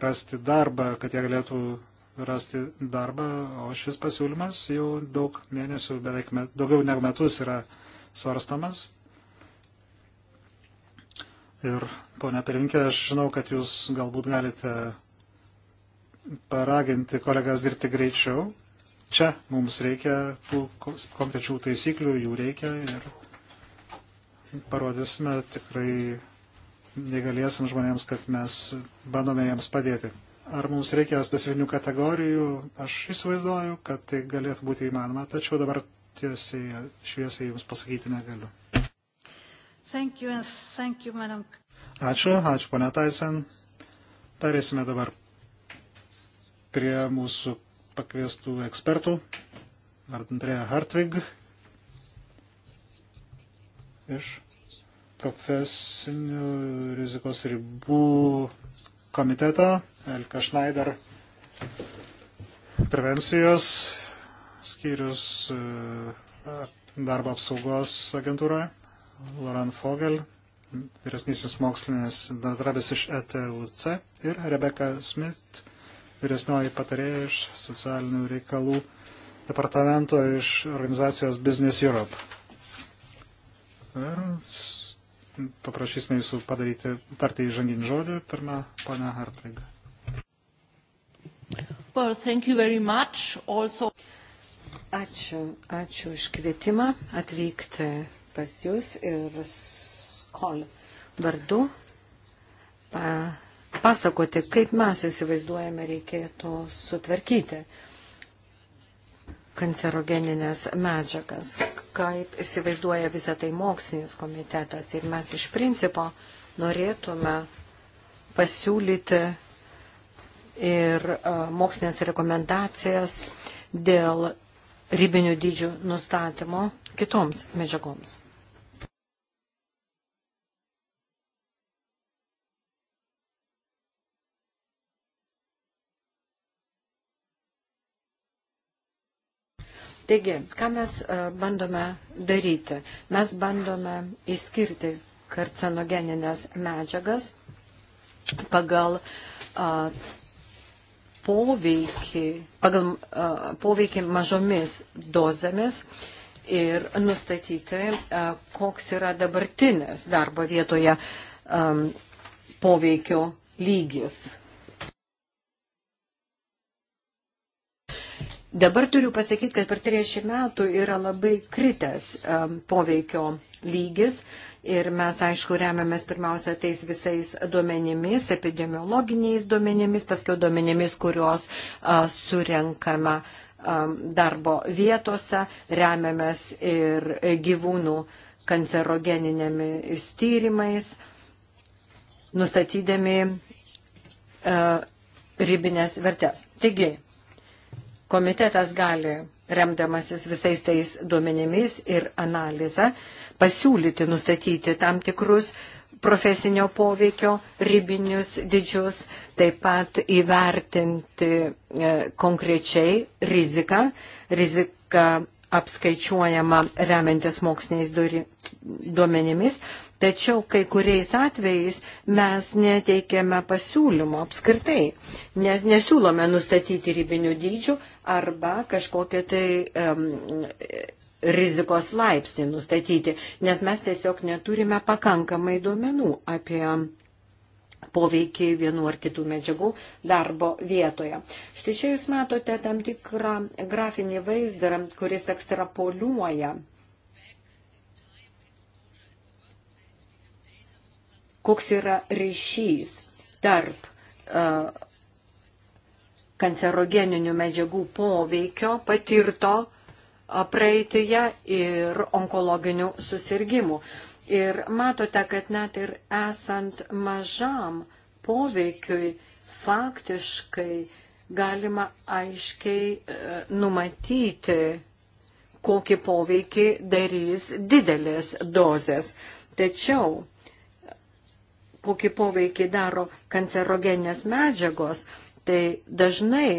rasti darbą, kad jie galėtų rasti darbą, o šis pasiūlymas jau daug mėnesių, beveik met, daugiau negu metus yra svarstamas. Ir, ponia pirminkė, aš žinau, kad jūs galbūt galite paraginti kolegas dirbti greičiau. Čia mums reikia tų konkrečių taisyklių, jų reikia ir parodysime tikrai negaliesiams žmonėms, kad mes bandome jiems padėti. Ar mums reikia specifinių kategorijų? Aš įsivaizduoju, kad tai galėtų būti įmanoma, tačiau dabar tiesiai šviesiai jums pasakyti negaliu. Thank you, thank you, madam. Ačiū, ačiū ponia Taisen. Tarėsime dabar prie mūsų pakviestų ekspertų. Andrėja Hartvig iš profesinių rizikos ribų komiteto, Elka Schneider prevencijos skyrius e, darbo apsaugos agentūroje, Loran Fogel, vyresnysis mokslinis bendravis iš ETUC ir Rebecca Smith, vyresnioji patarėja iš socialinių reikalų departamento iš organizacijos Business Europe. Ir paprašysime jūsų padaryti, tarti įžanginį žodį. Pirmą, pana Hartling. Well, thank you very much. Also... Ačiū, ačiū už kvietimą atvykti pas jūs ir skol vardu pa, pasakoti, kaip mes įsivaizduojame reikėtų sutvarkyti kancerogeninės medžiagas, kaip įsivaizduoja visą tai mokslinis komitetas. Ir mes iš principo norėtume pasiūlyti ir e, mokslinės rekomendacijas dėl ribinių dydžių nustatymo kitoms medžiagoms. Taigi, ką mes e, bandome daryti? Mes bandome išskirti karcinogeninės medžiagas pagal a, e, poveikį, pagal a, e, poveikį mažomis dozėmis ir nustatyti, a, koks yra dabartinis darbo vietoje a, poveikio lygis Dabar turiu pasakyti, kad per 30 metų yra labai kritęs um, poveikio lygis ir mes, aišku, remiamės pirmiausia tais visais duomenimis, epidemiologiniais duomenimis, paskui duomenimis, kuriuos uh, surenkama um, darbo vietose, remiamės ir gyvūnų kancerogeninėmis tyrimais, nustatydami uh, ribinės vertės. Taigi, komitetas gali, remdamasis visais tais duomenimis ir analizą, pasiūlyti, nustatyti tam tikrus profesinio poveikio ribinius didžius, taip pat įvertinti e, konkrečiai riziką, riziką apskaičiuojama remiantis moksliniais duomenimis, Tačiau kai kuriais atvejais mes neteikėme pasiūlymo apskritai, nes nesiūlome nustatyti ribinių dydžių arba kažkokią tai um, rizikos laipsnį nustatyti, nes mes tiesiog neturime pakankamai duomenų apie poveikį vienų ar kitų medžiagų darbo vietoje. Štai čia jūs matote tam tikrą grafinį vaizdą, kuris ekstrapoliuoja koks yra ryšys tarp uh, kancerogeninių medžiagų poveikio patirto uh, praeitėje ir onkologinių susirgymų. Ir matote, kad net ir esant mažam poveikiui, faktiškai galima aiškiai uh, numatyti, kokį poveikį darys didelės dozės. Tačiau kokį poveikį daro kancerogenės medžiagos, tai dažnai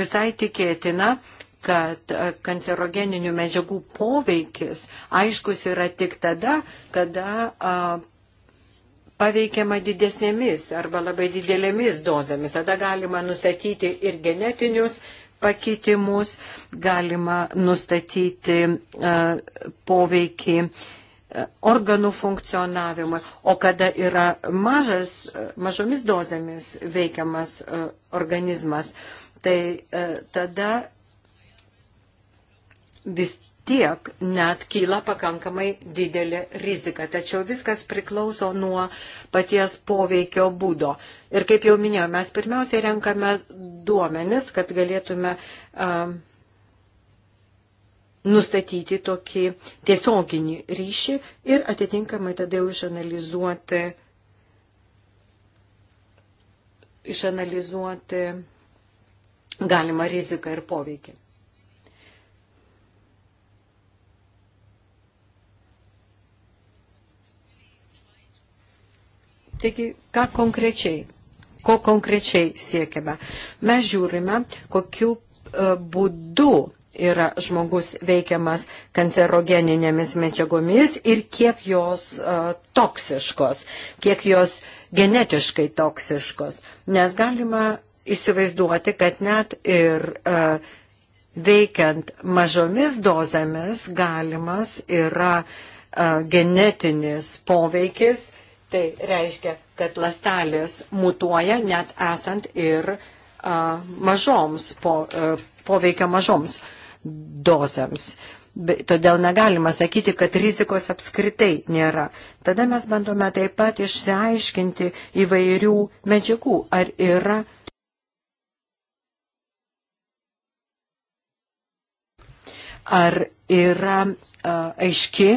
visai tikėtina, kad kancerogeninių medžiagų poveikis aiškus yra tik tada, kada a, paveikiama didesnėmis arba labai didelėmis dozėmis. Tada galima nustatyti ir genetinius pakitimus, galima nustatyti a, poveikį E, organų funkcionavimui, o kada yra mažas, e, mažomis dozėmis veikiamas e, organizmas, tai tada vis tiek net kyla pakankamai didelė rizika. Tačiau viskas priklauso nuo paties poveikio būdo. Ir kaip jau minėjau, mes pirmiausiai renkame duomenis, kad galėtume uh, nustatyti tokį tiesioginį ryšį ir atitinkamai tada jau išanalizuoti, išanalizuoti galimą riziką ir poveikį. Taigi, ką konkrečiai, ko konkrečiai siekiame? Mes žiūrime, kokiu e, būdu yra žmogus veikiamas kancerogeninėmis medžiagomis ir kiek jos uh, toksiškos, kiek jos genetiškai toksiškos. Nes galima įsivaizduoti, kad net ir uh, veikiant mažomis dozėmis galimas yra uh, genetinis poveikis. Tai reiškia, kad lastelės mutuoja net esant ir uh, mažoms po, uh, poveikio mažoms dozams. Todėl negalima sakyti, kad rizikos apskritai nėra. Tada mes bandome taip pat išsiaiškinti įvairių medžiagų, ar yra ar yra a, aiški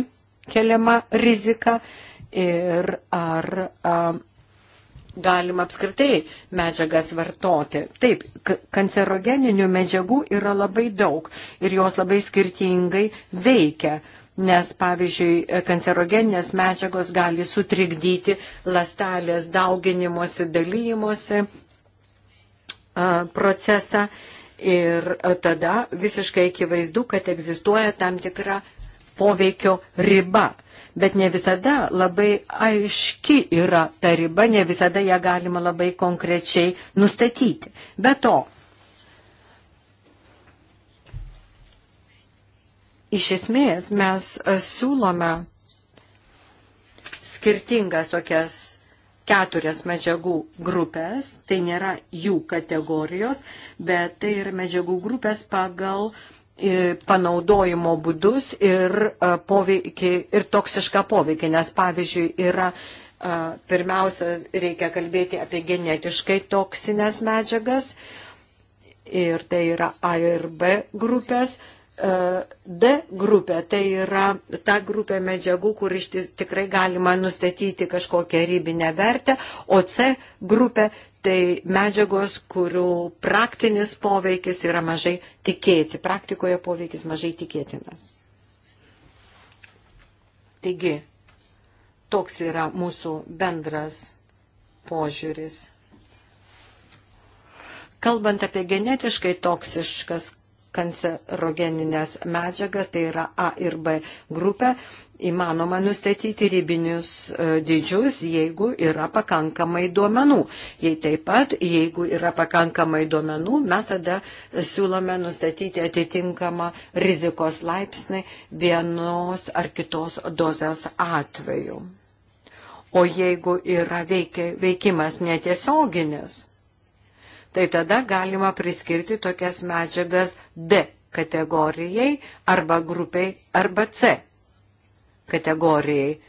keliama rizika ir ar a, galima apskritai medžiagas vartoti. Taip, kancerogeninių medžiagų yra labai daug ir jos labai skirtingai veikia, nes pavyzdžiui, kancerogeninės medžiagos gali sutrikdyti lastelės dauginimuose, dalymuose procesą ir tada visiškai akivaizdu, kad egzistuoja tam tikra poveikio riba bet ne visada labai aiški yra ta riba, ne visada ją galima labai konkrečiai nustatyti. Be to, iš esmės mes siūlome skirtingas tokias keturias medžiagų grupės, tai nėra jų kategorijos, bet tai yra medžiagų grupės pagal uh, panaudojimo būdus ir, e, poveikį, ir toksišką poveikį, nes pavyzdžiui yra e, pirmiausia reikia kalbėti apie genetiškai toksinės medžiagas ir tai yra A ir B grupės, D grupė, tai yra ta grupė medžiagų, kur iš tikrai galima nustatyti kažkokią rybinę vertę, o C grupė tai medžiagos, kurių praktinis poveikis yra mažai tikėti, praktikoje poveikis mažai tikėtinas. Taigi, toks yra mūsų bendras požiūris. Kalbant apie genetiškai toksiškas kancerogeninės medžiagas, tai yra A ir B grupė, įmanoma nustatyti ribinius e, dydžius, jeigu yra pakankamai duomenų. Jei taip pat, jeigu yra pakankamai duomenų, mes tada siūlome nustatyti atitinkamą rizikos laipsnį vienos ar kitos dozės atveju. O jeigu yra veikia, veikimas netiesioginis, tai tada galima priskirti tokias medžiagas D kategorijai arba grupiai arba C kategorijai.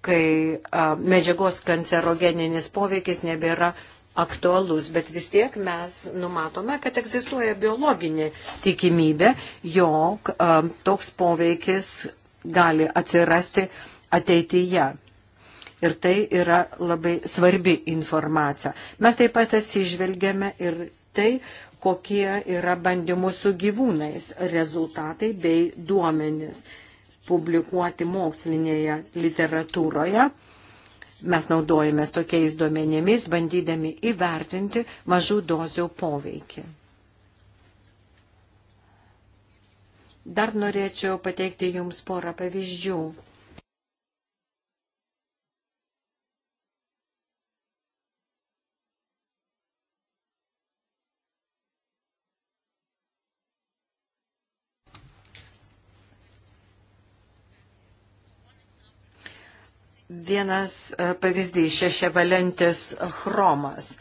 kai a, medžiagos kancerogeninis poveikis nebėra aktualus, bet vis tiek mes numatome, kad egzistuoja biologinė tikimybė, jog a, toks poveikis gali atsirasti ateityje. Ir tai yra labai svarbi informacija. Mes taip pat atsižvelgiame ir tai, kokie yra bandymų su gyvūnais rezultatai bei duomenys publikuoti mokslinėje literatūroje. Mes naudojamės tokiais duomenėmis, bandydami įvertinti mažų dozių poveikį. Dar norėčiau pateikti Jums porą pavyzdžių Vienas e, pavyzdys šešiavalentės chromas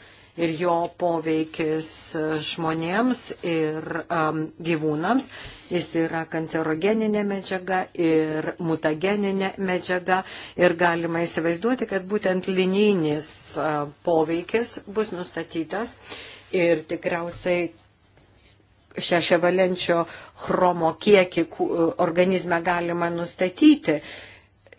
ir jo poveikis e, žmonėms ir um, gyvūnams. Jis yra kancerogeninė medžiaga ir mutageninė medžiaga ir galima įsivaizduoti, kad būtent linijinis uh, poveikis bus nustatytas ir tikriausiai šešiavalenčio chromo kiekį organizme galima nustatyti. Uh,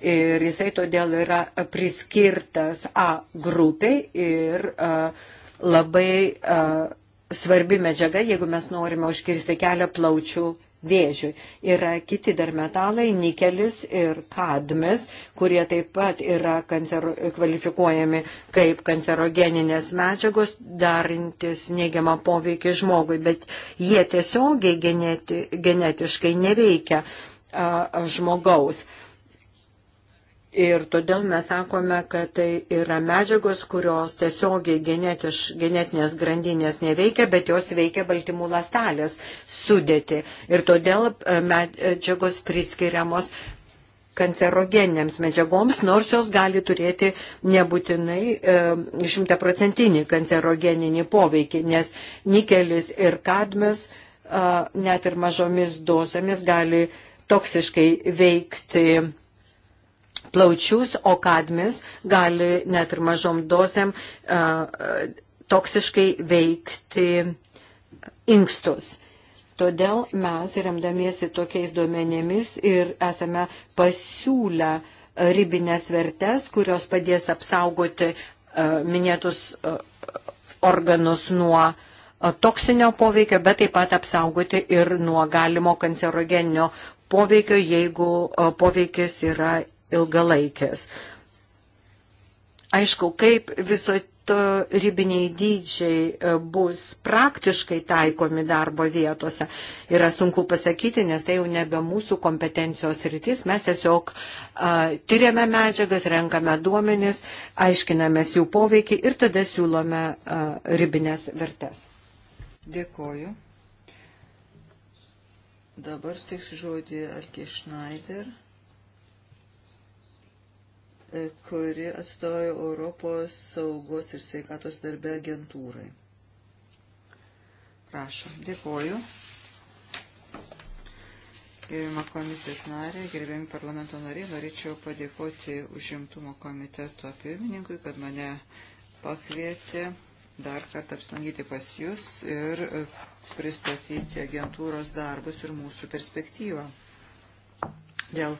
ir jisai todėl yra priskirtas A grupiai ir a, e, labai a, e, svarbi medžiaga, jeigu mes norime užkirsti kelią plaučių vėžiui. Yra kiti dar metalai, nikelis ir kadmis, kurie taip pat yra kancero, kvalifikuojami kaip kancerogeninės medžiagos, darintis neigiamą poveikį žmogui, bet jie tiesiogiai geneti, genetiškai neveikia a, a, žmogaus. A, Ir todėl mes sakome, kad tai yra medžiagos, kurios tiesiogiai genetiš, genetinės grandinės neveikia, bet jos veikia baltymų lastelės sudėti. Ir todėl e, medžiagos priskiriamos kancerogeniams medžiagoms, nors jos gali turėti nebūtinai e, šimtaprocentinį kancerogeninį poveikį, nes nikelis ir kadmis e, net ir mažomis dozėmis gali toksiškai veikti plaučius, o kadmis gali net ir mažom dozėm toksiškai veikti inkstus. Todėl mes, remdamiesi tokiais duomenėmis, ir esame pasiūlę ribinės vertes, kurios padės apsaugoti minėtus organus nuo toksinio poveikio, bet taip pat apsaugoti ir nuo galimo kancerogeninio poveikio, jeigu poveikis yra ilgalaikės. Aišku, kaip viso to ribiniai dydžiai e, bus praktiškai taikomi darbo vietose, yra sunku pasakyti, nes tai jau nebe mūsų kompetencijos rytis. Mes tiesiog uh, e, tyriame medžiagas, renkame duomenis, aiškinamės jų poveikį ir tada siūlome uh, ribinės vertes. Dėkoju. Dabar teiksiu žodį Alkė Schneider kuri atstovauja Europos saugos ir sveikatos darbę agentūrai. Prašom, dėkoju. Gerbimo komisijos narė, gerbimi parlamento nariai, norėčiau padėkoti užimtumo komiteto pirmininkui, kad mane pakvietė dar kartą apsilankyti pas Jūs ir pristatyti agentūros darbus ir mūsų perspektyvą. Dėl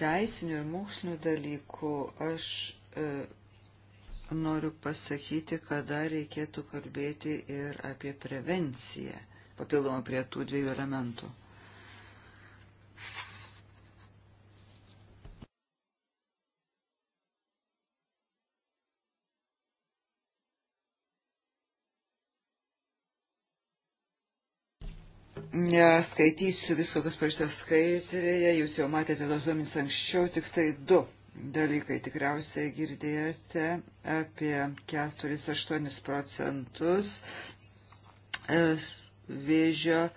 teisinių ir mokslinių dalykų aš e, noriu pasakyti, kada reikėtų kalbėti ir apie prevenciją, papildomą prie tų dviejų elementų. neskaitysiu visko, kas parašyta skaitrėje, jūs jau matėte tos duomenys anksčiau, tik tai du dalykai tikriausiai girdėjote apie 4-8 procentus e, vėžio e,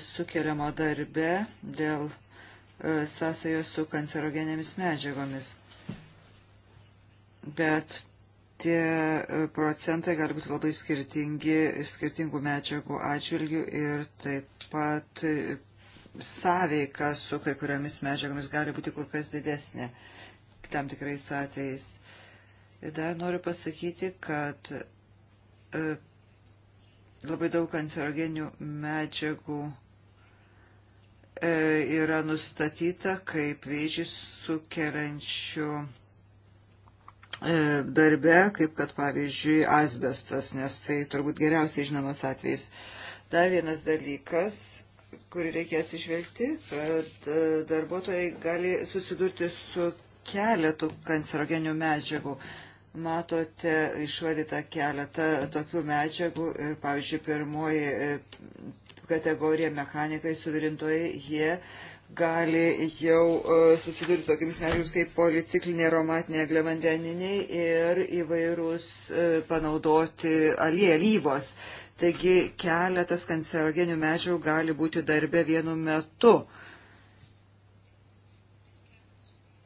sukeliamo darbe dėl e, sąsajos su kancerogenėmis medžiagomis. Bet tie e, procentai gali būti labai skirtingi skirtingų medžiagų atžvilgių ir taip pat e, sąveika su kai kuriomis medžiagomis gali būti kur kas didesnė tam tikrais atvejais. Ir dar noriu pasakyti, kad e, labai daug kancerogenių medžiagų e, yra nustatyta kaip vėžį sukeliančių E, darbe, kaip kad pavyzdžiui asbestas, nes tai turbūt geriausiai žinomas atvejis. Dar vienas dalykas, kurį reikia atsižvelgti, kad e, darbuotojai gali susidurti su keletu kancerogenių medžiagų. Matote išvadytą keletą tokių medžiagų ir, pavyzdžiui, pirmoji e, kategorija mechanikai suvirintojai, jie gali jau e, susidurti tokiamis medžiagomis kaip policiklinė aromatiniai angliavandeniniai ir įvairūs e, panaudoti aliejai, alyvos. Taigi keletas kancerogenių medžiagų gali būti darbe vienu metu.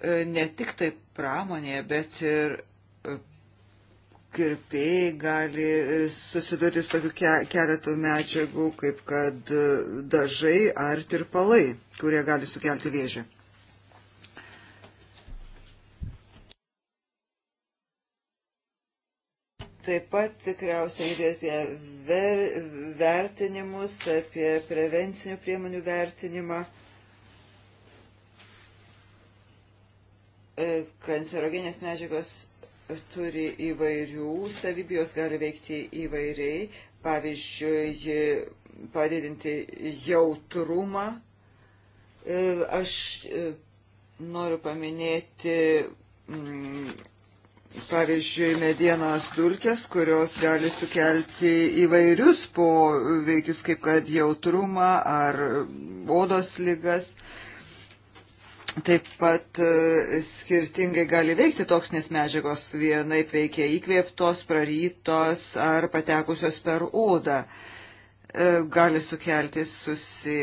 E, ne tik tai pramonėje, bet ir kirpėjai gali e, susidurti su tokiu ke keletu medžiagų, kaip kad e, dažai ar tirpalai, kurie gali sukelti vėžį. Taip pat tikriausiai reikia apie ver, vertinimus, apie prevencinių priemonių vertinimą. E, Kancerogenės medžiagos turi įvairių savybijos, gali veikti įvairiai, pavyzdžiui, padidinti jautrumą. E, aš e, noriu paminėti, mm, pavyzdžiui, medienos dulkės, kurios gali sukelti įvairius poveikius, kaip kad jautrumą ar odos lygas. Taip pat e, skirtingai gali veikti toksinės medžiagos, vienai veikia įkvėptos, prarytos ar patekusios per odą. E, gali sukelti susi,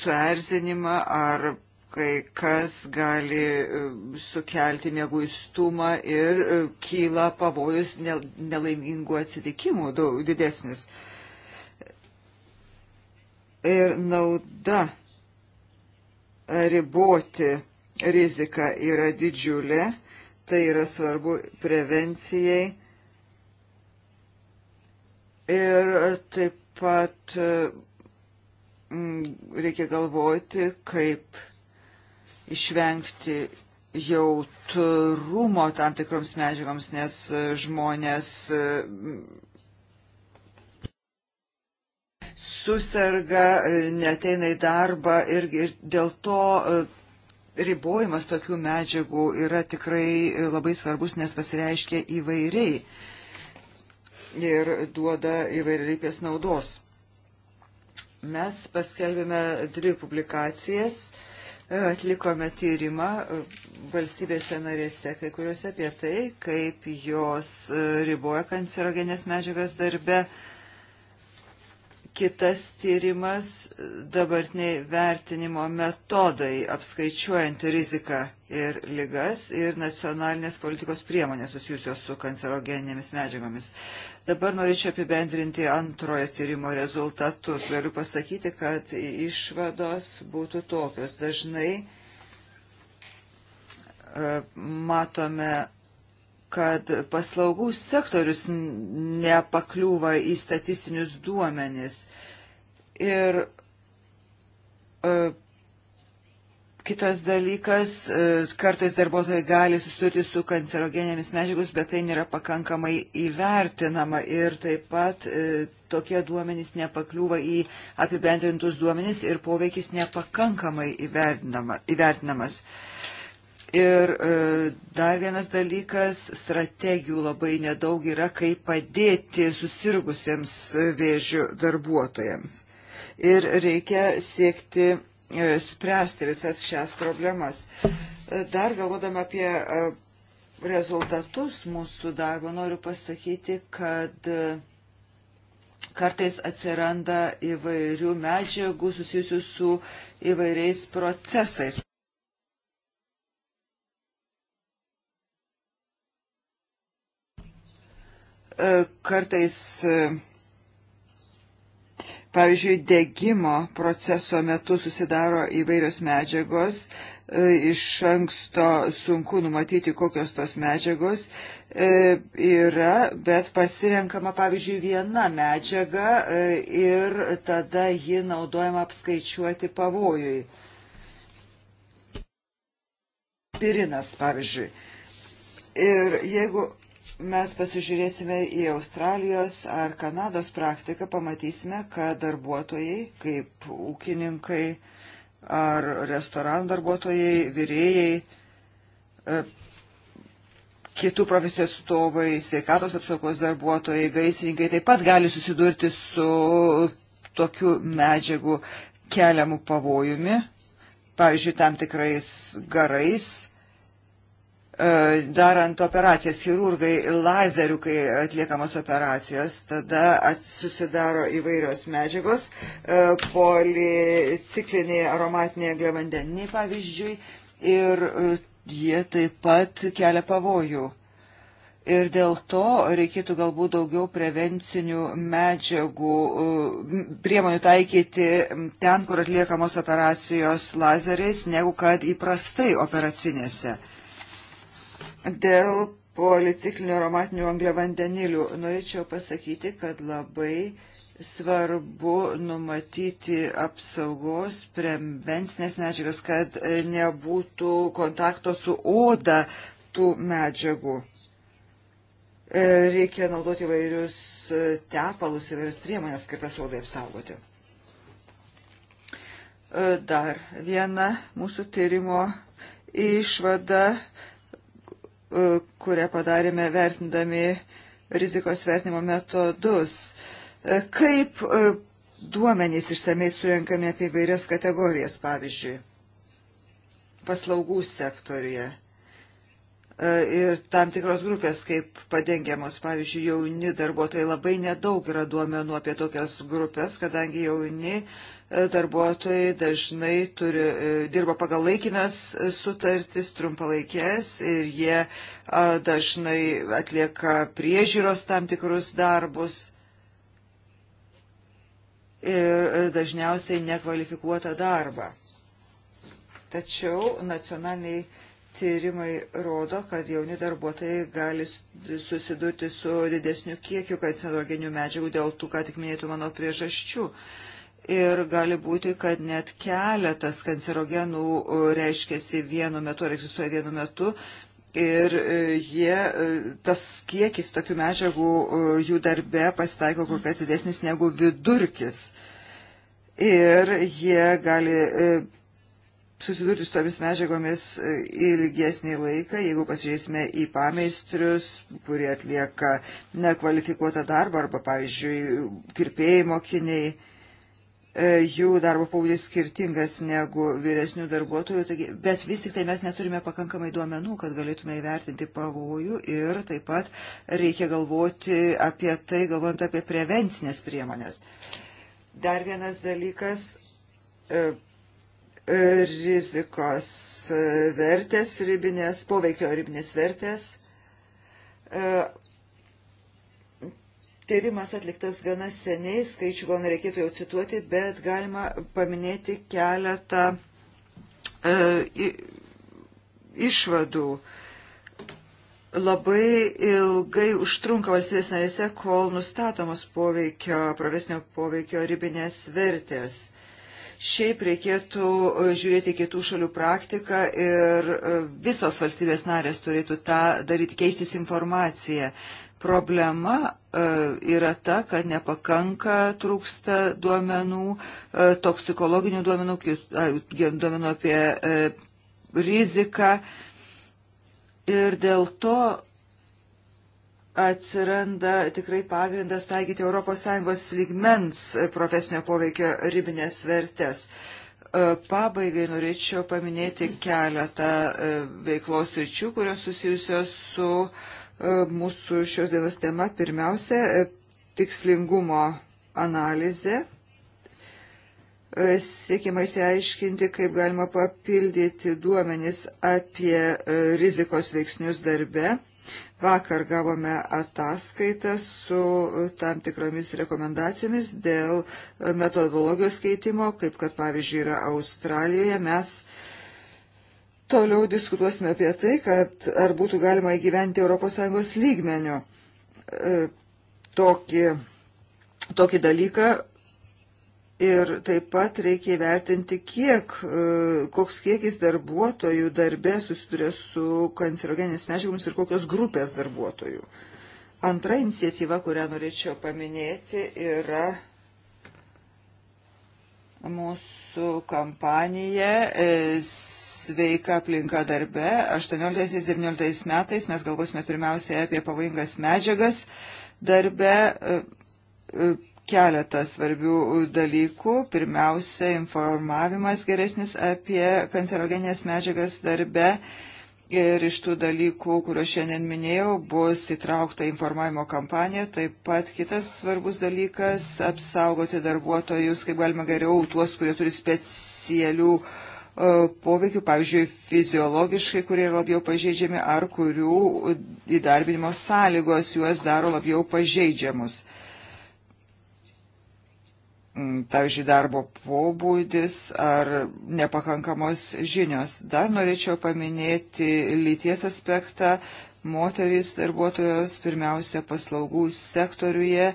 suerzinimą ar kai kas gali e, sukelti mėguistumą ir kyla pavojus nelaimingų atsitikimų daug didesnis. Ir nauda riboti rizika yra didžiulė, tai yra svarbu prevencijai ir taip pat mm, reikia galvoti, kaip išvengti jautrumo tam tikroms medžiagoms, nes žmonės susirga, e, neteina į darbą ir, ir dėl to e, ribojimas tokių medžiagų yra tikrai e, labai svarbus, nes pasireiškia įvairiai ir duoda įvairialypės naudos. Mes paskelbėme dvi publikacijas, atlikome tyrimą valstybėse narėse, kai kuriuose apie tai, kaip jos riboja kancerogenės medžiagas darbe, Kitas tyrimas - dabartiniai vertinimo metodai apskaičiuojant riziką ir lygas ir nacionalinės politikos priemonės susijusios su kancerogeninėmis medžiagomis. Dabar norėčiau apibendrinti antrojo tyrimo rezultatus. Galiu pasakyti, kad išvados būtų tokios. Dažnai e, matome kad paslaugų sektorius nepakliūva į statistinius duomenis. Ir e, Kitas dalykas, e, kartais darbuotojai gali susidurti su kancerogenėmis medžiagos, bet tai nėra pakankamai įvertinama ir taip pat e, tokie duomenys nepakliūva į apibendrintus duomenys ir poveikis nepakankamai įvertinamas. Ir e, dar vienas dalykas, strategijų labai nedaug yra, kaip padėti susirgusiems vėžių darbuotojams. Ir reikia siekti e, spręsti visas šias problemas. E, dar galvodama apie rezultatus mūsų darbo, noriu pasakyti, kad kartais atsiranda įvairių medžiagų susijusių su įvairiais procesais. kartais, e, pavyzdžiui, degimo proceso metu susidaro įvairios medžiagos, e, iš anksto sunku numatyti, kokios tos medžiagos e, yra, bet pasirenkama, pavyzdžiui, viena medžiaga ir tada ji naudojama apskaičiuoti pavojui. Pirinas, pavyzdžiui. Ir jeigu mes pasižiūrėsime į Australijos ar Kanados praktiką, pamatysime, kad darbuotojai, kaip ūkininkai ar restoranų darbuotojai, vyrėjai, e, kitų profesijų atstovai, sveikatos apsaugos darbuotojai, gaisrininkai taip pat gali susidurti su tokiu medžiagų keliamu pavojumi, pavyzdžiui, tam tikrais garais E, darant operacijas, chirurgai lazerių, kai atliekamos operacijos, tada susidaro įvairios medžiagos, e, policikliniai aromatiniai angliavandeniniai pavyzdžiui, ir e, jie taip pat kelia pavojų. Ir dėl to reikėtų galbūt daugiau prevencinių medžiagų, priemonių taikyti ten, kur atliekamos operacijos lazeriais, negu kad įprastai operacinėse. Dėl policiklinio aromatinių angliavandenilių norėčiau pasakyti, kad labai svarbu numatyti apsaugos prevencinės medžiagas, kad nebūtų kontakto su oda tų medžiagų. E, reikia naudoti įvairius tepalus, įvairias priemonės skirtas odai apsaugoti. E, dar viena mūsų tyrimo išvada E, kurią padarėme vertindami rizikos vertinimo metodus. E, kaip e, duomenys išsamei surinkami apie vairias kategorijas, pavyzdžiui, paslaugų sektorija ir tam tikros grupės kaip padengiamos. Pavyzdžiui, jauni darbuotojai labai nedaug yra duomenų apie tokias grupės, kadangi jauni darbuotojai dažnai turi, e, dirba pagal laikinas e, sutartis, trumpalaikės ir jie dažnai atlieka priežiūros tam tikrus darbus ir e, dažniausiai nekvalifikuotą darbą. Tačiau nacionaliniai tyrimai rodo, kad jauni darbuotojai gali susidurti su didesniu kiekiu kancerogenių medžiagų dėl tų, ką tik minėtų mano priežasčių. Uh, ir gali būti, kad net keletas kancerogenų e, reiškiasi vienu metu ar egzistuoja vienu metu. Ir e, jie, e, tas kiekis tokių medžiagų jų darbe pasitaiko kur kas didesnis negu vidurkis. Ir jie gali susidurti su tomis medžiagomis ilgesnį laiką, jeigu pasižiūrėsime į pameistrius, kurie atlieka nekvalifikuotą darbą arba, pavyzdžiui, kirpėjai mokiniai E, jų darbo pobūdis skirtingas negu vyresnių darbuotojų, taigi, bet vis tik tai mes neturime pakankamai duomenų, kad galėtume įvertinti pavojų ir taip pat reikia galvoti apie tai, galvojant apie prevencinės priemonės. Dar vienas dalykas e, e - rizikos e, vertės ribinės, poveikio ribinės vertės. E, Tyrimas atliktas gana seniai, skaičių gal nereikėtų jau cituoti, bet galima paminėti keletą e, išvadų. Labai ilgai užtrunka valstybės narėse, kol nustatomos poveikio, profesinio poveikio ribinės vertės. Šiaip reikėtų e, žiūrėti kitų šalių praktiką ir e, visos valstybės narės turėtų tą daryti, keistis informaciją. Problema e, yra ta, kad nepakanka trūksta duomenų, e, toksikologinių duomenų, duomenų apie e, riziką ir dėl to atsiranda tikrai pagrindas taikyti ES lygmens profesinio poveikio ribinės vertės. Pabaigai norėčiau paminėti keletą veiklos ryčių, kurios susijusios su uh, E, mūsų šios dienos tema pirmiausia e, tikslingumo analizė. E, Siekima įsiaiškinti, kaip galima papildyti duomenis apie rizikos veiksnius darbe. Vakar gavome ataskaitą su tam tikromis rekomendacijomis dėl metodologijos keitimo, kaip kad pavyzdžiui yra Australijoje. Mes Toliau diskutuosime apie tai, kad ar būtų galima įgyventi ES lygmenių e, tokį, tokį dalyką. Ir taip pat reikia įvertinti, kiek, e, koks kiekis darbuotojų darbė susiduria su kancerogeninės medžiagomis ir kokios grupės darbuotojų. Antra iniciatyva, kurią norėčiau paminėti, yra mūsų kampanija e, sveika aplinka darbe. 18-19 metais mes galvosime pirmiausiai apie pavojingas medžiagas darbe. E, e, keletą svarbių dalykų. Pirmiausia, informavimas geresnis apie kancerogenės medžiagas darbe. Ir iš tų dalykų, kuriuos šiandien minėjau, bus įtraukta informavimo kampanija. Taip pat kitas svarbus dalykas - apsaugoti darbuotojus, kaip galima geriau, tuos, kurie turi specialių uh, E, poveikių, pavyzdžiui, fiziologiškai, kurie yra labiau pažeidžiami, ar kurių įdarbinimo sąlygos juos daro labiau pažeidžiamus. Mm, pavyzdžiui, darbo pobūdis ar nepakankamos žinios. Dar norėčiau paminėti lyties aspektą. Moterys darbuotojos pirmiausia paslaugų sektoriuje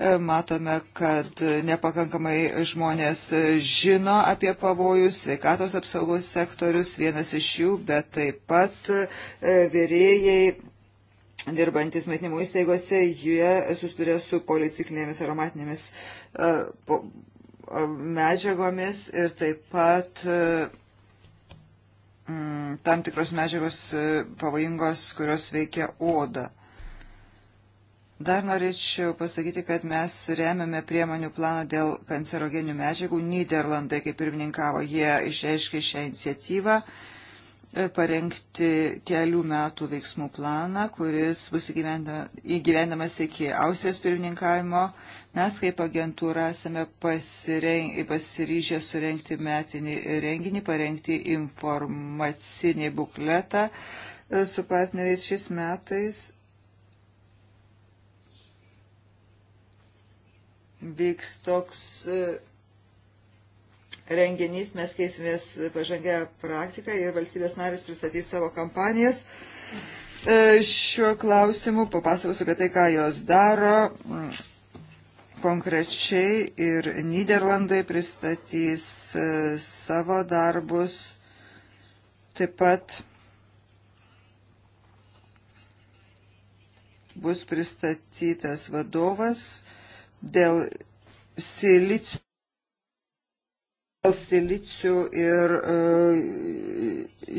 Matome, kad nepakankamai žmonės žino apie pavojus, sveikatos apsaugos sektorius vienas iš jų, bet taip pat e, vyrėjai dirbantis maitinimo įstaigose, jie susiduria su policiklinėmis aromatinėmis e, e, medžiagomis ir taip pat tam tikros medžiagos pavojingos, kurios veikia odą. Dar norėčiau pasakyti, kad mes remiame priemonių planą dėl kancerogenių medžiagų. Niderlandai, kaip pirmininkavo, jie išreiškė šią iniciatyvą e, parengti kelių metų veiksmų planą, kuris bus įgyvendamas iki Austrijos pirmininkavimo. Mes kaip agentūra esame pasiryžę surenkti metinį renginį, parengti informacinį bukletą e, su partneriais šiais metais vyks toks e, renginys, mes keisimės pažangę praktiką ir valstybės narės pristatys savo kampanijas. E, šiuo klausimu papasakosiu apie tai, ką jos daro. Konkrečiai ir Niderlandai pristatys e, savo darbus. Taip pat bus pristatytas vadovas dėl silicijų, dėl silicijų ir e,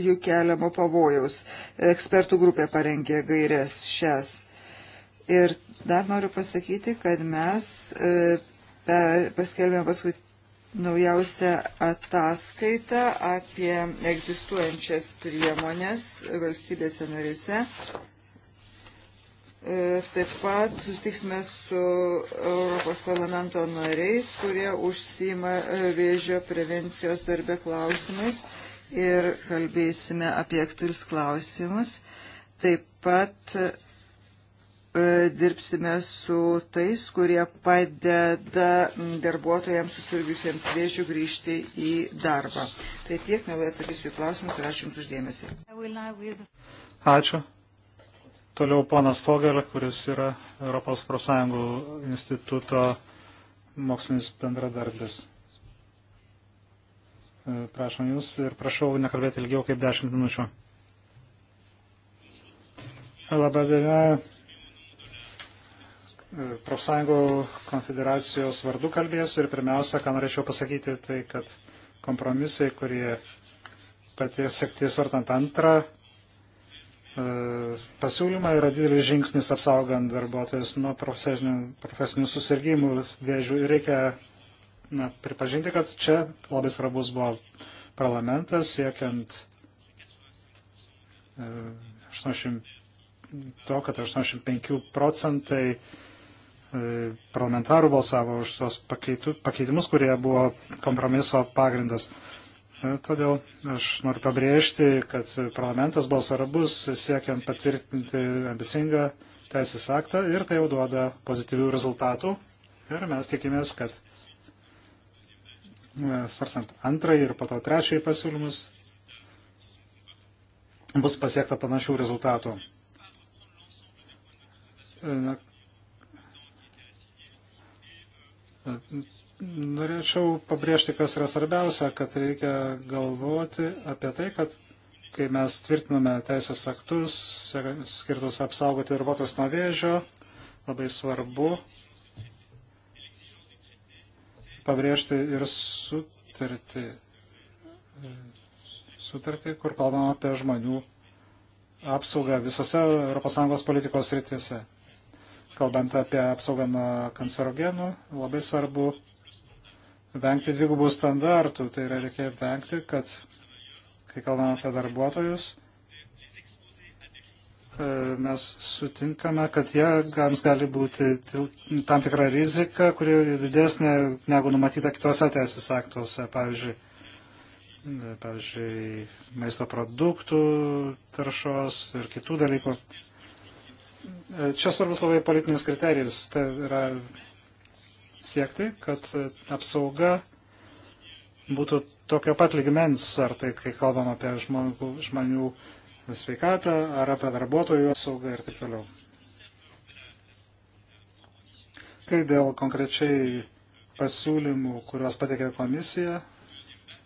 jų keliamo pavojaus. Ekspertų grupė parengė gairias šias. Ir dar noriu pasakyti, kad mes e, paskelbėme paskui naujausią ataskaitą apie egzistuojančias priemonės valstybėse narėse E, taip pat susitiksime su Europos parlamento nariais, kurie užsima e, vėžio prevencijos darbe klausimais ir kalbėsime apie aktualius klausimus. Taip pat e, dirbsime su tais, kurie padeda darbuotojams susirgusiems vėžių grįžti į darbą. Tai tiek, mielai atsakysiu į klausimus ir ačiū Jums uždėmesį. Ačiū. Toliau ponas Fogel, kuris yra Europos profsąjungų instituto mokslinis bendradarbis. E, prašom Jūs ir prašau nekalbėti ilgiau kaip 10 minučių. Labą dieną. E, profsąjungų konfederacijos vardu kalbėsiu ir pirmiausia, ką norėčiau pasakyti, tai kad kompromisai, kurie paties sekti svartant antrą E, pasiūlymą yra didelis žingsnis apsaugant darbuotojus nuo profesinių, profesinių susirgymų vėžių. Ir reikia na, pripažinti, kad čia labai svarbus buvo parlamentas siekiant 80, e, to, kad 85 procentai e, parlamentarų balsavo už tos pakeitimus, kurie buvo kompromiso pagrindas. E, todėl aš noriu pabrėžti, kad parlamentas buvo svarbus siekiant patvirtinti ambicingą teisės aktą ir tai jau duoda pozityvių rezultatų. Ir mes tikimės, kad e, svarstant antrąjį ir po to trečiąjį pasiūlymus bus pasiekta panašių rezultatų. E, na, Norėčiau pabrėžti, kas yra svarbiausia, kad reikia galvoti apie tai, kad kai mes tvirtiname teisės aktus, skirtus apsaugoti darbuotojus nuo vėžio, labai svarbu pabrėžti ir sutartį, sutartį kur kalbama apie žmonių apsaugą visose ES politikos rytise. Kalbant apie apsaugą nuo kancerogenų, labai svarbu vengti dvigubų standartų. Tai yra reikia vengti, kad kai kalbame apie darbuotojus, e, mes sutinkame, kad jie gams gali būti tam tikra rizika, kuri didesnė negu numatyta kitose teisės aktuose, pavyzdžiui, e, pavyzdžiui, maisto produktų taršos ir kitų dalykų. E, čia svarbus labai politinis kriterijus, tai yra siekti, kad e, apsauga būtų tokio pat ligmens, ar tai kai kalbam apie žmonių, žmonių sveikatą, ar apie darbuotojų apsaugą ir taip toliau. Kai dėl konkrečiai pasiūlymų, kuriuos pateikė komisija,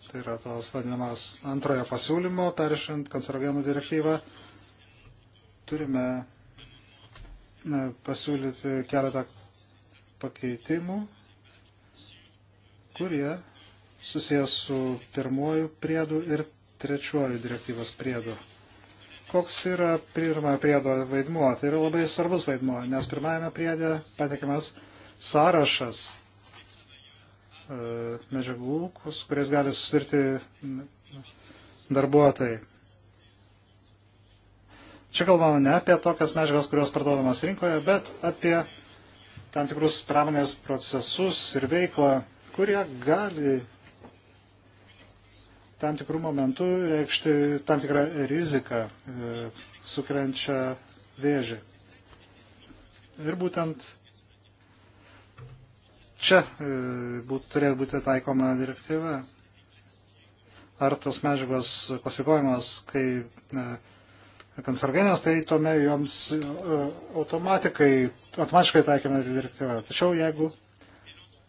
tai yra tos vadinamos antrojo pasiūlymo, peršint kancerogenų direktyvą, turime pasiūlyti keletą pakeitimų, kurie susijęs su pirmoju priedu ir trečiuoju direktyvos priedu. Koks yra pirmojo priedo vaidmuo? Tai yra labai svarbus vaidmuo, nes pirmajame priede patikimas sąrašas e, medžiagų, su kuriais gali susirti darbuotojai. Čia kalbame ne apie tokias medžiagas, kurios parduodamas rinkoje, bet apie tam tikrus pramonės procesus ir veiklą, kurie gali tam tikrų momentų reikšti tam tikrą riziką e, sukrenčią vėžį. Ir būtent čia e, būt, turėtų būti taikoma direktyva. Ar tos medžiagos klasifikuojamos, kai e, kancergenės, tai tuome joms e, automatiškai taikėme direktyvą. Tačiau jeigu,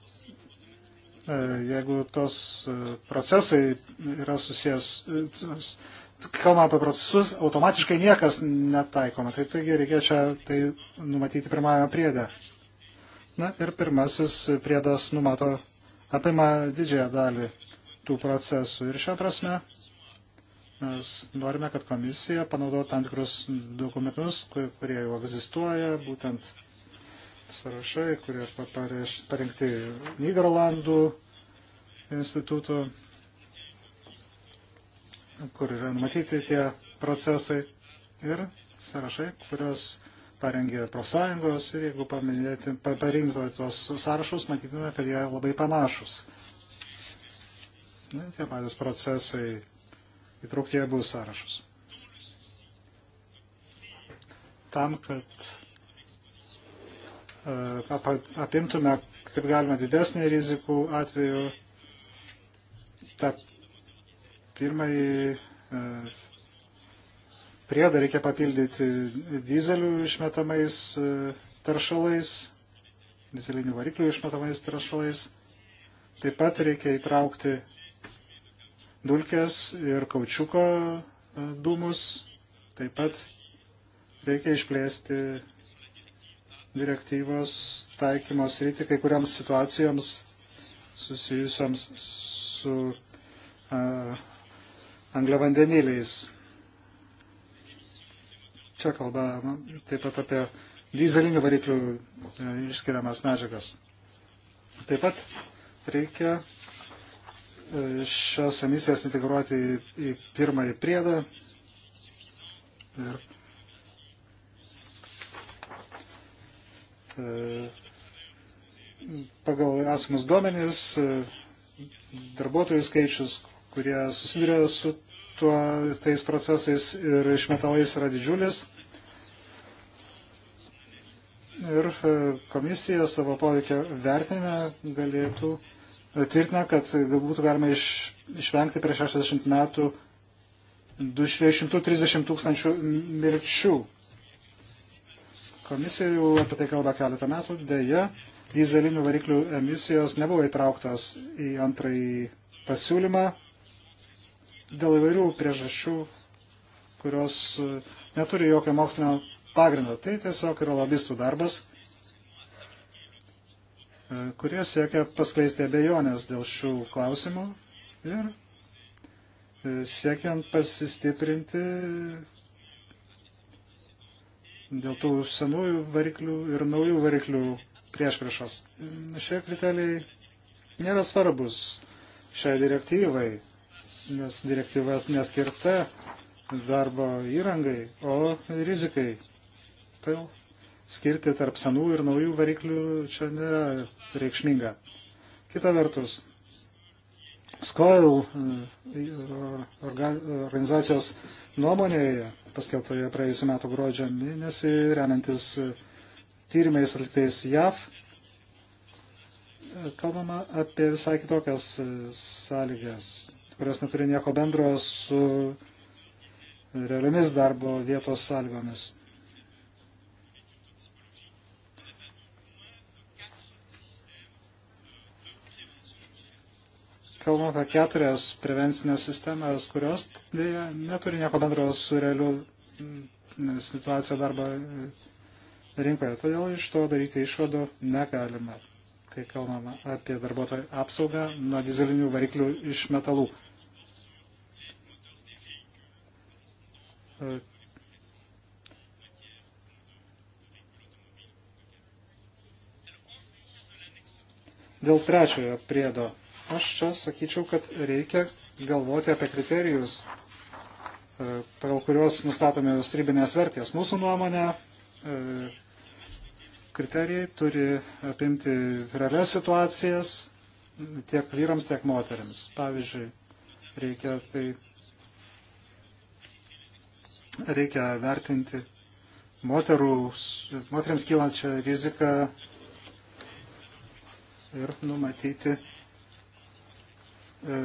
e, jeigu tos e, procesai yra susijęs, kalbama apie procesus, automatiškai niekas netaikoma. Tai taigi reikia čia tai numatyti pirmajame priedė. Na ir pirmasis priedas numato apima didžiąją dalį tų procesų. Ir šią prasme Mes norime, kad komisija panaudotų tam tikrus dokumentus, kurie jau egzistuoja, būtent sąrašai, kurie parengti Niderlandų institutų, kur yra numatyti tie procesai ir sąrašai, kurios parengė profsąjungos ir jeigu paminėti, parinktume tos sąrašus, matytume, kad jie labai panašus. Na, tie patys procesai įtraukti į abu sąrašus. Tam, kad e, apimtume, kaip galima, didesnį rizikų atveju, tą pirmąjį e, priedą reikia papildyti dizelių išmetamais e, taršalais, dizelinių variklių išmetamais taršalais. Taip pat reikia įtraukti dulkės ir kaučiuko e, dūmus. Taip pat reikia išplėsti direktyvos taikymos rytį kai kuriams situacijoms susijusiams su uh, angliavandeniliais. Čia kalba taip pat apie dyzelinių variklių uh, išskiriamas medžiagas. Taip pat reikia šias emisijas integruoti į, į pirmąjį priedą. Ir e, pagal esamus duomenys, e, darbuotojų skaičius, kurie susiduria su tuo, tais procesais ir išmetalais yra didžiulis. Ir e, komisija savo poveikio vertinime galėtų uh, tvirtina, kad būtų galima iš, išvengti per 60 metų 230 tūkstančių mirčių. Komisija jau apie tai kalba keletą metų. Deja, dizelinių variklių emisijos nebuvo įtrauktos į antrąjį pasiūlymą dėl įvairių priežasčių, kurios e, neturi jokio mokslinio pagrindo. Tai tiesiog yra lobistų darbas kurie siekia paskleisti abejonės dėl šių klausimų ir e, siekiant pasistiprinti dėl tų senųjų variklių ir naujų variklių priešpriešos. Šie kriterijai nėra svarbus šiai direktyvai, nes direktyvas neskirta darbo įrangai, o rizikai. Tai skirti tarp senų ir naujų variklių čia nėra reikšminga. Kita vertus, SCOIL e, e, organizacijos nuomonėje paskeltoje praėjusiu metu gruodžio mėnesį, remiantis e, tyrimais atliktais JAV, kalbama apie visai kitokias sąlygas, kurios neturi nieko bendro su realiomis darbo vietos sąlygomis. kalbam apie keturias prevencinės sistemas, kurios dėja neturi nieko bendro su realiu mm, situacija darbo rinkoje. Todėl iš to daryti išvadų negalime, kai kalbama apie darbuotojų apsaugą nuo dizelinių variklių iš metalų. Dėl trečiojo priedo Aš čia sakyčiau, kad reikia galvoti apie kriterijus, e, pagal kuriuos nustatome jūs ribinės vertės. Mūsų nuomonė, e, kriterijai turi apimti realias situacijas tiek vyrams, tiek moteriams. Pavyzdžiui, reikia tai reikia vertinti moterų, moteriams kylančią riziką ir numatyti E,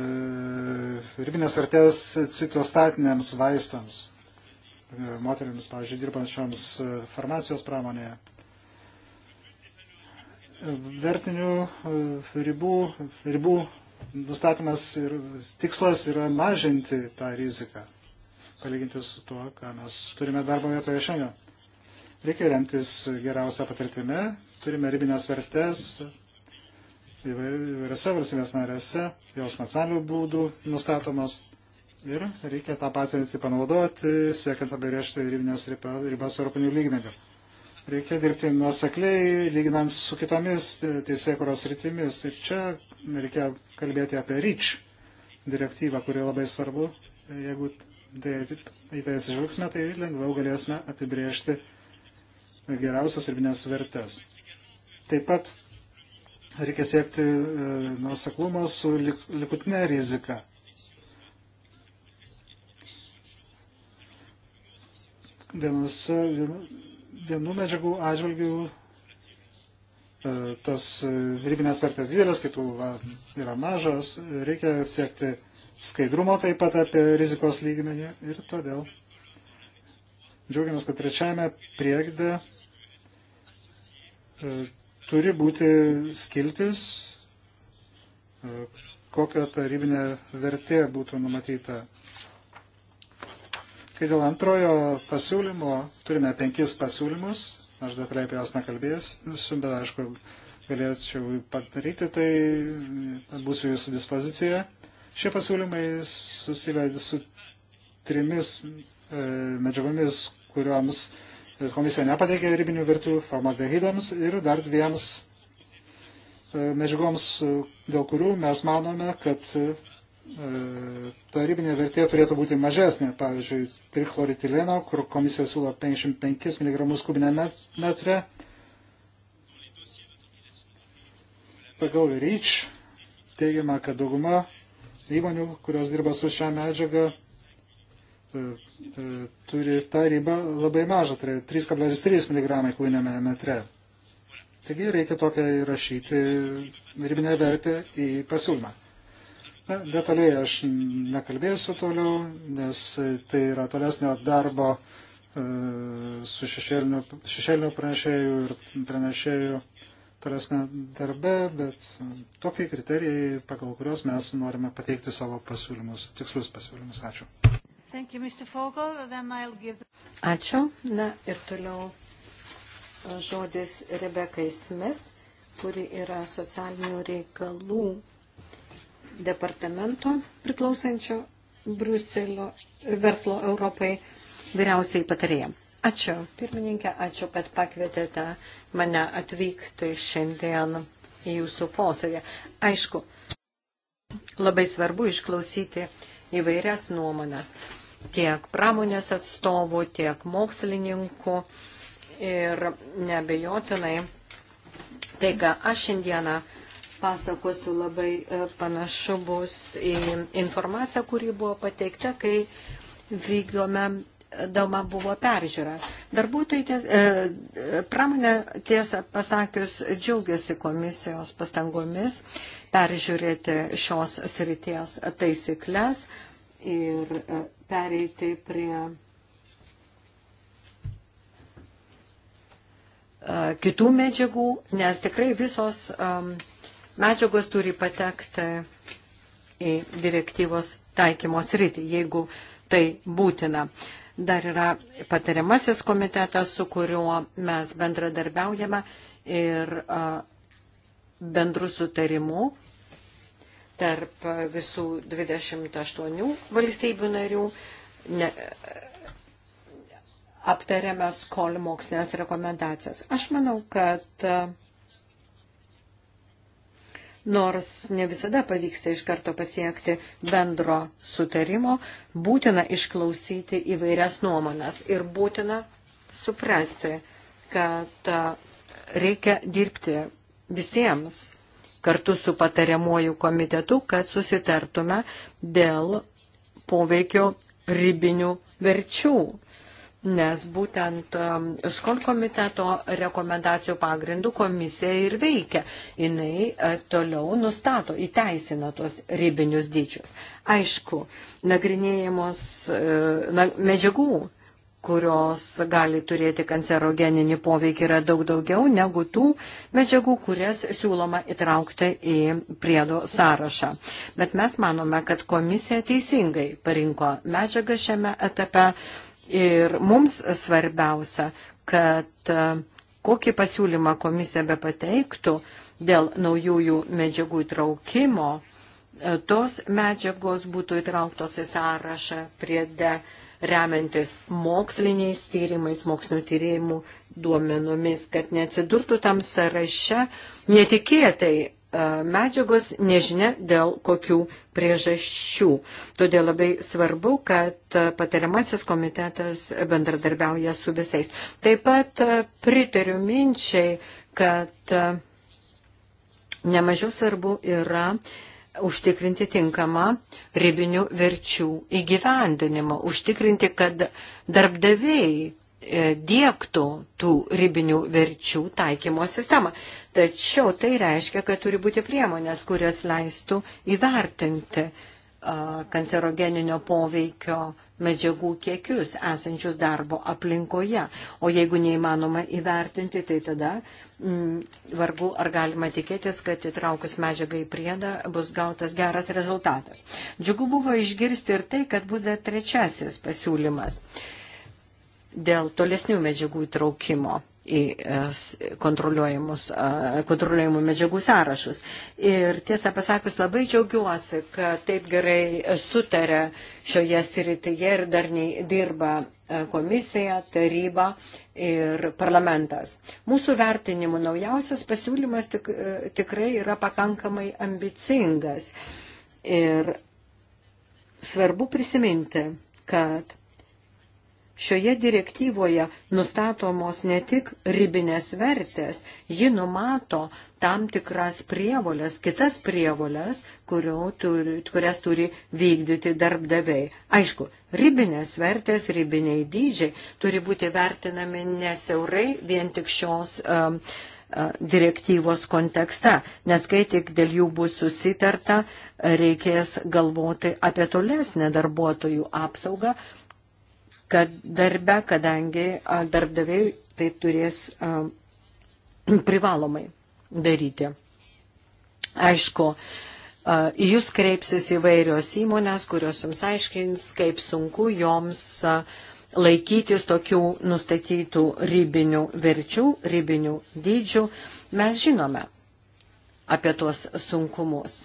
ribinės artės citostatiniams vaistams e, moteriams, pavyzdžiui, dirbančioms e, farmacijos pramonėje. Vertinių ribų, ribų nustatymas ir tikslas yra mažinti tą riziką, palyginti su tuo, ką mes turime darbo vietoje šiandien. Reikia remtis geriausią patirtimį, turime ribinės vertės, įvairiose valstybės narėse, jos nacionalių būdų nustatomos ir reikia tą patirtį panaudoti, siekiant apibriežti ribinės ribas europinių lygmenių. Reikia dirbti nuosekliai, lyginant su kitomis teisėkuros rytimis. Ir čia reikia kalbėti apie REACH direktyvą, kuri labai svarbu. Jeigu tai, į tai atsižvelgsime, tai lengviau galėsime apibriežti geriausias ribinės vertes. Taip pat reikia siekti e, nuoseklumą su likutinė rizika. Vienose, vienų medžiagų atžvilgių e, tas ribinės vertės didelės, kitų va, yra mažos, reikia siekti skaidrumo taip pat apie rizikos lygmenį ir todėl džiaugiamės, kad trečiajame priegde e, turi būti skiltis, e, kokia ta ribinė vertė būtų numatyta. Kai dėl antrojo pasiūlymo, turime penkis pasiūlymus, aš detaliai apie juos nekalbėsiu, bet aišku, galėčiau padaryti, tai būsiu jūsų dispozicija. Šie pasiūlymai susivedi su trimis e, medžiagomis, kurioms e, komisija nepateikė ribinių vertių formaldehidams ir dar dviems e, medžiagoms, e, dėl kurių mes manome, kad e, ta ribinė vertė turėtų būti mažesnė. Pavyzdžiui, trichloritileno, kur komisija siūlo 55 mg kubinėme metre. Pagal REACH teigiama, kad dauguma įmonių, kurios dirba su šią medžiagą, turi tą ribą labai mažą, tai 3,3 mg kubinėme metre. Taigi reikia tokią įrašyti ribinę vertę į pasiūlymą. Na, detaliai aš nekalbėsiu toliau, nes tai yra tolesnio darbo e, su šešėliniu, šešėliniu pranešėju ir pranešėju tolesnė darbe, bet tokie kriterijai, pagal kurios mes norime pateikti savo pasiūlymus, tikslius pasiūlymus. Ačiū. Thank you, Mr. Fogel. Then I'll give... Ačiū. Na ir toliau e, žodis Rebekai Smith, kuri yra socialinių reikalų departamento priklausančio Bruselio verslo Europai vyriausiai patarėja. Ačiū, pirmininkė, ačiū, kad pakvietėte mane atvykti šiandien į jūsų posėdį. Aišku, labai svarbu išklausyti įvairias nuomonės tiek pramonės atstovų, tiek mokslininkų ir nebejotinai tai, ką aš šiandieną pasakosiu, labai e, panašu bus į informaciją, kuri buvo pateikta, kai vykdome doma buvo peržiūra. Darbuotojai, ties, e, e, pramonė tiesą pasakius, džiaugiasi komisijos pastangomis peržiūrėti šios srities taisyklės ir e, pereiti prie kitų medžiagų, nes tikrai visos medžiagos turi patekti į direktyvos taikymos rytį, jeigu tai būtina. Dar yra patariamasis komitetas, su kuriuo mes bendradarbiaujame ir bendrų sutarimų tarp visų 28 valstybių narių. Ne, aptarėme skol mokslinės rekomendacijas. Aš manau, kad nors ne visada pavyksta iš karto pasiekti bendro sutarimo, būtina išklausyti įvairias nuomonas ir būtina suprasti, kad reikia dirbti visiems kartu su patariamuoju komitetu, kad susitartume dėl poveikio ribinių verčių. Nes būtent um, skol komiteto rekomendacijų pagrindų komisija ir veikia. Jis e, toliau nustato, įteisina tuos ribinius dydžius. Aišku, nagrinėjamos e, na, medžiagų kurios gali turėti kancerogeninį poveikį, yra daug daugiau negu tų medžiagų, kurias siūloma įtraukti į priedo sąrašą. Bet mes manome, kad komisija teisingai parinko medžiagą šiame etape ir mums svarbiausia, kad e, kokį pasiūlymą komisija be pateiktų dėl naujųjų medžiagų įtraukimo, e, tos medžiagos būtų įtrauktos į sąrašą priede remiantis moksliniais tyrimais, mokslinio tyrimų duomenomis, kad neatsidurtų tam sąraše netikėtai e, medžiagos nežinia dėl kokių priežasčių. Todėl labai svarbu, kad e, patariamasis komitetas bendradarbiauja su visais. Taip pat e, pritariu minčiai, kad nemažiau svarbu yra uh, užtikrinti tinkamą ribinių verčių įgyvendinimą, užtikrinti, kad darbdaviai e, dėktų tų ribinių verčių taikymo sistemą. Tačiau tai reiškia, kad turi būti priemonės, kurios leistų įvertinti kancerogeninio poveikio medžiagų kiekius esančius darbo aplinkoje. O jeigu neįmanoma įvertinti, tai tada Mm, vargu ar galima tikėtis, kad įtraukus medžiagą į priedą bus gautas geras rezultatas. Džiugu buvo išgirsti ir tai, kad bus dar trečiasis pasiūlymas dėl tolesnių medžiagų įtraukimo į e, kontroliuojamų medžiagų sąrašus. Ir tiesą pasakius, labai džiaugiuosi, kad taip gerai sutarė šioje srityje ir dar dirba e, komisija, taryba ir parlamentas. Mūsų vertinimų naujausias pasiūlymas tik, e, tikrai yra pakankamai ambicingas. Ir svarbu prisiminti, kad Šioje direktyvoje nustatomos ne tik ribinės vertės, ji numato tam tikras prievolės, kitas prievolės, turi, kurias turi vykdyti darbdaviai. Aišku, ribinės vertės, ribiniai dydžiai turi būti vertinami nesiaurai vien tik šios um, direktyvos kontekste, nes kai tik dėl jų bus susitarta, reikės galvoti apie tolesnę darbuotojų apsaugą, kad darbe, kadangi darbdaviai tai turės privalomai daryti. Aišku, į jūs kreipsis įvairios įmonės, kurios jums aiškins, kaip sunku joms laikytis tokių nustatytų ribinių verčių, ribinių dydžių. Mes žinome apie tuos sunkumus.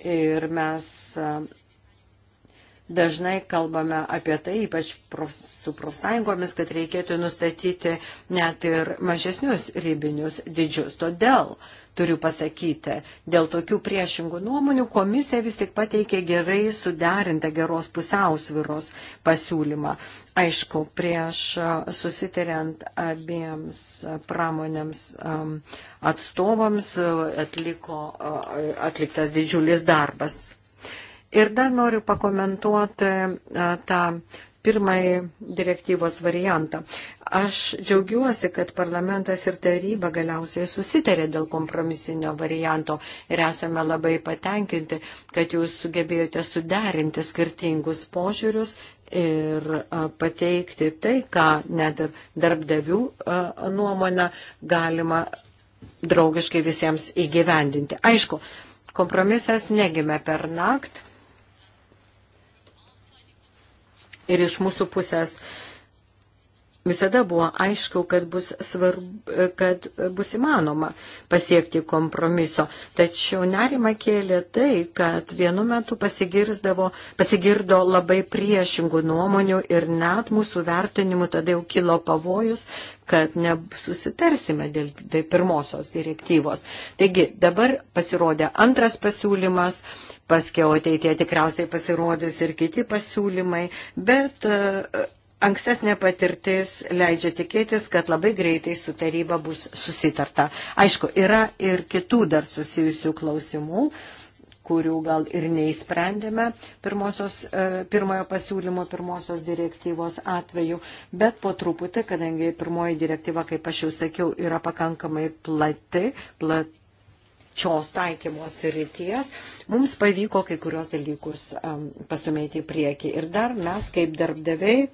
Ir mes dažnai kalbame apie tai, ypač prof, su profsąjungomis, kad reikėtų nustatyti net ir mažesnius ribinius dydžius. Todėl turiu pasakyti, dėl tokių priešingų nuomonių komisija vis tik pateikė gerai suderintą geros pusiausviros pasiūlymą. Aišku, prieš susitariant abiems pramonėms atstovams atliko, atliktas didžiulis darbas. Ir dar noriu pakomentuoti e, tą pirmąjį direktyvos variantą. Aš džiaugiuosi, kad parlamentas ir taryba galiausiai susitarė dėl kompromisinio varianto ir esame labai patenkinti, kad jūs sugebėjote suderinti skirtingus požiūrius ir e, pateikti tai, ką net ir darbdavių e, nuomonę galima draugiškai visiems įgyvendinti. Aišku, kompromisas negime per naktį ir iš mūsų pusės visada buvo aišku, kad bus, svarb, kad bus įmanoma pasiekti kompromiso. Tačiau nerima kėlė tai, kad vienu metu pasigirdo labai priešingų nuomonių ir net mūsų vertinimu tada jau kilo pavojus, kad nesusitarsime dėl pirmosios direktyvos. Taigi dabar pasirodė antras pasiūlymas paskiau ateitie tikriausiai pasirodys ir kiti pasiūlymai, bet e, ankstesnė patirtis leidžia tikėtis, kad labai greitai su taryba bus susitarta. Aišku, yra ir kitų dar susijusių klausimų kurių gal ir neįsprendėme pirmosios, e, pirmojo pasiūlymo, pirmosios direktyvos atveju, bet po truputį, kadangi pirmoji direktyva, kaip aš jau sakiau, yra pakankamai plati, plat, šios taikymos ryties, mums pavyko kai kurios dalykus um, pastumėti į priekį. Ir dar mes kaip darbdaviai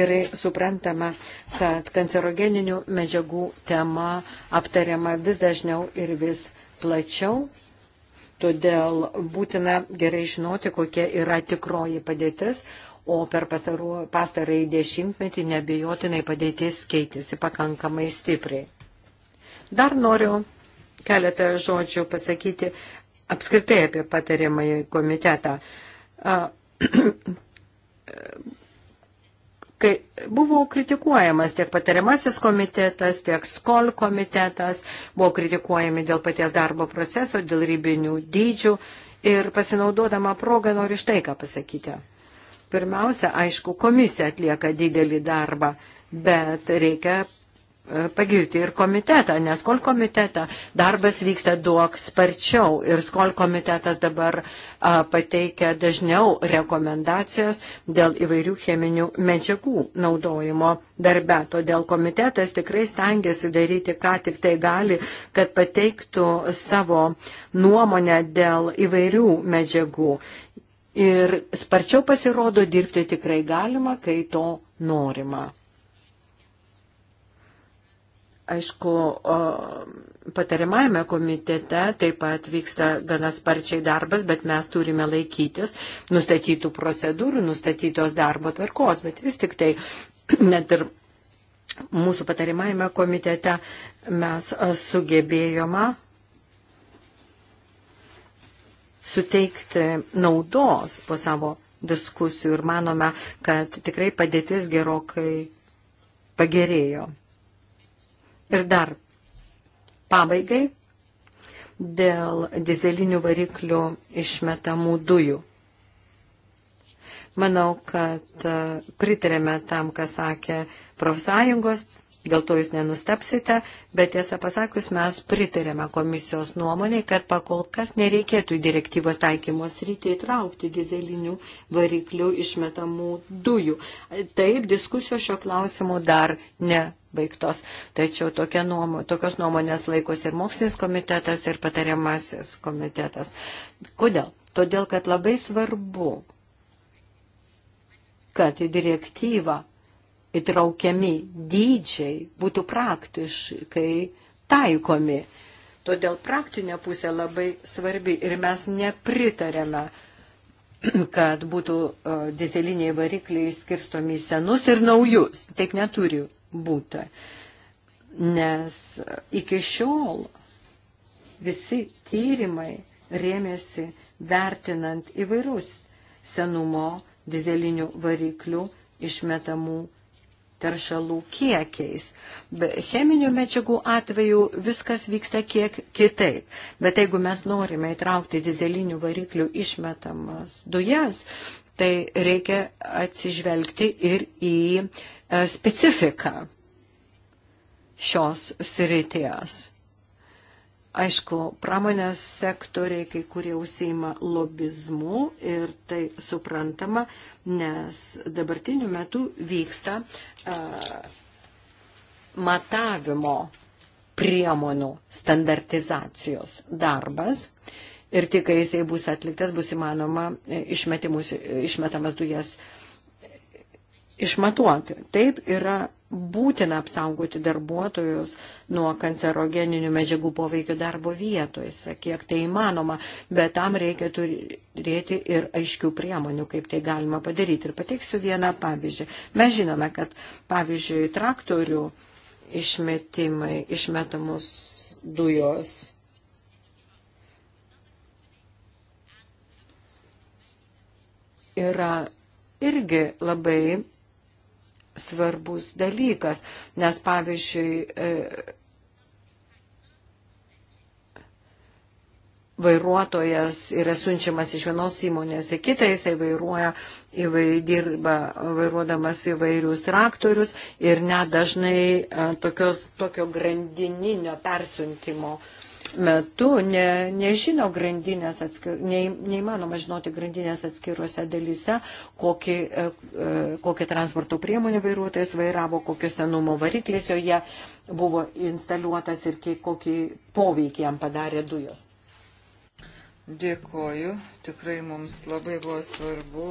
gerai suprantame, kad kancerogeninių medžiagų tema aptariama vis dažniau ir vis plačiau. Todėl būtina gerai žinoti, kokia yra tikroji padėtis, o per pastarąjį dešimtmetį nebejotinai padėtis keitėsi pakankamai stipriai. Dar noriu keletą žodžių pasakyti apskritai apie patariamąjį komitetą. (clears throat) Kai buvo kritikuojamas tiek patariamasis komitetas, tiek skol komitetas, buvo kritikuojami dėl paties darbo proceso, dėl ribinių dydžių ir pasinaudodama progą noriu štai ką pasakyti. Pirmiausia, aišku, komisija atlieka didelį darbą, bet reikia pagirti ir komitetą, nes kol komitetą darbas vyksta daug sparčiau ir kol komitetas dabar a, pateikia dažniau rekomendacijas dėl įvairių cheminių medžiagų naudojimo darbe. Todėl komitetas tikrai stengiasi daryti, ką tik tai gali, kad pateiktų savo nuomonę dėl įvairių medžiagų. Ir sparčiau pasirodo dirbti tikrai galima, kai to norima. Aišku, patariamajame komitete taip pat vyksta gana sparčiai darbas, bet mes turime laikytis nustatytų procedūrų, nustatytos darbo tvarkos, bet vis tik tai (clears throat) net ir mūsų patariamajame komitete mes sugebėjome suteikti naudos po savo diskusijų ir manome, kad tikrai padėtis gerokai pagerėjo. Ir dar pabaigai dėl dizelinių variklių išmetamų dujų. Manau, kad e, pritarėme tam, ką sakė profsąjungos Dėl to jūs nenustepsite, bet tiesą pasakius, mes pritarėme komisijos nuomonė, kad pakol kas nereikėtų į direktyvos taikymos rytį įtraukti gizelinių variklių išmetamų dujų. Taip, diskusijos šio klausimu dar nebaigtos. Tačiau tokia nuomo, tokios nuomonės laikosi ir mokslinis komitetas, ir patariamasis komitetas. Kodėl? Todėl, kad labai svarbu, kad į direktyvą įtraukiami dydžiai būtų praktiškai taikomi. Todėl praktinė pusė labai svarbi ir mes nepritarėme, (clears throat) kad būtų e, dizeliniai varikliai skirstomi senus ir naujus. Taip neturi būti. Nes e, iki šiol visi tyrimai rėmėsi vertinant įvairius senumo dizelinių variklių išmetamų teršalų kiekiais. Be cheminių medžiagų atveju viskas vyksta kiek kitaip. Bet jeigu mes norime įtraukti dizelinių variklių išmetamas dujas, tai reikia atsižvelgti ir į e, specifiką šios srities. Aišku, pramonės sektoriai kai kurie užsieima lobizmu ir tai suprantama, nes dabartiniu metu vyksta a, matavimo priemonių standartizacijos darbas ir tik kai jisai bus atliktas, bus įmanoma e, išmetamas dujas e, išmatuoti. Taip yra būtina apsaugoti darbuotojus nuo kancerogeninių medžiagų poveikio darbo vietoje, kiek tai įmanoma, bet tam reikia turėti ir aiškių priemonių, kaip tai galima padaryti. Ir pateiksiu vieną pavyzdį. Mes žinome, kad pavyzdžiui traktorių išmetimai, išmetamus dujos yra irgi labai svarbus dalykas, nes pavyzdžiui, e, vairuotojas yra siunčiamas iš vienos įmonės į kitą, jisai vairuoja, įvai, dirba vairuodamas įvairius traktorius ir net dažnai e, tokios, tokio grandininio persiuntimo uh, metu ne, nežino grandinės, atskir, ne, neįmanoma žinoti grandinės atskiruose dalyse, kokį, e, e, kokią transporto priemonę vairuotojas vairavo, kokio senumo variklis joje buvo instaliuotas ir kiek, kokį poveikį jam padarė dujos. Dėkoju, tikrai mums labai buvo svarbu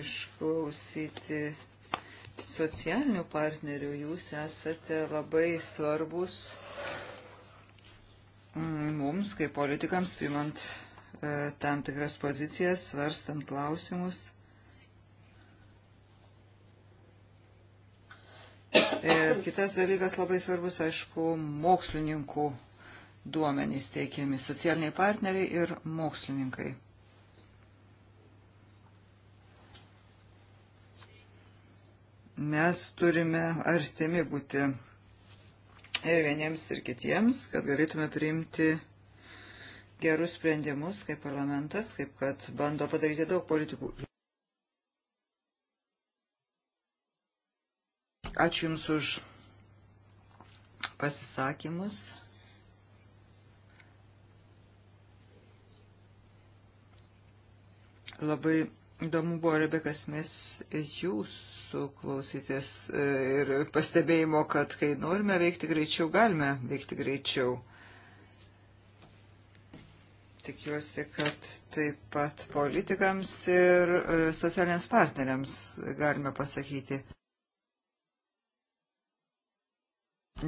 išklausyti socialinių partnerių, jūs esate labai svarbus mums, kaip politikams, primant e, tam tikras pozicijas, svarstant klausimus. Ir kitas dalykas labai svarbus, aišku, mokslininkų duomenys teikiami, socialiniai partneriai ir mokslininkai. Mes turime artimi būti ir vieniems ir kitiems, kad galėtume priimti gerus sprendimus kaip parlamentas, kaip kad bando padaryti daug politikų. Ačiū Jums už pasisakymus. Labai Įdomu buvo, Rebekas, mes jūsų klausytės e, ir pastebėjimo, kad kai norime veikti greičiau, galime veikti greičiau. Tikiuosi, kad taip pat politikams ir e, socialiniams partneriams galime pasakyti.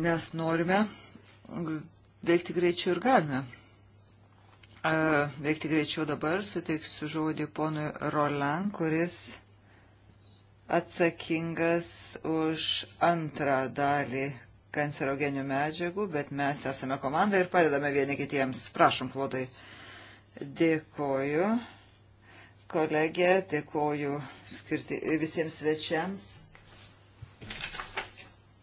Nes norime veikti greičiau ir galime veikti greičiau dabar, suteiksiu žodį ponui Roland, kuris atsakingas už antrą dalį kancerogenių medžiagų, bet mes esame komanda ir padedame vieni kitiems. Prašom, klodai. Dėkoju kolegė, dėkoju skirti visiems svečiams.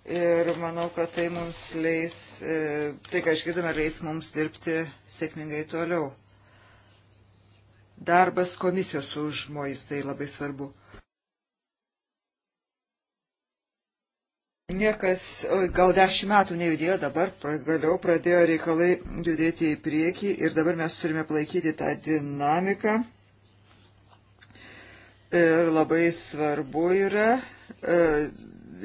Ir manau, kad tai mums leis, e, tai ką išgirdome, leis mums dirbti sėkmingai toliau. Darbas komisijos užmojais tai labai svarbu. Niekas gal dešimt metų nejudėjo, dabar galiau pradėjo reikalai judėti į priekį ir dabar mes turime palaikyti tą dinamiką. Ir labai svarbu yra e,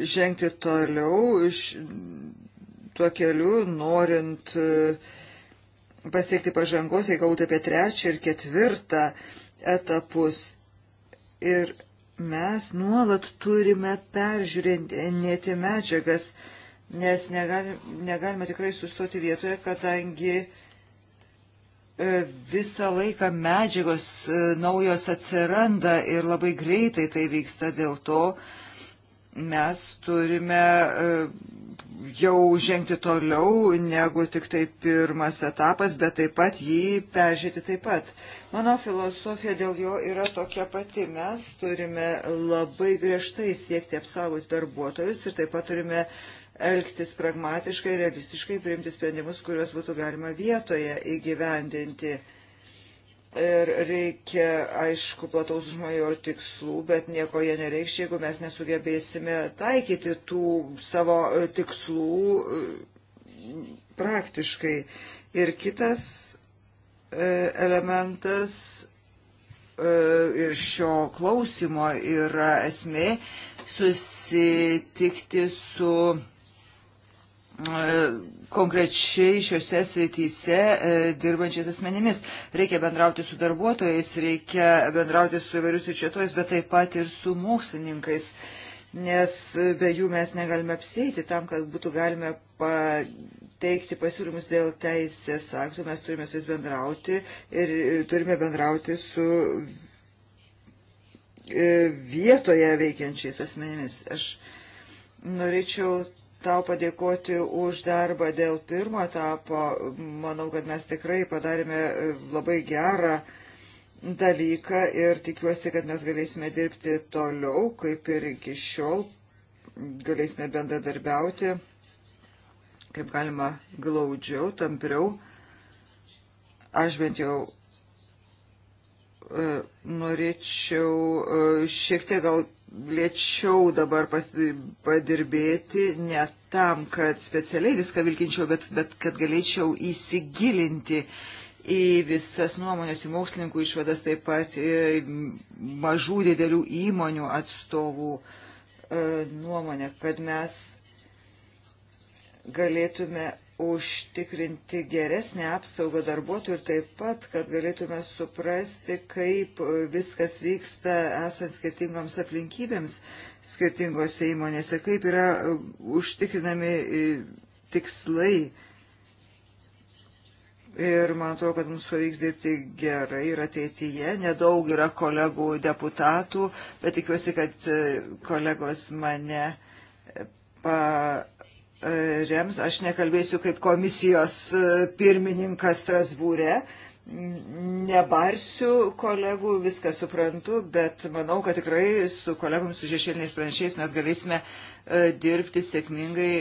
žengti toliau iš tuo keliu, norint e, pasiekti pažangos, jei gauti apie trečią ir ketvirtą etapus. Ir mes nuolat turime peržiūrėti medžiagas, nes negalime, negalime tikrai sustoti vietoje, kadangi e, visą laiką medžiagos e, naujos atsiranda ir labai greitai tai vyksta dėl to, mes turime e, jau žengti toliau negu tik tai pirmas etapas, bet taip pat jį peržiūrėti taip pat. Mano filosofija dėl jo yra tokia pati. Mes turime labai griežtai siekti apsaugoti darbuotojus ir taip pat turime elgtis pragmatiškai, realistiškai, priimti sprendimus, kuriuos būtų galima vietoje įgyvendinti. Ir reikia, aišku, plataus žmojo tikslų, bet nieko jie nereikš, jeigu mes nesugebėsime taikyti tų savo e, tikslų e, praktiškai. Ir kitas e, elementas ir šio klausimo yra esmė susitikti su konkrečiai šiuose srityse e, dirbančiais asmenimis. Reikia bendrauti su darbuotojais, reikia bendrauti su įvairius ryčietojais, bet taip pat ir su mokslininkais, nes be jų mes negalime apsėti tam, kad būtų galime pateikti pasiūlymus dėl teisės aktų. Mes turime su jais bendrauti ir turime bendrauti su e, vietoje veikiančiais asmenimis. Aš norėčiau tau padėkoti už darbą dėl pirmo etapo. Manau, kad mes tikrai padarėme e, labai gerą dalyką ir tikiuosi, kad mes galėsime dirbti toliau, kaip ir iki šiol. Galėsime bendradarbiauti, kaip galima glaudžiau, tampriau. Aš bent jau e, norėčiau e, šiek tiek gal lėčiau dabar pas, padirbėti, ne tam, kad specialiai viską vilkinčiau, bet, bet kad galėčiau įsigilinti į visas nuomonės, į mokslininkų išvadas, taip pat į mažų didelių įmonių atstovų e, nuomonę, kad mes galėtume užtikrinti geresnę apsaugą darbuotojų ir taip pat, kad galėtume suprasti, kaip e, viskas vyksta esant skirtingoms aplinkybėms skirtingose įmonėse, kaip yra e, užtikrinami e, tikslai. Ir man atrodo, kad mums pavyks dirbti gerai ir ateityje. Nedaug yra kolegų deputatų, bet tikiuosi, kad kolegos mane pa E, rems. Aš nekalbėsiu kaip komisijos e, pirmininkas Strasbūre. Nebarsiu kolegų, viską suprantu, bet manau, kad tikrai su kolegomis, su šešėliniais pranešiais mes galėsime e, dirbti sėkmingai,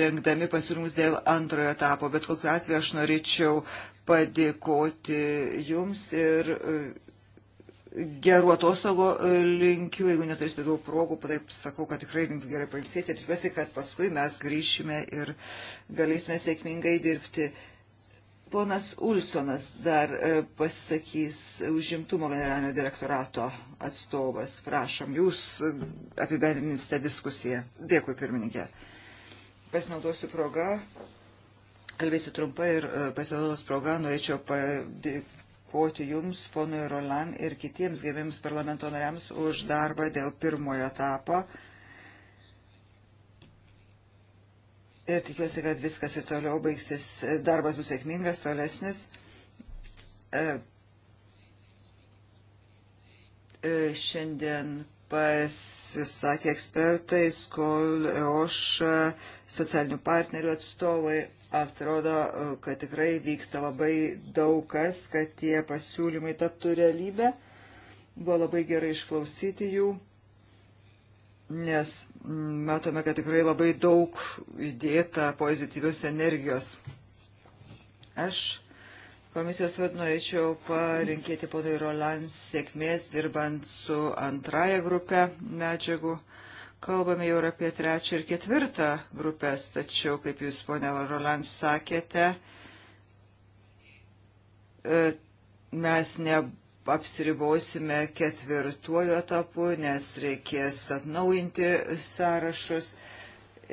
rengdami pasiūlymus dėl antrojo etapo. Bet kokiu atveju aš norėčiau padėkoti jums ir gerų atostogų e, linkiu, jeigu neturėsiu daugiau progų, taip sakau, kad tikrai linkiu gerai pailsėti ir tikiuosi, kad paskui mes grįšime ir galėsime sėkmingai dirbti. Ponas Ulsonas dar e, pasakys užimtumo generalinio direktorato atstovas. Prašom, jūs apibendrinsite diskusiją. Dėkui, pirmininkė. Pasinaudosiu progą Kalbėsiu trumpai ir e, pasinaudos progą norėčiau padėkoti Jums, ponui Rolan ir kitiems gėmėms parlamento nariams už darbą dėl pirmojo etapo. Ir tikiuosi, kad viskas ir toliau baigsis, darbas bus sėkmingas, tolesnis. E, e, šiandien pasisakė ekspertai, skol EOŠ, socialinių partnerių atstovai, Atrodo, e, kad tikrai vyksta labai daug kas, kad tie pasiūlymai taptų realybę. Buvo labai gerai išklausyti jų, nes matome, kad tikrai labai daug įdėta pozityvios energijos. Aš Komisijos vardu norėčiau parinkėti ponui Roland sėkmės dirbant su antraja grupė medžiagų. Kalbame jau ir apie trečią ir ketvirtą grupės, tačiau, kaip jūs, ponė Roland, sakėte, e, mes neapsiribosime ketvirtuoju etapu, nes reikės atnaujinti sąrašus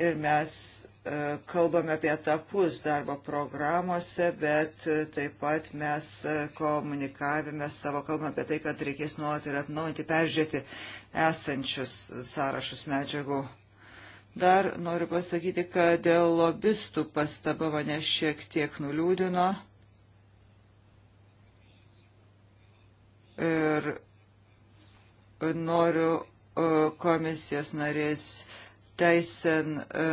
ir mes E, kalbame apie etapus darbo programuose, bet taip pat mes komunikavime savo kalbame apie tai, kad reikės nuolat ir atnaujinti, peržiūrėti esančius sąrašus medžiagų. Dar noriu pasakyti, kad dėl lobistų pastaba mane šiek tiek nuliūdino. Ir noriu e, komisijos narės teisen e,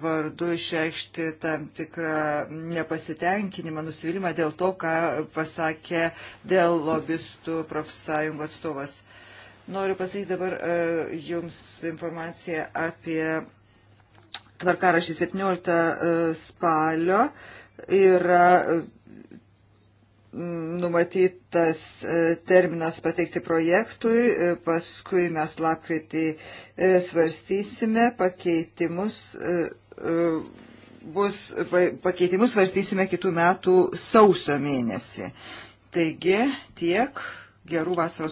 vardu išreikšti tam tikrą nepasitenkinimą, nusivylimą dėl to, ką pasakė dėl lobistų profsąjungų atstovas. Noriu pasakyti dabar e, jums informaciją apie tvarkarašį 17 e, spalio yra numatytas e, terminas pateikti projektui, e, paskui mes lapkritį e, svarstysime pakeitimus, bus, pakeitimus svarstysime kitų metų sausio mėnesį. Taigi tiek gerų vasaros.